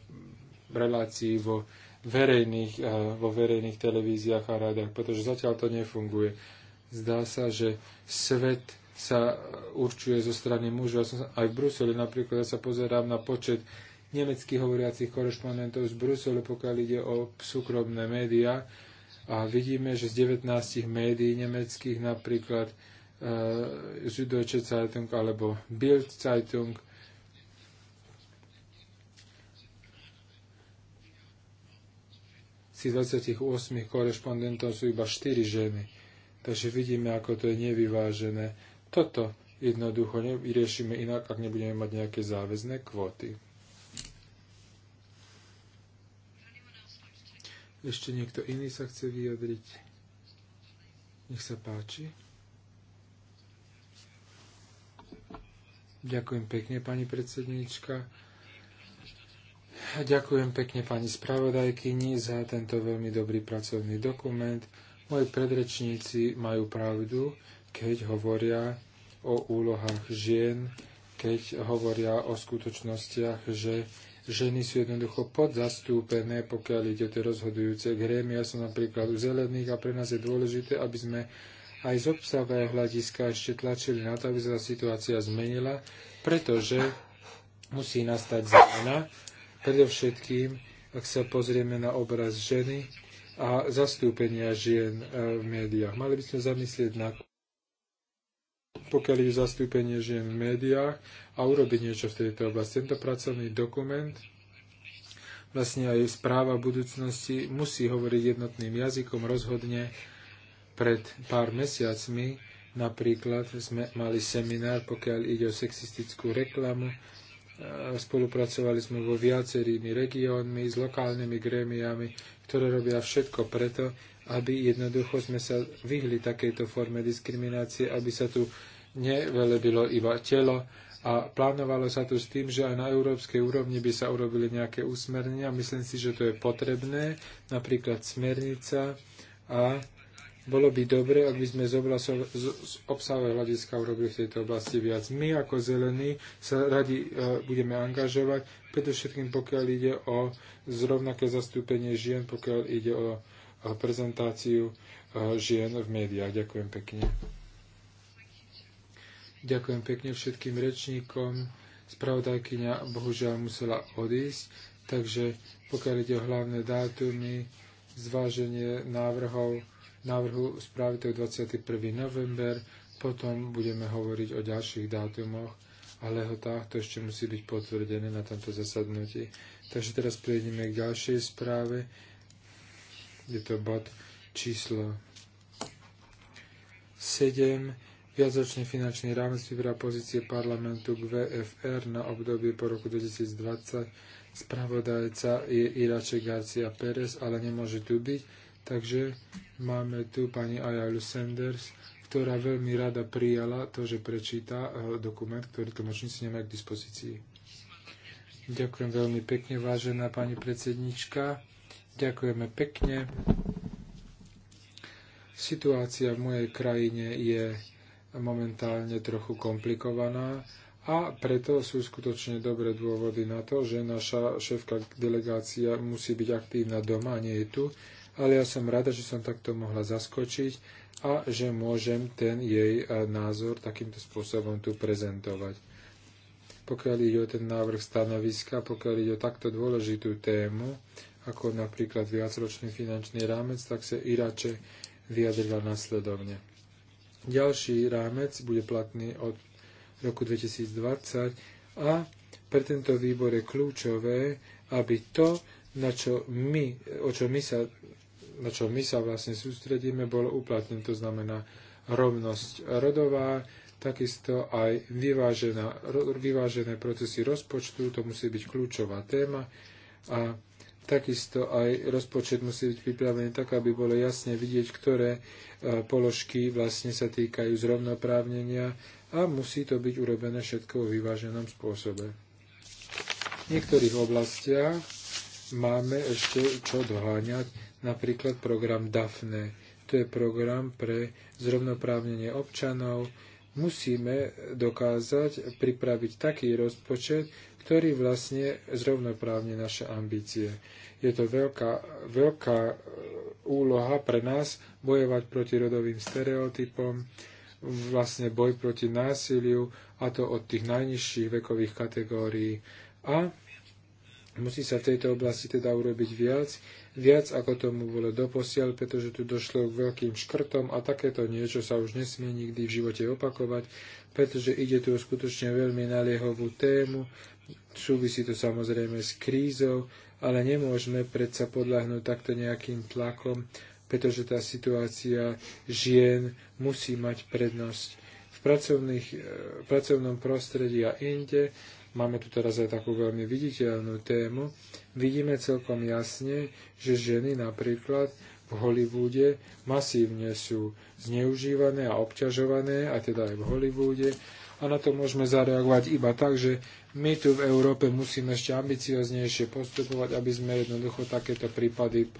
relácií vo verejných, eh, vo verejných televíziách a rádiach, pretože zatiaľ to nefunguje. Zdá sa, že svet sa eh, určuje zo strany mužov. aj v Bruseli napríklad, ja sa pozerám na počet nemeckých hovoriacich korešpondentov z Bruselu, pokiaľ ide o súkromné médiá. A vidíme, že z 19 médií nemeckých napríklad e, Süddeutsche Zeitung alebo Bild Zeitung tých 28 korešpondentov sú iba 4 ženy. Takže vidíme, ako to je nevyvážené. Toto jednoducho vyriešime inak, ak nebudeme mať nejaké záväzné kvóty. Ešte niekto iný sa chce vyjadriť? Nech sa páči. Ďakujem pekne, pani predsedníčka. Ďakujem pekne pani spravodajkyni za tento veľmi dobrý pracovný dokument. Moji predrečníci majú pravdu, keď hovoria o úlohách žien, keď hovoria o skutočnostiach, že ženy sú jednoducho podzastúpené, pokiaľ ide o tie rozhodujúce grémia. Ja som napríklad u zelených a pre nás je dôležité, aby sme aj z obsahového hľadiska ešte tlačili na to, aby sa situácia zmenila, pretože musí nastať zmena Predovšetkým, ak sa pozrieme na obraz ženy a zastúpenia žien e, v médiách. Mali by sme zamyslieť na pokiaľ je zastúpenie žien v médiách a urobiť niečo v tejto oblasti. Tento pracovný dokument vlastne aj správa budúcnosti musí hovoriť jednotným jazykom rozhodne. Pred pár mesiacmi napríklad sme mali seminár, pokiaľ ide o sexistickú reklamu Spolupracovali sme vo viacerými regiónmi, s lokálnymi grémiami, ktoré robia všetko preto, aby jednoducho sme sa vyhli takejto forme diskriminácie, aby sa tu nevelebilo iba telo a plánovalo sa tu s tým, že aj na európskej úrovni by sa urobili nejaké úsmernenia. Myslím si, že to je potrebné, napríklad smernica a bolo by dobre, ak by sme z, oblasov, z, z obsahového hľadiska urobili v tejto oblasti viac. My ako zelení sa radi uh, budeme angažovať, predovšetkým pokiaľ ide o zrovnaké zastúpenie žien, pokiaľ ide o, o e, prezentáciu uh, žien v médiách. Ďakujem pekne. Ďakujem pekne všetkým rečníkom. Spravodajkyňa bohužiaľ musela odísť, takže pokiaľ ide o hlavné dátumy, zváženie návrhov návrhu správy, to je 21. november, potom budeme hovoriť o ďalších dátumoch a lehotách, to ešte musí byť potvrdené na tomto zasadnutí. Takže teraz prejdeme k ďalšej správe. Je to bod číslo 7. Viacročný finančný rámec vybrá pozície parlamentu k VFR na obdobie po roku 2020. Spravodajca je Irače Garcia Pérez, ale nemôže tu byť Takže máme tu pani Ayalu Sanders, ktorá veľmi rada prijala to, že prečíta eh, dokument, ktorý tlmočníci nemajú k dispozícii. Ďakujem veľmi pekne, vážená pani predsednička. Ďakujeme pekne. Situácia v mojej krajine je momentálne trochu komplikovaná a preto sú skutočne dobré dôvody na to, že naša šéfka delegácia musí byť aktívna doma, nie je tu ale ja som rada, že som takto mohla zaskočiť a že môžem ten jej eh, názor takýmto spôsobom tu prezentovať. Pokiaľ ide o ten návrh stanoviska, pokiaľ ide o takto dôležitú tému, ako napríklad viacročný finančný rámec, tak sa Irače vyjadrila nasledovne. Ďalší rámec bude platný od roku 2020 a pre tento výbor je kľúčové, aby to, na čo my, o čo my sa na čo my sa vlastne sústredíme, bolo uplatnené. To znamená rovnosť rodová, takisto aj vyvážená, ro, vyvážené procesy rozpočtu, to musí byť kľúčová téma a takisto aj rozpočet musí byť pripravený tak, aby bolo jasne vidieť, ktoré e, položky vlastne sa týkajú zrovnoprávnenia a musí to byť urobené všetko vo vyváženom spôsobe. V niektorých oblastiach máme ešte čo doháňať, napríklad program DAFNE. To je program pre zrovnoprávnenie občanov. Musíme dokázať pripraviť taký rozpočet, ktorý vlastne zrovnoprávne naše ambície. Je to veľká, veľká e, úloha pre nás bojovať proti rodovým stereotypom, vlastne boj proti násiliu, a to od tých najnižších vekových kategórií. A musí sa v tejto oblasti teda urobiť viac viac ako tomu bolo doposiaľ, pretože tu došlo k veľkým škrtom a takéto niečo sa už nesmie nikdy v živote opakovať, pretože ide tu o skutočne veľmi naliehovú tému, súvisí to samozrejme s krízou, ale nemôžeme predsa podľahnúť takto nejakým tlakom, pretože tá situácia žien musí mať prednosť v pracovných, eh, v pracovnom prostredí a inde Máme tu teraz aj takú veľmi viditeľnú tému. Vidíme celkom jasne, že ženy napríklad v Hollywoode masívne sú zneužívané a obťažované, a teda aj v Hollywoode. A na to môžeme zareagovať iba tak, že my tu v Európe musíme ešte ambicioznejšie postupovať, aby sme jednoducho takéto prípady,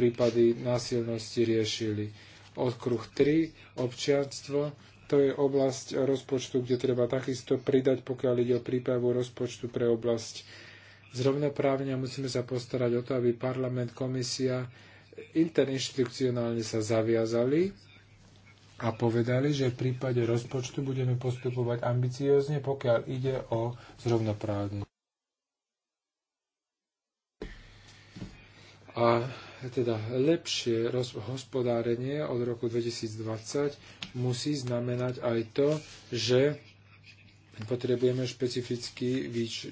prípady násilnosti riešili. Odkruh 3, občianstvo, to je oblasť rozpočtu, kde treba takisto pridať, pokiaľ ide o prípravu rozpočtu pre oblasť zrovnoprávne musíme sa postarať o to, aby parlament, komisia interinstitucionálne sa zaviazali a povedali, že v prípade rozpočtu budeme postupovať ambiciózne, pokiaľ ide o zrovnoprávne. A teda lepšie hospodárenie od roku 2020 musí znamenať aj to, že potrebujeme špecifický výč-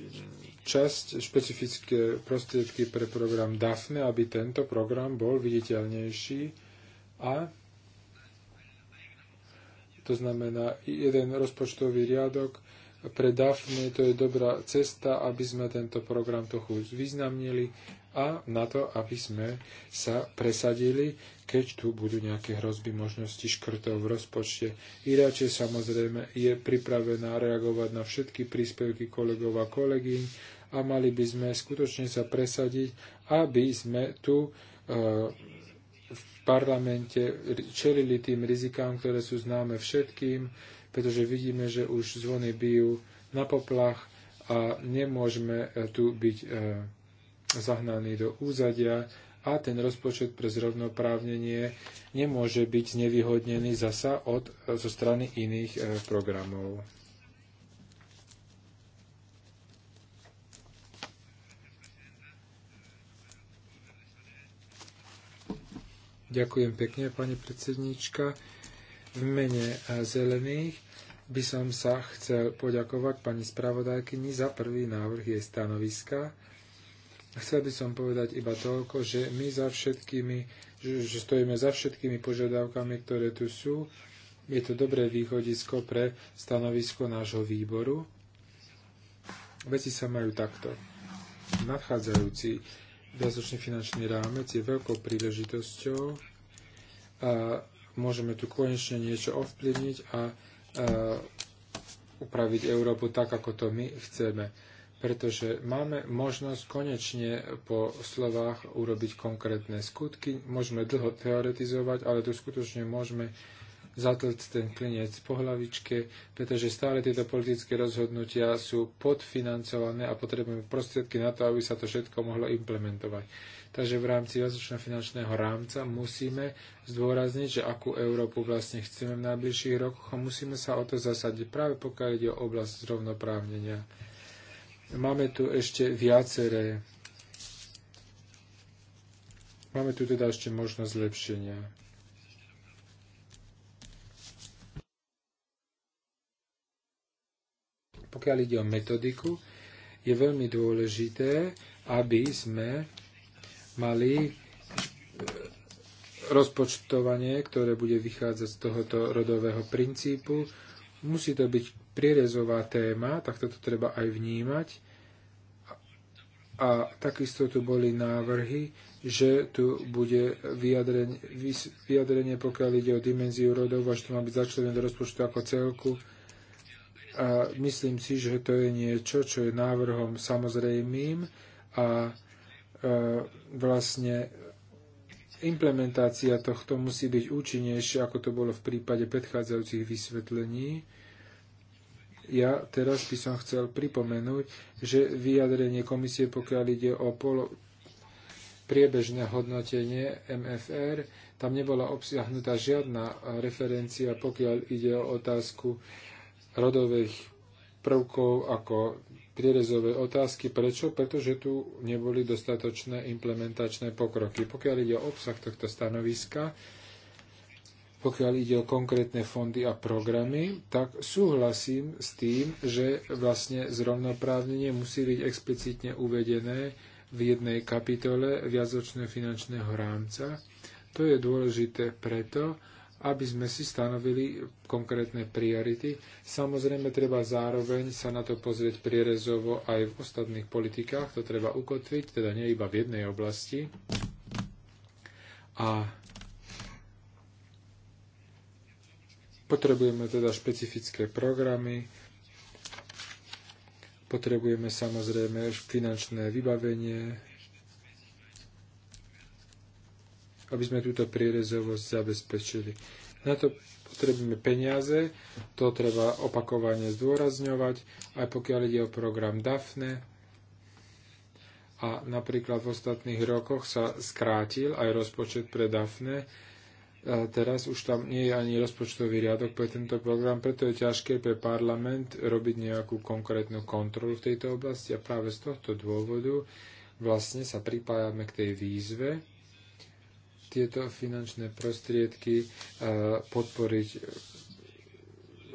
časť, špecifické prostriedky pre program DAFNE, aby tento program bol viditeľnejší a to znamená jeden rozpočtový riadok pre Dafne to je dobrá cesta, aby sme tento program trochu zvýznamnili a na to, aby sme sa presadili, keď tu budú nejaké hrozby možnosti škrtov v rozpočte. Iráče samozrejme je pripravená reagovať na všetky príspevky kolegov a kolegyň a mali by sme skutočne sa presadiť, aby sme tu e, v parlamente čelili tým rizikám, ktoré sú známe všetkým, pretože vidíme, že už zvony bijú na poplach a nemôžeme e, tu byť e, zahnaní do úzadia a ten rozpočet pre zrovnoprávnenie nemôže byť znevýhodnený zasa od, e, zo strany iných programov. Ďakujem pekne, pani predsedníčka. V mene eh, zelených by som sa chcel poďakovať pani spravodajkyni za prvý návrh jej stanoviska. Chcel by som povedať iba toľko, že my za všetkými, že stojíme za všetkými požiadavkami, ktoré tu sú. Je to dobré východisko pre stanovisko nášho výboru. Veci sa majú takto. Nadchádzajúci viacročný finančný rámec je veľkou príležitosťou a môžeme tu konečne niečo ovplyvniť a e, upraviť Európu tak, ako to my chceme. Pretože máme možnosť konečne po slovách urobiť konkrétne skutky. Môžeme dlho teoretizovať, ale tu skutočne môžeme zatlcť ten klinec po hlavičke, pretože stále tieto politické rozhodnutia sú podfinancované a potrebujeme prostriedky na to, aby sa to všetko mohlo implementovať. Takže v rámci jazyčno finančného rámca musíme zdôrazniť, že akú Európu vlastne chceme v najbližších rokoch a musíme sa o to zasadiť práve pokiaľ ide o oblasť zrovnoprávnenia. Máme tu ešte viaceré Máme tu teda ešte možnosť zlepšenia. Pokiaľ ide o metodiku, je veľmi dôležité, aby sme mali e, rozpočtovanie, ktoré bude vychádzať z tohoto rodového princípu. Musí to byť prierezová téma, tak toto treba aj vnímať. A takisto tu boli návrhy, že tu bude vyjadrenie, vyjadrenie pokiaľ ide o dimenziu rodov, až to má byť začlené do rozpočtu ako celku. A myslím si, že to je niečo, čo je návrhom samozrejmým a E, vlastne implementácia tohto musí byť účinnejšia, ako to bolo v prípade predchádzajúcich vysvetlení. Ja teraz by som chcel pripomenúť, že vyjadrenie komisie, pokiaľ ide o polo, priebežné hodnotenie MFR, tam nebola obsiahnutá žiadna referencia, pokiaľ ide o otázku rodových prvkov ako prierezové otázky. Prečo? Pretože tu neboli dostatočné implementačné pokroky. Pokiaľ ide o obsah tohto stanoviska, pokiaľ ide o konkrétne fondy a programy, tak súhlasím s tým, že vlastne zrovnoprávnenie musí byť explicitne uvedené v jednej kapitole viazočného finančného rámca. To je dôležité preto, aby sme si stanovili konkrétne priority. Samozrejme, treba zároveň sa na to pozrieť prierezovo aj v ostatných politikách. To treba ukotviť, teda nie iba v jednej oblasti. A potrebujeme teda špecifické programy, potrebujeme samozrejme finančné vybavenie, aby sme túto prierezovosť zabezpečili. Na to potrebujeme peniaze, to treba opakovane zdôrazňovať, aj pokiaľ ide o program DAFNE. A napríklad v ostatných rokoch sa skrátil aj rozpočet pre DAFNE. E, teraz už tam nie je ani rozpočtový riadok pre tento program, preto je ťažké pre parlament robiť nejakú konkrétnu kontrolu v tejto oblasti a práve z tohto dôvodu vlastne sa pripájame k tej výzve, tieto finančné prostriedky e, podporiť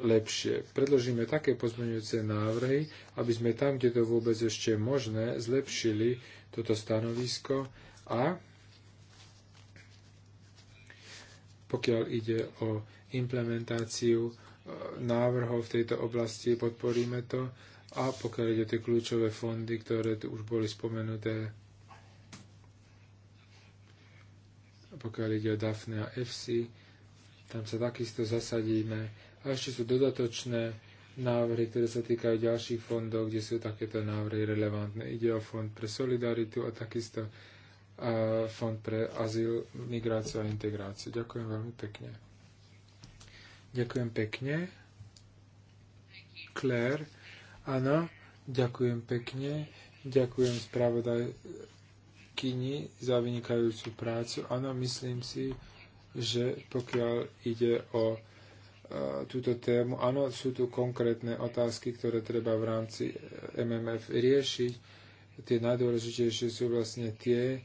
lepšie. Predložíme také pozmeňujúce návrhy, aby sme tam, kde to vôbec ešte je možné, zlepšili toto stanovisko a pokiaľ ide o implementáciu e, návrhov v tejto oblasti, podporíme to a pokiaľ ide o tie kľúčové fondy, ktoré tu už boli spomenuté, pokiaľ ide o Dafne a FC, tam sa takisto zasadíme. A ešte sú dodatočné návrhy, ktoré sa týkajú ďalších fondov, kde sú takéto návrhy relevantné. Ide o fond pre solidaritu a takisto a fond pre azyl, migráciu a integráciu. Ďakujem veľmi pekne. Ďakujem pekne. Claire. Áno, ďakujem pekne. Ďakujem spravodaj spravodajkyni za vynikajúcu prácu. Áno, myslím si, že pokiaľ ide o e, túto tému, áno, sú tu konkrétne otázky, ktoré treba v rámci e, MMF riešiť. Tie najdôležitejšie sú vlastne tie,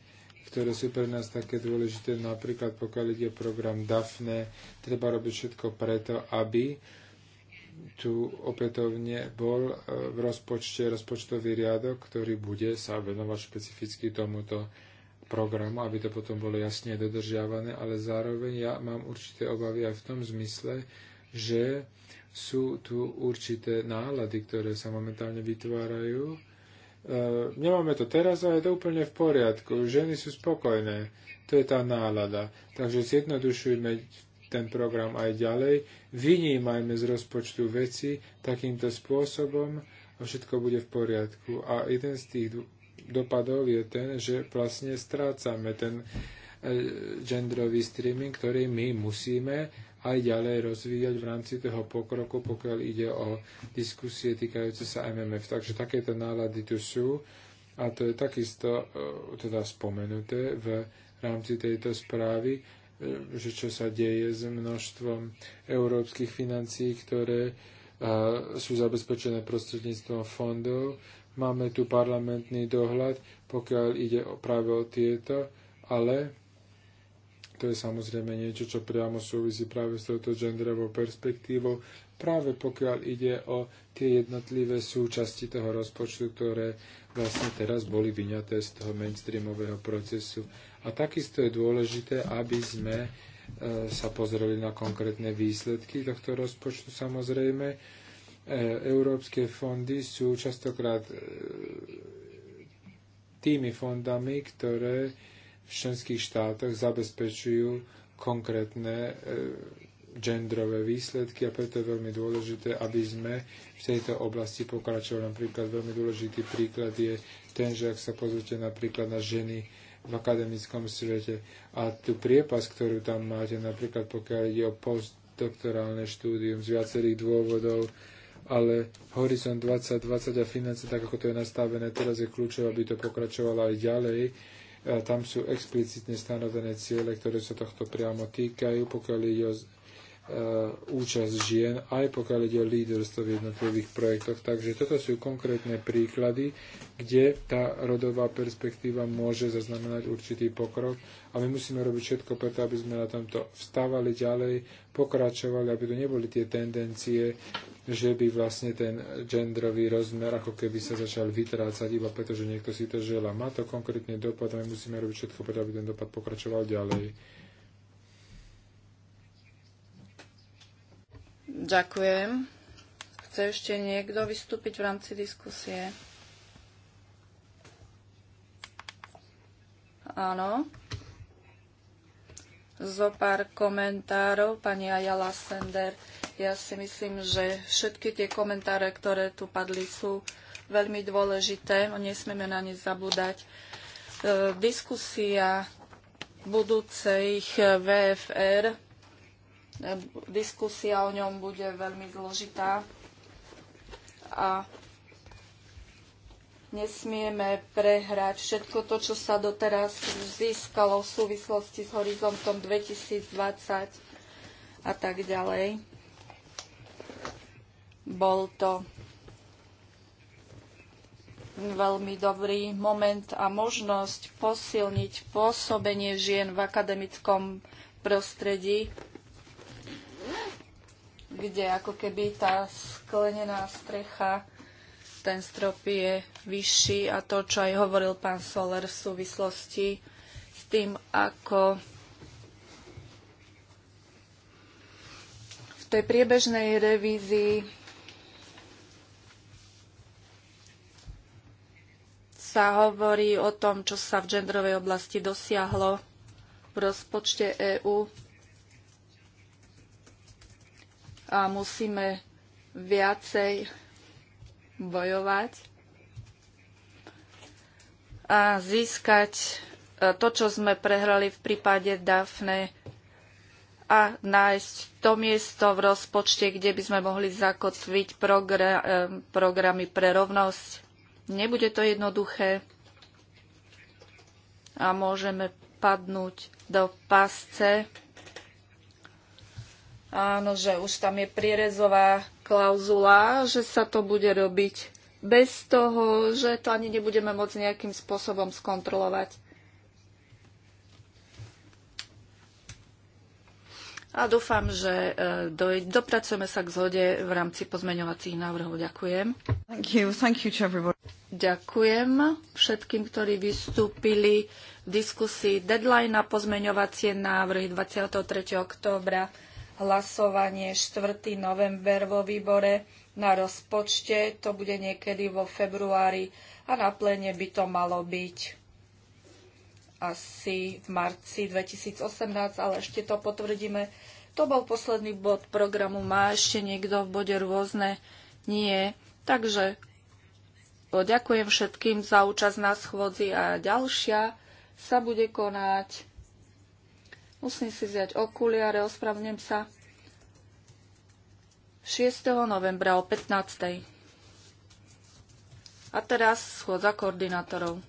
ktoré sú pre nás také dôležité, napríklad pokiaľ ide o program DAFNE, treba robiť všetko preto, aby tu opätovne bol e, v rozpočte rozpočtový riadok, ktorý bude sa venovať špecificky tomuto programu, aby to potom bolo jasne dodržiavané, ale zároveň ja mám určité obavy aj v tom zmysle, že sú tu určité nálady, ktoré sa momentálne vytvárajú. E, nemáme to teraz, ale je to úplne v poriadku. Ženy sú spokojné. To je tá nálada. Takže zjednodušujme ten program aj ďalej, vynímajme z rozpočtu veci takýmto spôsobom a všetko bude v poriadku. A jeden z tých dopadov je ten, že vlastne strácame ten e, genderový streaming, ktorý my musíme aj ďalej rozvíjať v rámci toho pokroku, pokiaľ ide o diskusie týkajúce sa MMF. Takže takéto nálady tu sú a to je takisto e, teda spomenuté v rámci tejto správy E, že čo sa deje s množstvom európskych financií, ktoré e, sú zabezpečené prostredníctvom fondov. Máme tu parlamentný dohľad, pokiaľ ide práve o tieto, ale to je samozrejme niečo, čo priamo súvisí práve s touto genderovou perspektívou, práve pokiaľ ide o tie jednotlivé súčasti toho rozpočtu, ktoré vlastne teraz boli vyňaté z toho mainstreamového procesu. A takisto je dôležité, aby sme e, sa pozreli na konkrétne výsledky tohto rozpočtu samozrejme. E, európske fondy sú častokrát e, tými fondami, ktoré v členských štátoch zabezpečujú konkrétne e, genderové výsledky a preto je veľmi dôležité, aby sme v tejto oblasti pokračovali. Napríklad veľmi dôležitý príklad je ten, že ak sa pozrite napríklad na ženy v akademickom svete a tú priepas, ktorú tam máte, napríklad pokiaľ ide o postdoktorálne štúdium z viacerých dôvodov, ale Horizon 2020 a financie, tak ako to je nastavené teraz, je kľúčové, aby to pokračovalo aj ďalej E, tam sú explicitne stanovené ciele, ktoré sa tohto priamo týkajú, pokiaľ ide o Eh, účasť žien, aj pokiaľ ide o líderstvo v jednotlivých projektoch. Takže toto sú konkrétne príklady, kde tá rodová perspektíva môže zaznamenať určitý pokrok a my musíme robiť všetko preto, aby sme na tomto vstávali ďalej, pokračovali, aby to neboli tie tendencie, že by vlastne ten genderový rozmer ako keby sa začal vytrácať iba preto, že niekto si to želá. Má to konkrétny dopad a my musíme robiť všetko preto, aby ten dopad pokračoval ďalej. Ďakujem. Chce ešte niekto vystúpiť v rámci diskusie? Áno. Zo pár komentárov, pani Ajala Sender. Ja si myslím, že všetky tie komentáre, ktoré tu padli, sú veľmi dôležité. No, nesmieme na ne zabúdať. E, diskusia budúcej VFR Diskusia o ňom bude veľmi zložitá a nesmieme prehrať všetko to, čo sa doteraz získalo v súvislosti s horizontom 2020 a tak ďalej. Bol to veľmi dobrý moment a možnosť posilniť pôsobenie žien v akademickom prostredí kde ako keby tá sklenená strecha, ten strop je vyšší a to, čo aj hovoril pán Soler v súvislosti s tým, ako v tej priebežnej revízii sa hovorí o tom, čo sa v genderovej oblasti dosiahlo v rozpočte EÚ a musíme viacej bojovať a získať e, to, čo sme prehrali v prípade Dafne a nájsť to miesto v rozpočte, kde by sme mohli zakotviť progra- e, programy pre rovnosť. Nebude to jednoduché a môžeme padnúť do pasce Áno, že už tam je prierezová klauzula, že sa to bude robiť bez toho, že to ani nebudeme môcť nejakým spôsobom skontrolovať. A dúfam, že e, dopracujeme sa k zhode v rámci pozmeňovacích návrhov. Ďakujem. Thank you. Thank you to Ďakujem všetkým, ktorí vystúpili v diskusii. Deadline na pozmeňovacie návrhy 23. októbra hlasovanie 4. november vo výbore na rozpočte, to bude niekedy vo februári a na plene by to malo byť asi v marci 2018, ale ešte to potvrdíme. To bol posledný bod programu. Má ešte niekto v bode rôzne? Nie. Takže ďakujem všetkým za účasť na schôdzi a ďalšia sa bude konať Musím si vziať okuliare, ospravnem sa. 6. novembra o 15. A teraz schôdza koordinátorov.